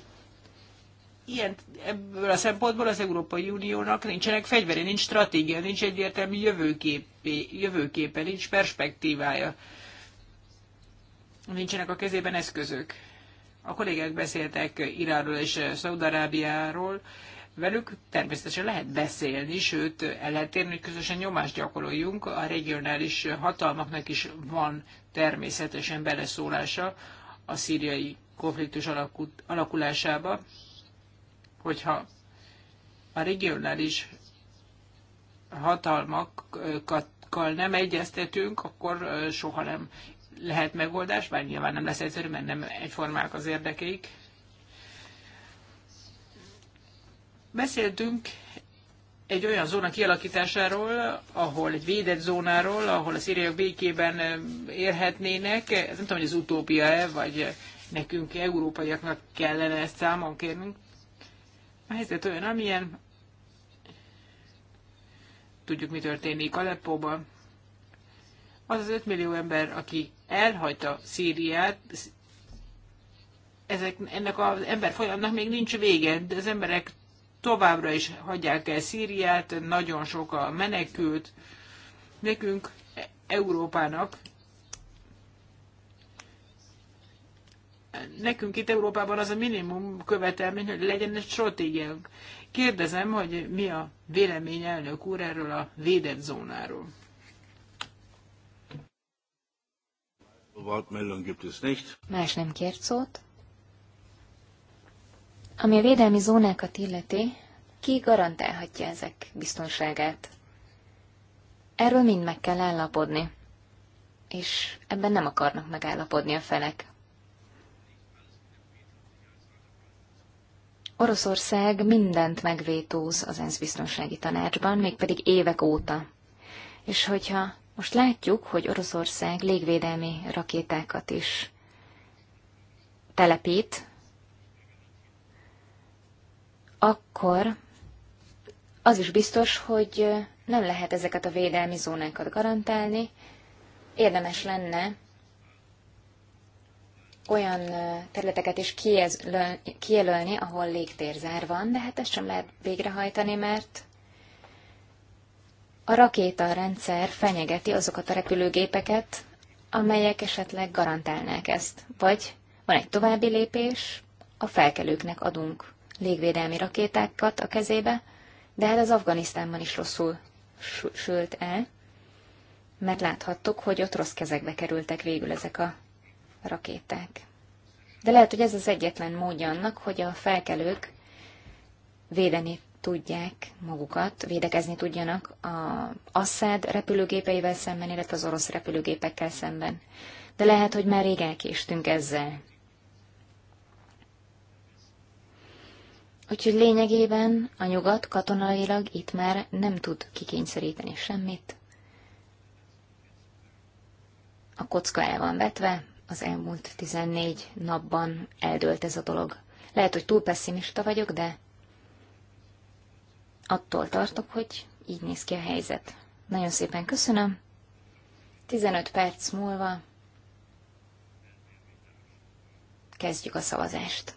ilyen, ebből a szempontból az Európai Uniónak nincsenek fegyvere, nincs stratégia, nincs egyértelmű jövőképe, jövőképe nincs perspektívája. Nincsenek a kezében eszközök. A kollégák beszéltek Iránról és Szaudarábiáról velük természetesen lehet beszélni, sőt, el lehet érni, hogy közösen nyomást gyakoroljunk. A regionális hatalmaknak is van természetesen beleszólása a szíriai konfliktus alakulásába, hogyha a regionális hatalmakkal nem egyeztetünk, akkor soha nem lehet megoldás, bár nyilván nem lesz egyszerű, mert nem egyformák az érdekeik. Beszéltünk egy olyan zóna kialakításáról, ahol egy védett zónáról, ahol a szíriak békében érhetnének. Ez nem tudom, hogy az utópia-e, vagy nekünk európaiaknak kellene ezt számon kérnünk. A helyzet olyan, amilyen. Tudjuk, mi történik Aleppóban. Az az 5 millió ember, aki elhagyta Szíriát, ezek, ennek az ember folyamnak még nincs vége, de az emberek továbbra is hagyják el Szíriát, nagyon sok a menekült. Nekünk, Európának, nekünk itt Európában az a minimum követelmény, hogy legyen egy stratégiánk. Kérdezem, hogy mi a vélemény elnök úr erről a védett zónáról. Más nem kért szót? Ami a védelmi zónákat illeti, ki garantálhatja ezek biztonságát? Erről mind meg kell állapodni, és ebben nem akarnak megállapodni a felek. Oroszország mindent megvétóz az ENSZ biztonsági tanácsban, mégpedig évek óta. És hogyha most látjuk, hogy Oroszország légvédelmi rakétákat is telepít akkor az is biztos, hogy nem lehet ezeket a védelmi zónákat garantálni. Érdemes lenne olyan területeket is kijelölni, ahol légtérzár van, de hát ezt sem lehet végrehajtani, mert a rakétarendszer fenyegeti azokat a repülőgépeket, amelyek esetleg garantálnák ezt. Vagy van egy további lépés, a felkelőknek adunk légvédelmi rakétákat a kezébe, de hát az Afganisztánban is rosszul sült el, mert láthattuk, hogy ott rossz kezekbe kerültek végül ezek a rakéták. De lehet, hogy ez az egyetlen módja annak, hogy a felkelők védeni tudják magukat, védekezni tudjanak a Assad repülőgépeivel szemben, illetve az orosz repülőgépekkel szemben. De lehet, hogy már rég elkéstünk ezzel. Úgyhogy lényegében a nyugat katonailag itt már nem tud kikényszeríteni semmit. A kocka el van vetve, az elmúlt 14 napban eldőlt ez a dolog. Lehet, hogy túl pessimista vagyok, de attól tartok, hogy így néz ki a helyzet. Nagyon szépen köszönöm. 15 perc múlva kezdjük a szavazást.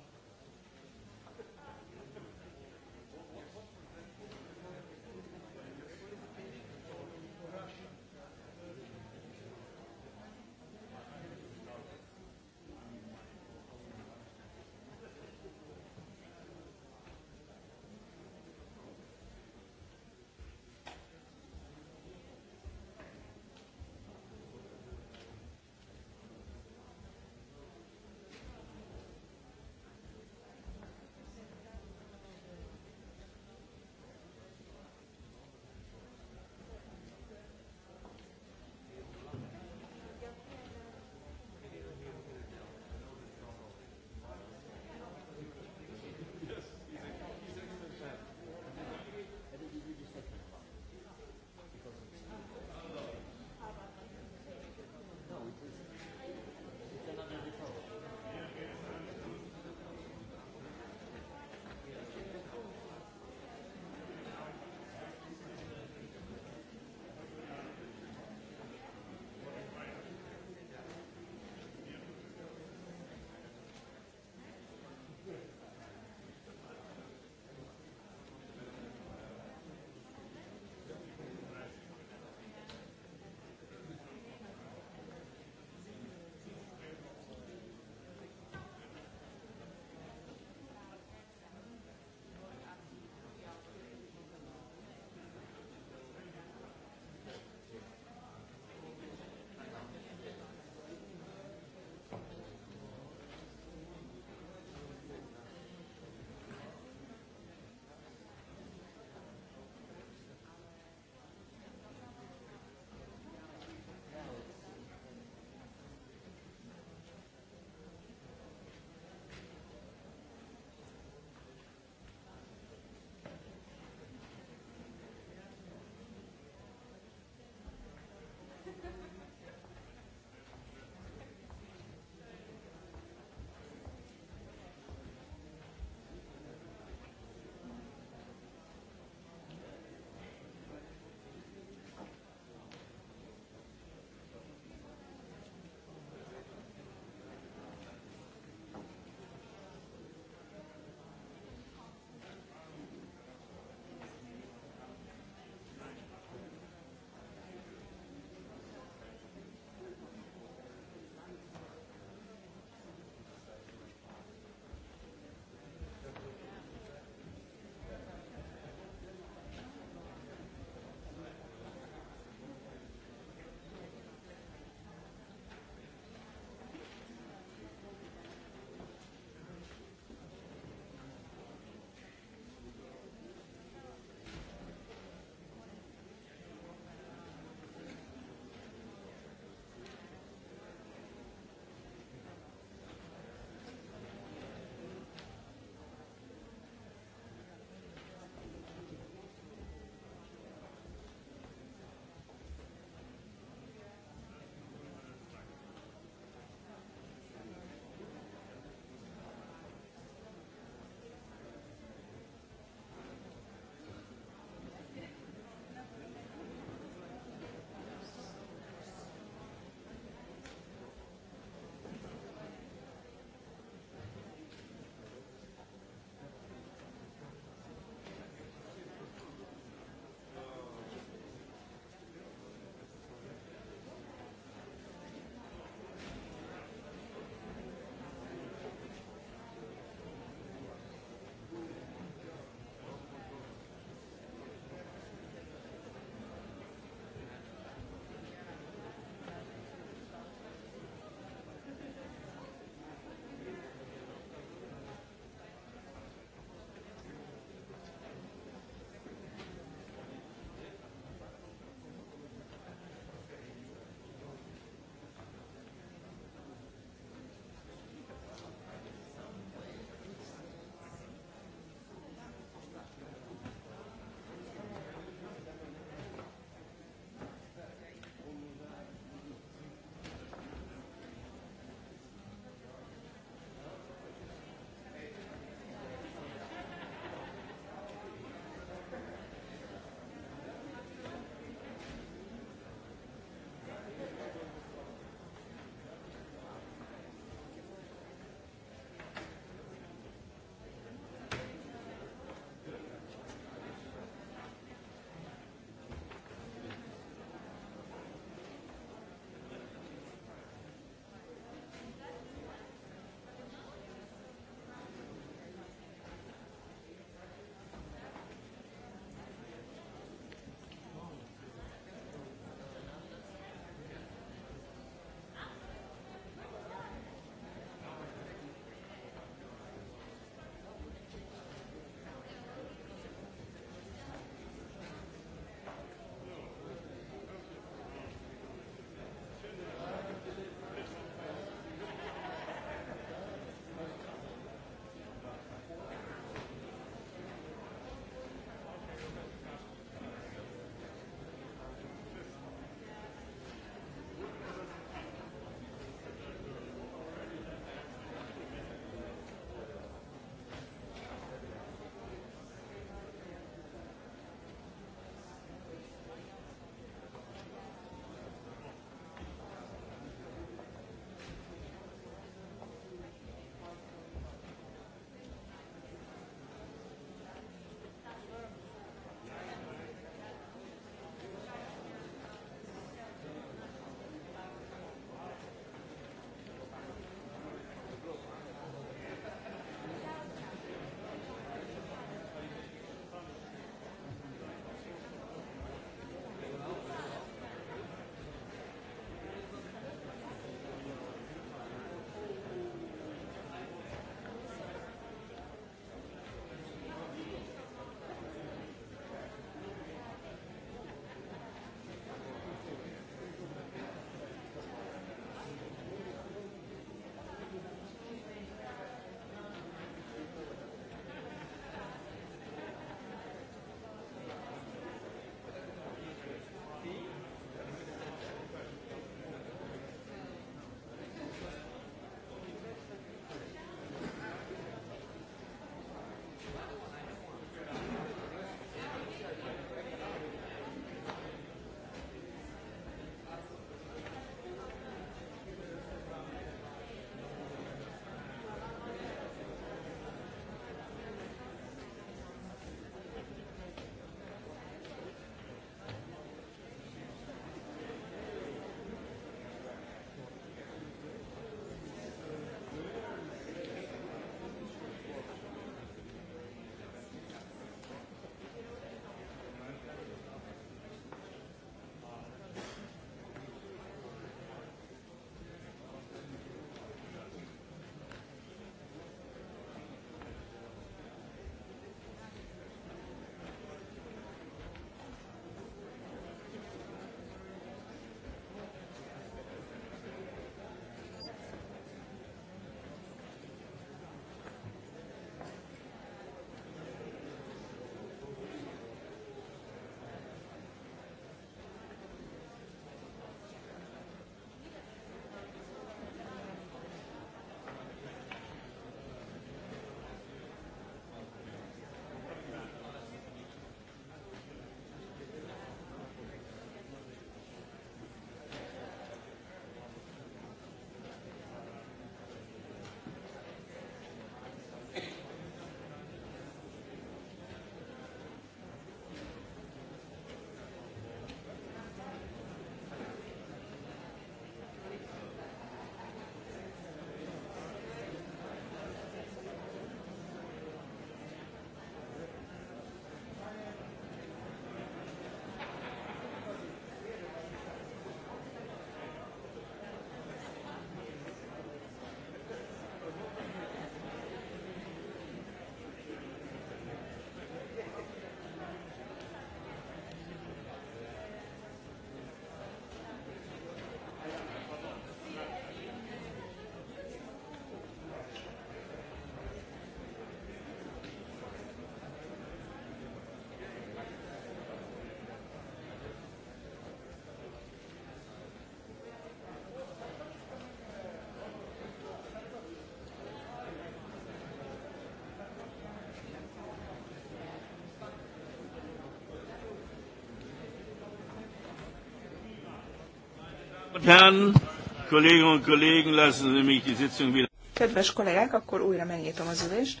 Kedves kollégák, akkor újra megnyitom az ülést,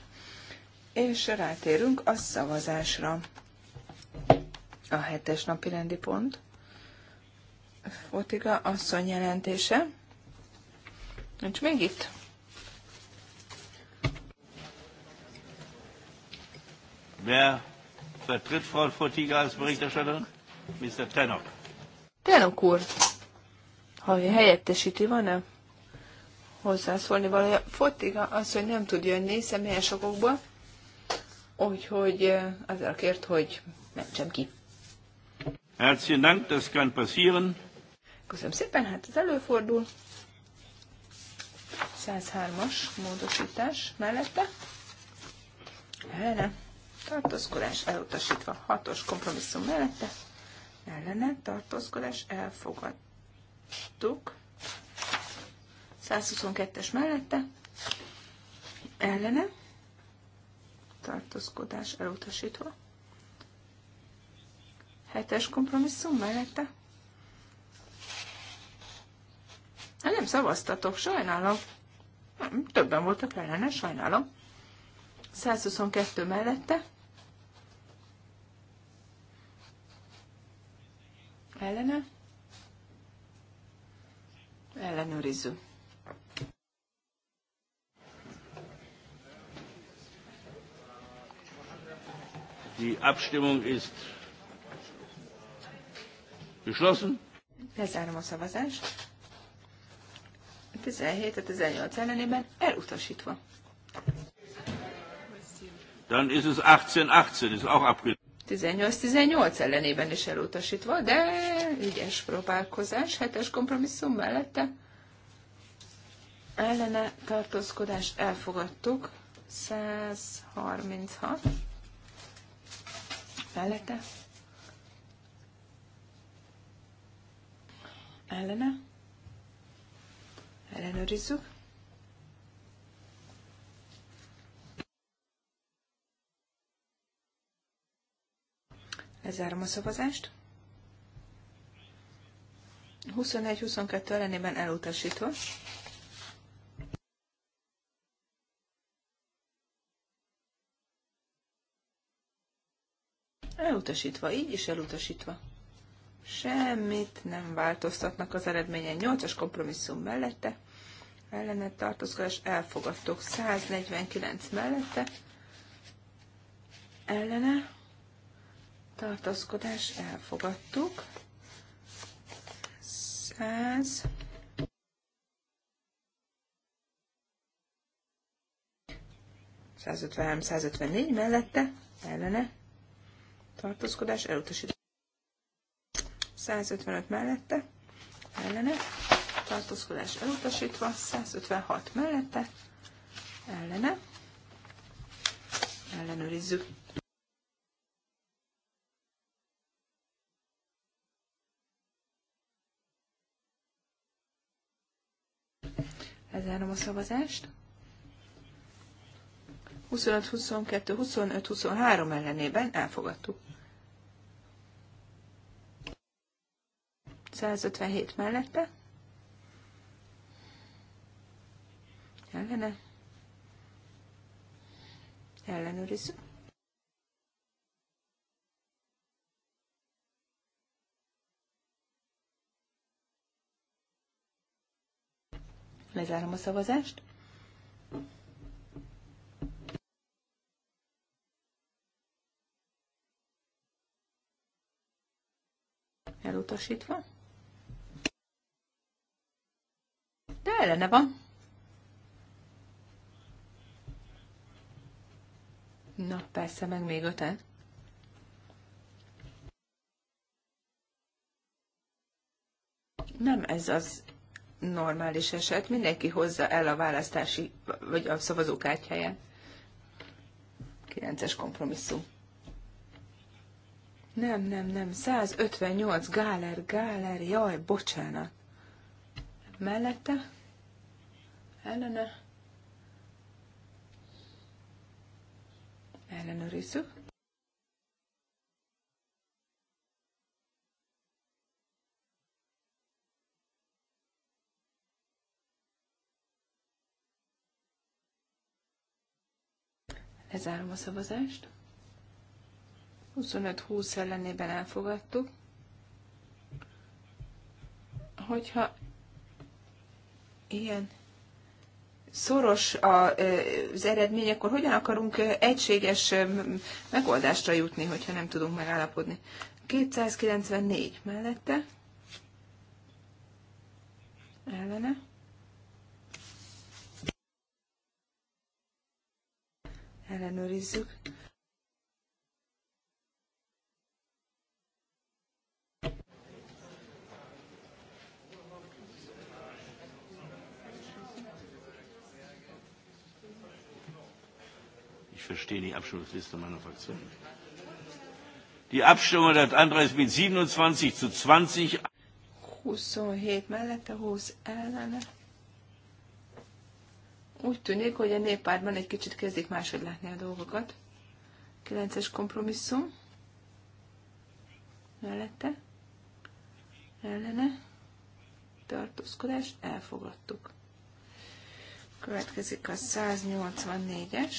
és rátérünk a szavazásra. A hetes napi rendi pont. Fotiga asszony jelentése. Nincs még itt? Wer vertritt Frau Fotiga als Berichterstatterin? Mr. Tenok. Tenok úr. Ami helyettesítő van-e? Hozzászólni valója. Fotiga az, hogy nem tud jönni személyes okokból, úgyhogy azért kért, hogy mentsem ki. Herzlichen Dank, das kann passieren. Köszönöm szépen, hát ez előfordul. 103-as módosítás mellette. Ellene. Tartózkodás elutasítva. 6-os kompromisszum mellette. Ellene. Tartózkodás elfogad, Tuk. 122-es mellette ellene tartózkodás elutasítva. 7-es kompromisszum mellette. Hát nem szavaztatok, sajnálom. többen voltak ellene, sajnálom. 122 mellette. Ellene ellenőrizzük. Die Abstimmung ist geschlossen. Lezárom a szavazást. 17 a 18 ellenében elutasítva. Dann ist es 18-18, ist auch abgelehnt. 18-18 ellenében is elutasítva, de ügyes próbálkozás, hetes kompromisszum mellette ellene tartózkodást elfogadtuk, 136 mellette ellene ellenőrizzük. Lezárom a szavazást. 21-22 ellenében elutasítva. Elutasítva, így is elutasítva. Semmit nem változtatnak az eredményen. 8-as kompromisszum mellette, ellene tartózkodás elfogadtok. 149 mellette, ellene tartózkodás elfogadtuk. 200. ...153, 154 mellette, ellene, tartózkodás, elutasítás. 155 mellette, ellene, tartózkodás elutasítva, 156 mellette, ellene, ellenőrizzük. Lezárom a szavazást. 25, 22, 25, 23 ellenében elfogadtuk. 157 mellette. Ellene. Ellenőrizzük. lezárom a szavazást. Elutasítva. De ellene van. Na, persze, meg még öten. Nem ez az normális eset. Mindenki hozza el a választási, vagy a szavazókártyáját. 9-es kompromisszum. Nem, nem, nem. 158. Gáler, Gáler. Jaj, bocsánat. Mellette? Ellene? Ellenőrizzük. Lezárom a szavazást. 25-20 ellenében elfogadtuk. Hogyha ilyen szoros az eredmény, akkor hogyan akarunk egységes megoldásra jutni, hogyha nem tudunk megállapodni? 294 mellette, ellene, ellenőrizzük. Ich verstehe die Abstimmungsliste meiner Fraktion. Die Abstimmung hat Andreas mit 27 zu 20. 27 mellette, 20 ellene úgy tűnik, hogy a néppártban egy kicsit kezdik máshogy látni a dolgokat. 9-es kompromisszum. Mellette. Ellene. Tartózkodás. Elfogadtuk. Következik a 184-es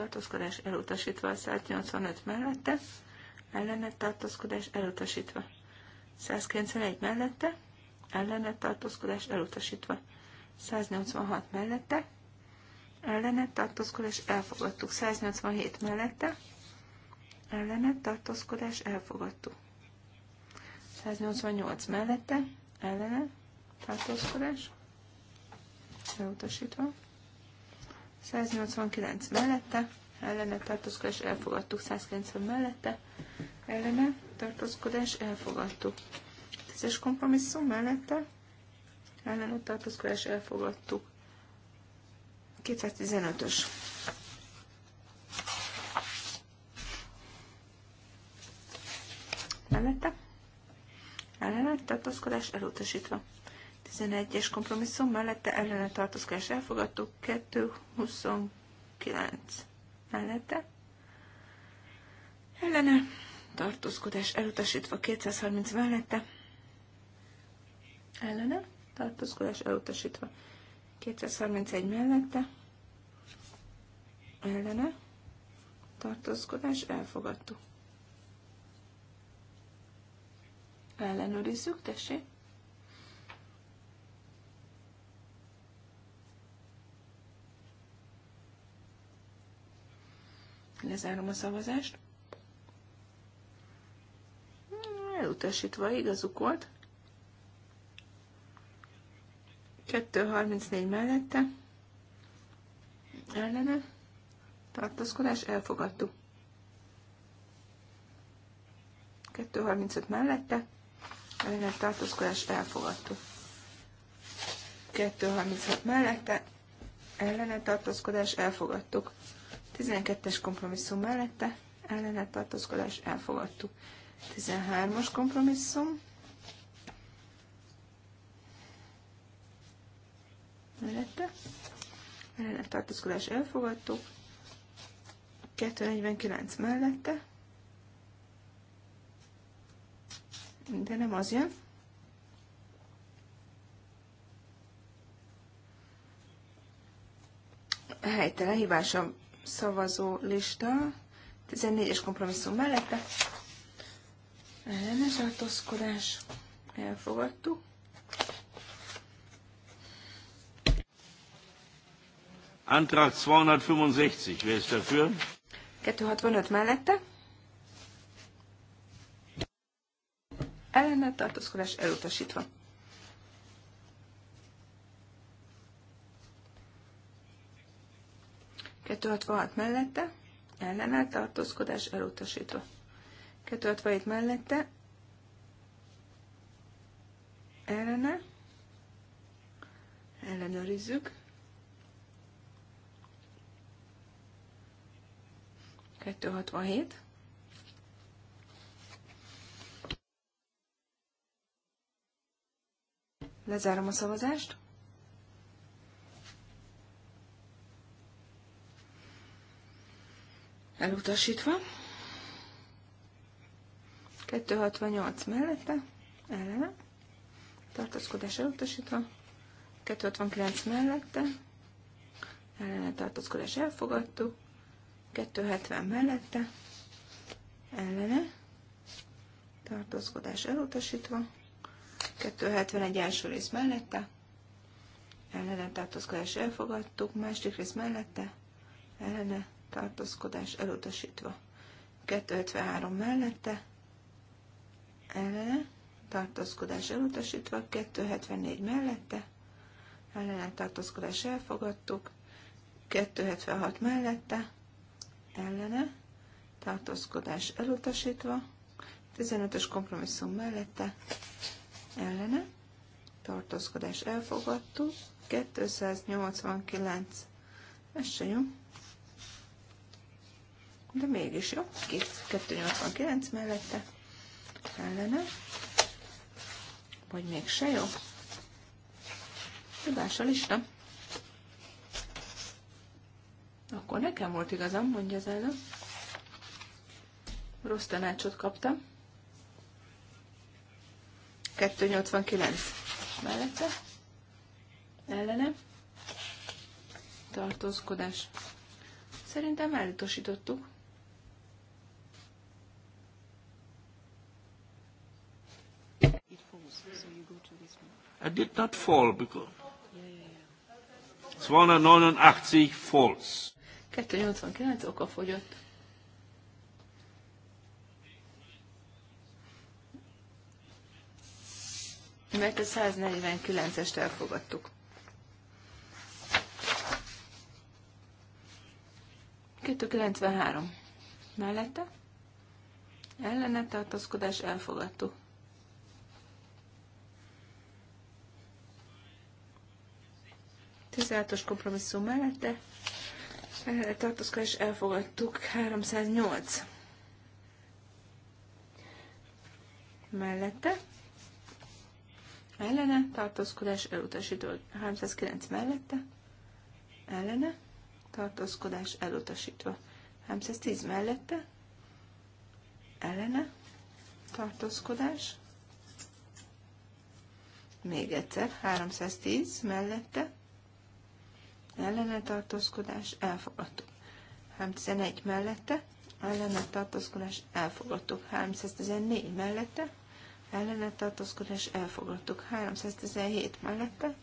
tartózkodás elutasítva, 185 mellette, ellene tartózkodás elutasítva, 191 mellette, ellene tartózkodás elutasítva, 186 mellette, ellene tartózkodás elfogadtuk, 187 mellette, ellene tartózkodás elfogadtuk, 188 mellette, ellene tartózkodás elutasítva, 189 mellette, ellene tartózkodás elfogadtuk, 190 mellette, ellene tartózkodás elfogadtuk. 10-es kompromisszum mellette, ellene tartózkodás elfogadtuk. 215-ös. Mellette, ellene tartózkodás elutasítva. 11-es kompromisszum mellette ellene tartózkodás elfogadtuk, 229 mellette ellene tartózkodás elutasítva 230 mellette ellene tartózkodás elutasítva 231 mellette ellene tartózkodás elfogadtuk. Ellenőrizzük, tessék. Lezárom a szavazást. Elutasítva igazuk volt. 2.34 mellette. Ellene. Tartózkodás elfogadtuk. 2.35 mellette. Ellene tartózkodás elfogadtuk. 2.36 mellette. Ellene tartózkodás elfogadtuk. 12-es kompromisszum mellette ellene tartózkodás elfogadtuk. 13-as kompromisszum mellette ellenet tartózkodás elfogadtuk. 249 mellette de nem az jön. helytelen hibása szavazó lista 14-es kompromisszum mellette. Ellenes tartózkodás. Elfogadtuk. Antrag 265, wer ist dafür? 265 mellette. Ellene tartózkodás elutasítva. 266 mellette, ellenállt tartózkodás elutasítva. 267 mellette, ellene, ellenőrizzük. 267. Lezárom a szavazást. elutasítva. 268 mellette, ellene, tartózkodás elutasítva. 269 mellette, ellene tartózkodás elfogadtuk. 270 mellette, ellene, tartózkodás elutasítva. 271 első rész mellette, ellene tartózkodás elfogadtuk, második rész mellette, ellene tartózkodás elutasítva. 253 mellette, ellene, tartózkodás elutasítva, 274 mellette, ellene tartózkodás elfogadtuk, 276 mellette, ellene, tartózkodás elutasítva, 15-ös kompromisszum mellette, ellene, tartózkodás elfogadtuk, 289, ez se jó, de mégis jó. 289 mellette ellene, vagy még se jó. Tudás a lista. Akkor nekem volt igazam, mondja az elnök. Rossz tanácsot kaptam. 289 mellette ellene tartózkodás. Szerintem elutasítottuk. Er did not fall because 289 falls. 289 oka fogyott. Mert a 149-est elfogadtuk. 93. Mellette? Ellene tartózkodás elfogadtuk. 16-os kompromisszum mellette tartózkodás elfogadtuk 308 mellette ellene tartózkodás elutasító 309 mellette ellene tartózkodás elutasító 310 mellette ellene tartózkodás még egyszer 310 mellette ellene tartózkodás elfogadtuk. 311 mellette ellene tartózkodás elfogadtuk. 314 mellette ellene tartózkodás elfogadtuk. 317 mellette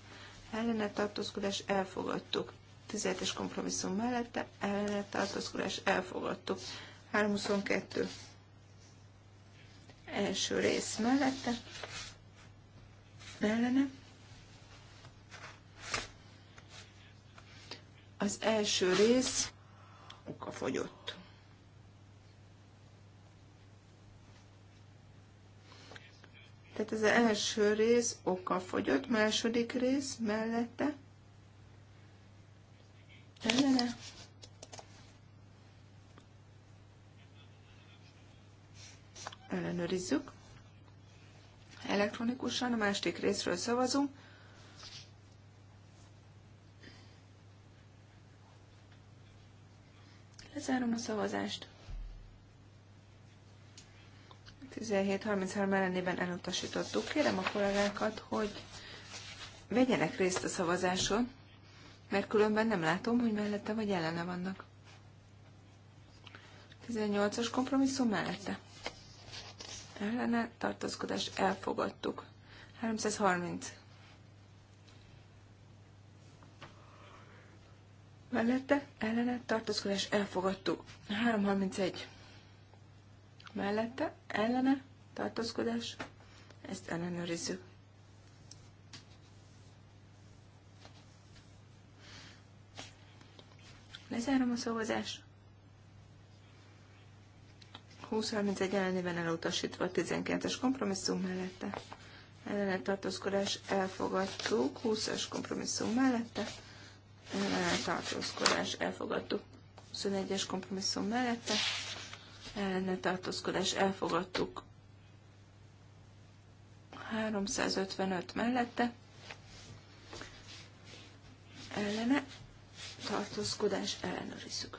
ellene tartózkodás elfogadtuk. 17-es kompromisszum mellette ellene tartózkodás elfogadtuk. 322 első rész mellette ellene Az első rész oka fogyott. Tehát az első rész oka fogyott, második rész mellette. Ellene. Ellenőrizzük. Elektronikusan a második részről szavazunk. Lezárom a szavazást. 17.33 ellenében elutasítottuk. Kérem a kollégákat, hogy vegyenek részt a szavazáson, mert különben nem látom, hogy mellette vagy ellene vannak. 18-as kompromisszum mellette. Ellene tartózkodás elfogadtuk. 330 mellette ellene tartózkodás elfogadtó. 331 mellette ellene tartózkodás, ezt ellenőrizzük. Lezárom a szavazást. 2031 ellenében elutasítva a 19-es kompromisszum mellette. Ellene tartózkodás elfogadtuk, 20-as kompromisszum mellette tartózkodás elfogadtuk. 21-es kompromisszum mellette ellene tartózkodás elfogadtuk. 355 mellette ellene tartózkodás ellenőrizzük.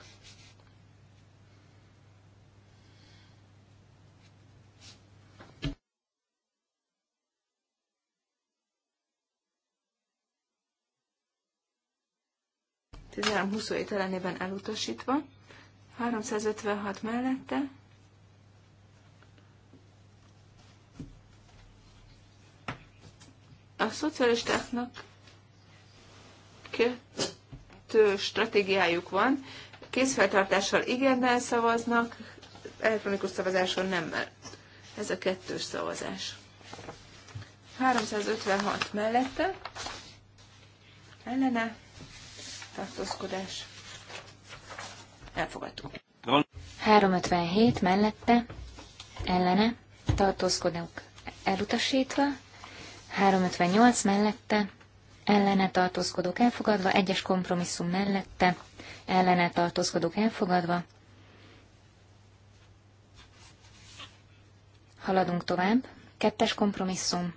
13-27 ellenében elutasítva, 356 mellette, a szocialistáknak kettő stratégiájuk van, készfeltartással igennel szavaznak, elektronikus szavazáson nemmel. Ez a kettős szavazás. 356 mellette, ellene, tartózkodás elfogadtuk. 357 mellette ellene tartózkodunk elutasítva, 358 mellette ellene tartózkodók elfogadva, egyes kompromisszum mellette ellene tartózkodók elfogadva. Haladunk tovább. Kettes kompromisszum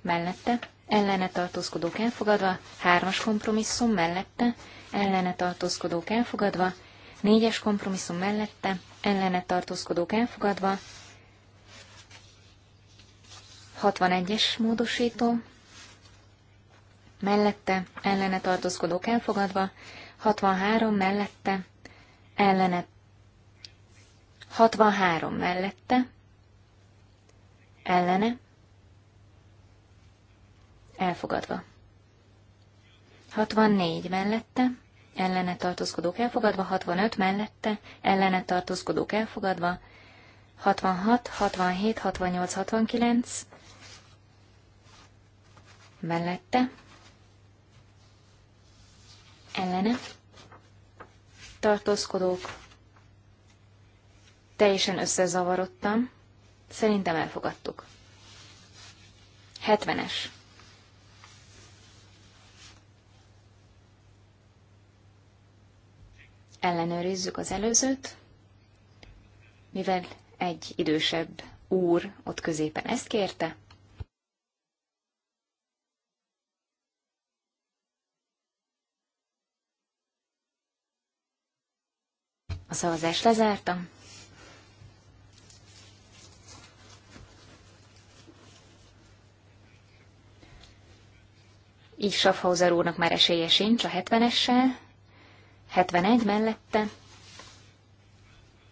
mellette ellene tartózkodók elfogadva, hármas kompromisszum mellette, ellene tartózkodók elfogadva, négyes kompromisszum mellette, ellene tartózkodók elfogadva, 61-es módosító, mellette, ellene tartózkodók elfogadva, 63 mellette, ellene 63 mellette, ellene elfogadva. 64 mellette, ellene tartózkodók elfogadva, 65 mellette, ellene tartózkodók elfogadva, 66, 67, 68, 69 mellette, ellene tartózkodók, teljesen összezavarodtam, szerintem elfogadtuk. 70-es ellenőrizzük az előzőt, mivel egy idősebb úr ott középen ezt kérte. A szavazást lezártam. Így Schaffhauser úrnak már esélye sincs a 70-essel, 71 mellette.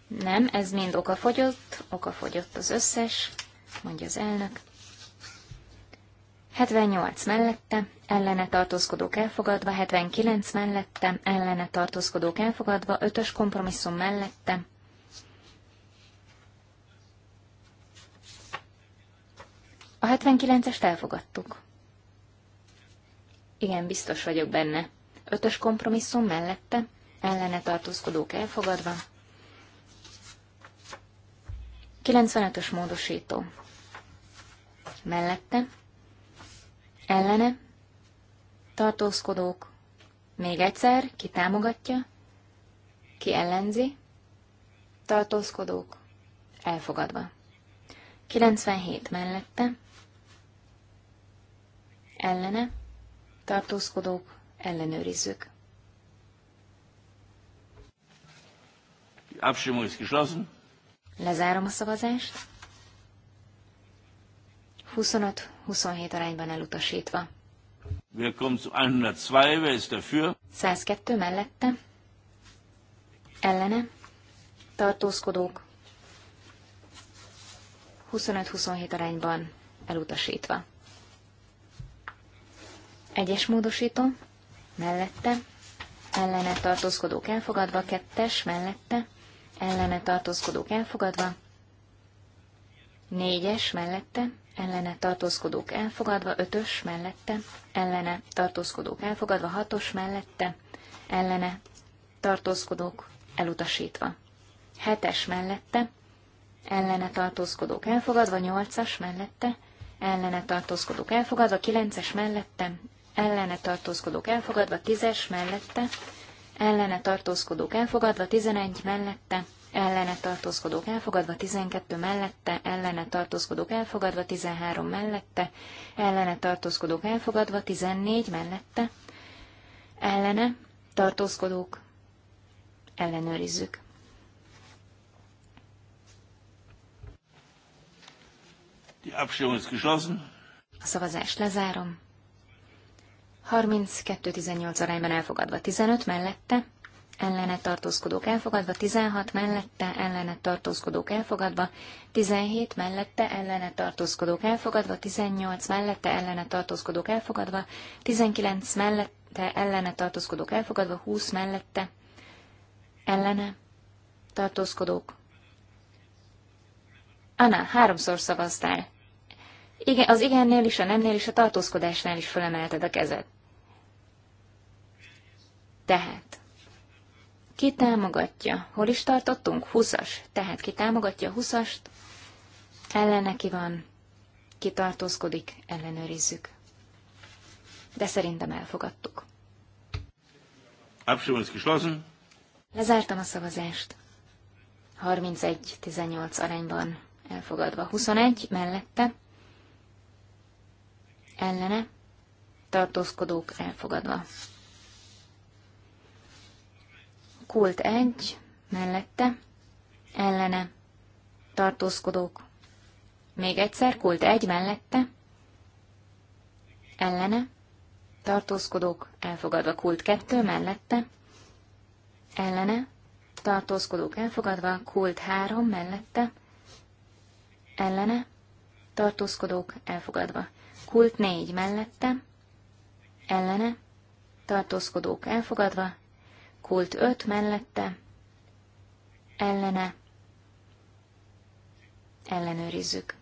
Nem, ez mind okafogyott, okafogyott az összes, mondja az elnök. 78 mellette, ellene tartózkodók elfogadva, 79 mellette, ellene tartózkodók elfogadva, 5-ös kompromisszum mellette. A 79-est elfogadtuk. Igen, biztos vagyok benne. Ötös kompromisszum mellette, ellene tartózkodók elfogadva. 95-ös módosító. Mellette, ellene, tartózkodók, még egyszer, ki támogatja, ki ellenzi, tartózkodók, elfogadva. 97 mellette, ellene, tartózkodók, ellenőrizzük. Lezárom a szavazást. 25-27 arányban elutasítva. 102, 102 mellette. Ellene. Tartózkodók. 25-27 arányban elutasítva. Egyes módosító mellette, ellene tartózkodók elfogadva, kettes mellette, ellene tartózkodók elfogadva, négyes mellette, ellene tartózkodók elfogadva, ötös mellette, ellene tartózkodók elfogadva, hatos mellette, ellene tartózkodók elutasítva, hetes mellette, ellene tartózkodók elfogadva, nyolcas mellette, ellene tartózkodók elfogadva, kilences mellette, ellene tartózkodók elfogadva, 10-es mellette, ellene tartózkodók elfogadva, 11 mellette, ellene tartózkodók elfogadva, 12 mellette, ellene tartózkodók elfogadva, 13 mellette, ellene tartózkodók elfogadva, 14 mellette, ellene tartózkodók ellenőrizzük. Die Abstimmung ist geschlossen. A szavazást lezárom. 32-18 arányban elfogadva 15 mellette, ellene tartózkodók elfogadva, 16 mellette ellene tartózkodók elfogadva, 17 mellette ellene tartózkodók elfogadva, 18 mellette ellene tartózkodók elfogadva, 19 mellette ellene tartózkodók elfogadva, 20 mellette ellene tartózkodók. Anna, háromszor szavaztál. Igen, az igennél is, a nemnél is, a tartózkodásnál is fölemelted a kezed. Tehát, ki támogatja? Hol is tartottunk? 20-as. Tehát ki támogatja a 20-ast? Ellene ki van? Ki tartózkodik? Ellenőrizzük. De szerintem elfogadtuk. Lezártam a szavazást. 31-18 arányban elfogadva. 21 mellette. Ellene. Tartózkodók elfogadva. Kult egy mellette, ellene, tartózkodók. Még egyszer, kult egy mellette, ellene, tartózkodók, elfogadva kult kettő mellette, ellene, tartózkodók elfogadva, kult három mellette, ellene, tartózkodók elfogadva, kult négy mellette, ellene, tartózkodók elfogadva, kult öt mellette, ellene, ellenőrizzük.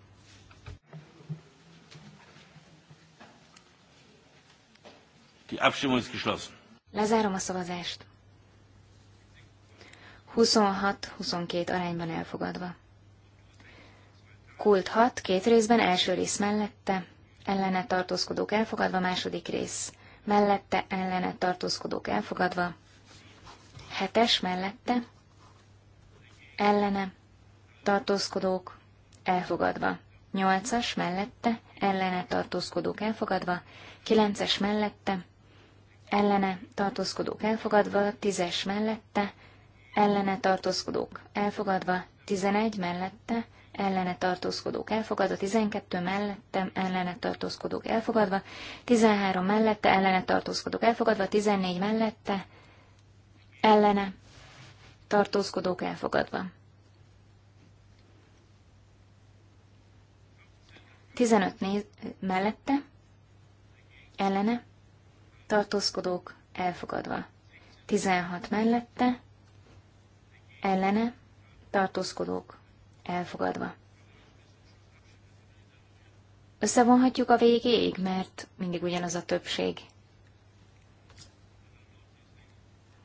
Die Abstimmung ist geschlossen. Lezárom a szavazást. 26-22 arányban elfogadva. Kult 6, két részben, első rész mellette, ellene tartózkodók elfogadva, második rész mellette, ellene tartózkodók elfogadva, hetes mellette, ellene, tartózkodók, elfogadva. Nyolcas mellette, ellene tartózkodók elfogadva, kilences mellette, ellene tartózkodók elfogadva, tízes mellette, ellene tartózkodók elfogadva, tizenegy mellette, ellene tartózkodók elfogadva, 12 mellettem ellene tartózkodók elfogadva, 13 mellette ellene tartózkodók elfogadva, 14 mellette ellene, tartózkodók elfogadva. 15 néz mellette, ellene, tartózkodók elfogadva. 16 mellette, ellene, tartózkodók elfogadva. Összevonhatjuk a végéig, mert mindig ugyanaz a többség.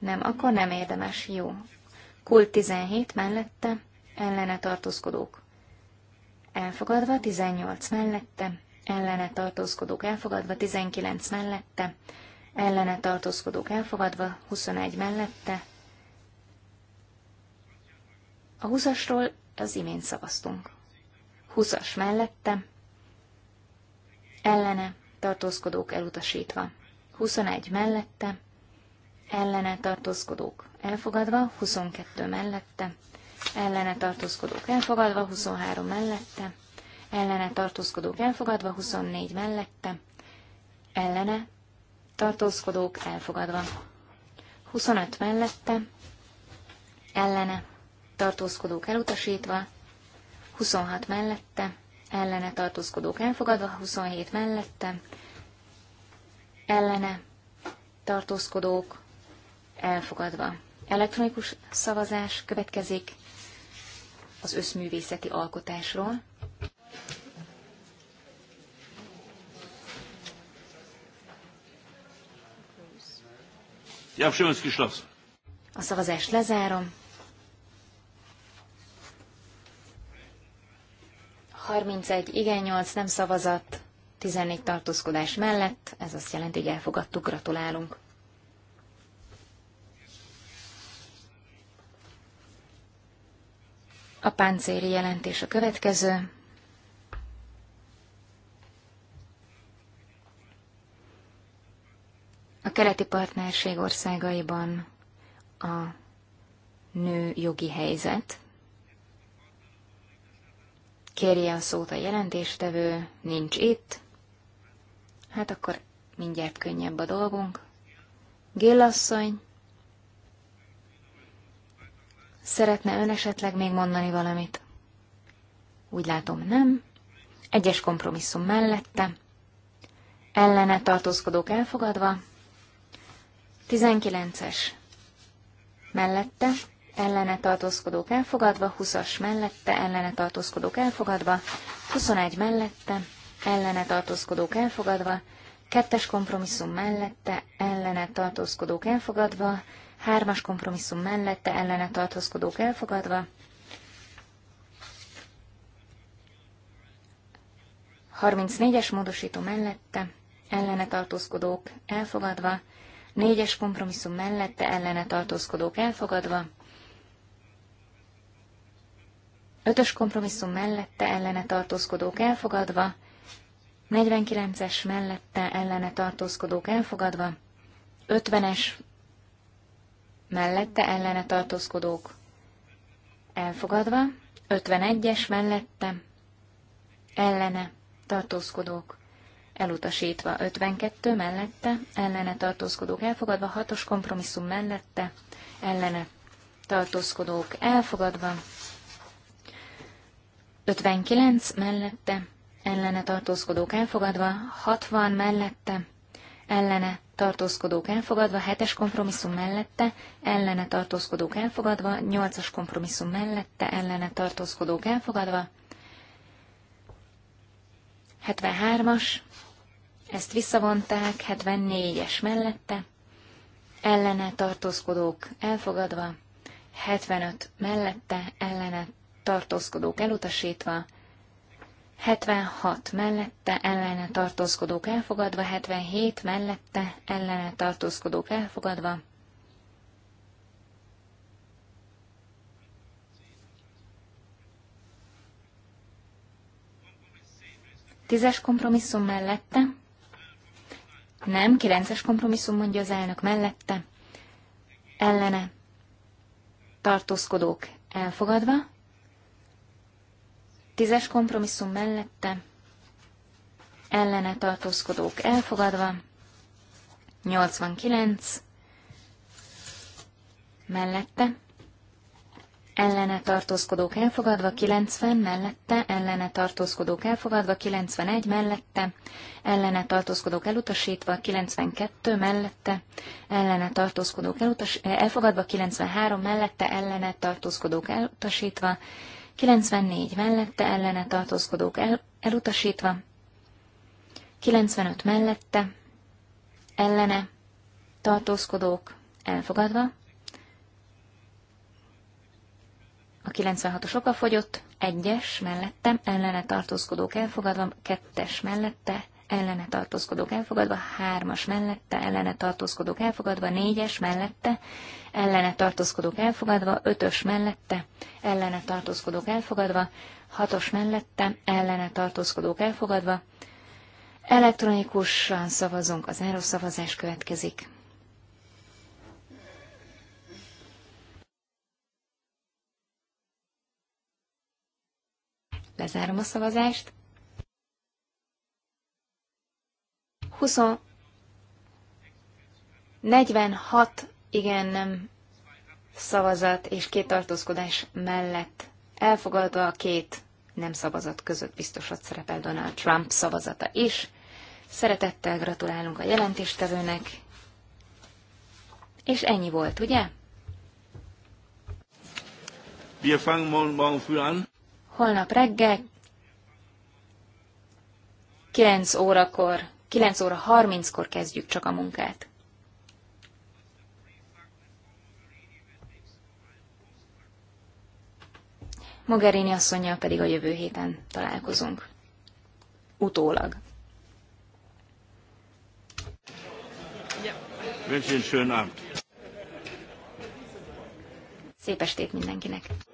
Nem, akkor nem érdemes. Jó. Kult 17 mellette, ellene tartózkodók. Elfogadva 18 mellette, ellene tartózkodók elfogadva 19 mellette, ellene tartózkodók elfogadva 21 mellette. A 20-asról az imént szavaztunk. 20-as mellette, ellene tartózkodók elutasítva. 21 mellette, ellene tartózkodók elfogadva, 22 mellette, ellene tartózkodók elfogadva, 23 mellette, ellene tartózkodók elfogadva, 24 mellette, ellene tartózkodók elfogadva, 25 mellette, ellene tartózkodók elutasítva, 26 mellette, ellene tartózkodók elfogadva, 27 mellette, ellene tartózkodók elfogadva. Elektronikus szavazás következik az összművészeti alkotásról. A szavazást lezárom. 31 igen, 8 nem szavazat, 14 tartózkodás mellett, ez azt jelenti, hogy elfogadtuk, gratulálunk. A páncéli jelentés a következő. A keleti partnerség országaiban a nő jogi helyzet. Kérje a szót a jelentéstevő, nincs itt. Hát akkor mindjárt könnyebb a dolgunk. Gélasszony, Szeretne ön esetleg még mondani valamit? Úgy látom, nem. Egyes kompromisszum mellette. Ellene tartózkodók elfogadva. 19-es mellette. Ellene tartózkodók elfogadva. 20-as mellette. Ellene tartózkodók elfogadva. 21 mellette. Ellene tartózkodók elfogadva. Kettes kompromisszum mellette. Ellene tartózkodók elfogadva hármas kompromisszum mellette ellene tartózkodók elfogadva, harmincnégyes módosító mellette ellene tartózkodók elfogadva, négyes kompromisszum mellette ellene tartózkodók elfogadva, ötös kompromisszum mellette ellene tartózkodók elfogadva, 49-es mellette ellene tartózkodók elfogadva, 50-es mellette ellene tartózkodók elfogadva, 51-es mellette ellene tartózkodók elutasítva, 52 mellette ellene tartózkodók elfogadva, 6-os kompromisszum mellette ellene tartózkodók elfogadva, 59 mellette ellene tartózkodók elfogadva, 60 mellette ellene tartózkodók elfogadva, hetes kompromisszum mellette, ellene tartózkodók elfogadva, nyolcas kompromisszum mellette, ellene tartózkodók elfogadva, 73-as, ezt visszavonták, 74-es mellette, ellene tartózkodók elfogadva, 75 mellette, ellene tartózkodók elutasítva, 76 mellette ellene tartózkodók elfogadva, 77 mellette ellene tartózkodók elfogadva, Tízes kompromisszum mellette? Nem, kilences kompromisszum mondja az elnök mellette. Ellene. Tartózkodók elfogadva. Tízes kompromisszum mellette ellene tartózkodók elfogadva, 89 mellette ellene tartózkodók elfogadva, 90 mellette, ellene tartózkodók elfogadva, 91 mellette, ellene tartózkodók elutasítva, 92 mellette, ellene tartózkodók elutas, elfogadva, 93 mellette, ellene tartózkodók elutasítva, 94 mellette ellene tartózkodók el, elutasítva, 95 mellette ellene tartózkodók elfogadva, a 96-os oka fogyott, 1-es mellette ellene tartózkodók elfogadva, 2-es mellette ellene tartózkodók elfogadva, hármas mellette, ellene tartózkodók elfogadva, négyes mellette, ellene tartózkodók elfogadva, ötös mellette, ellene tartózkodók elfogadva, hatos mellette, ellene tartózkodók elfogadva. Elektronikusan szavazunk, az szavazás következik. Lezárom a szavazást. 20, 46 igen nem szavazat és két tartózkodás mellett elfogadva a két nem szavazat között biztosat szerepel Donald Trump szavazata is. Szeretettel gratulálunk a jelentéstevőnek. És ennyi volt, ugye? Holnap reggel 9 órakor 9 óra 30-kor kezdjük csak a munkát. Mogherini asszonyjal pedig a jövő héten találkozunk. Utólag. Szép estét mindenkinek!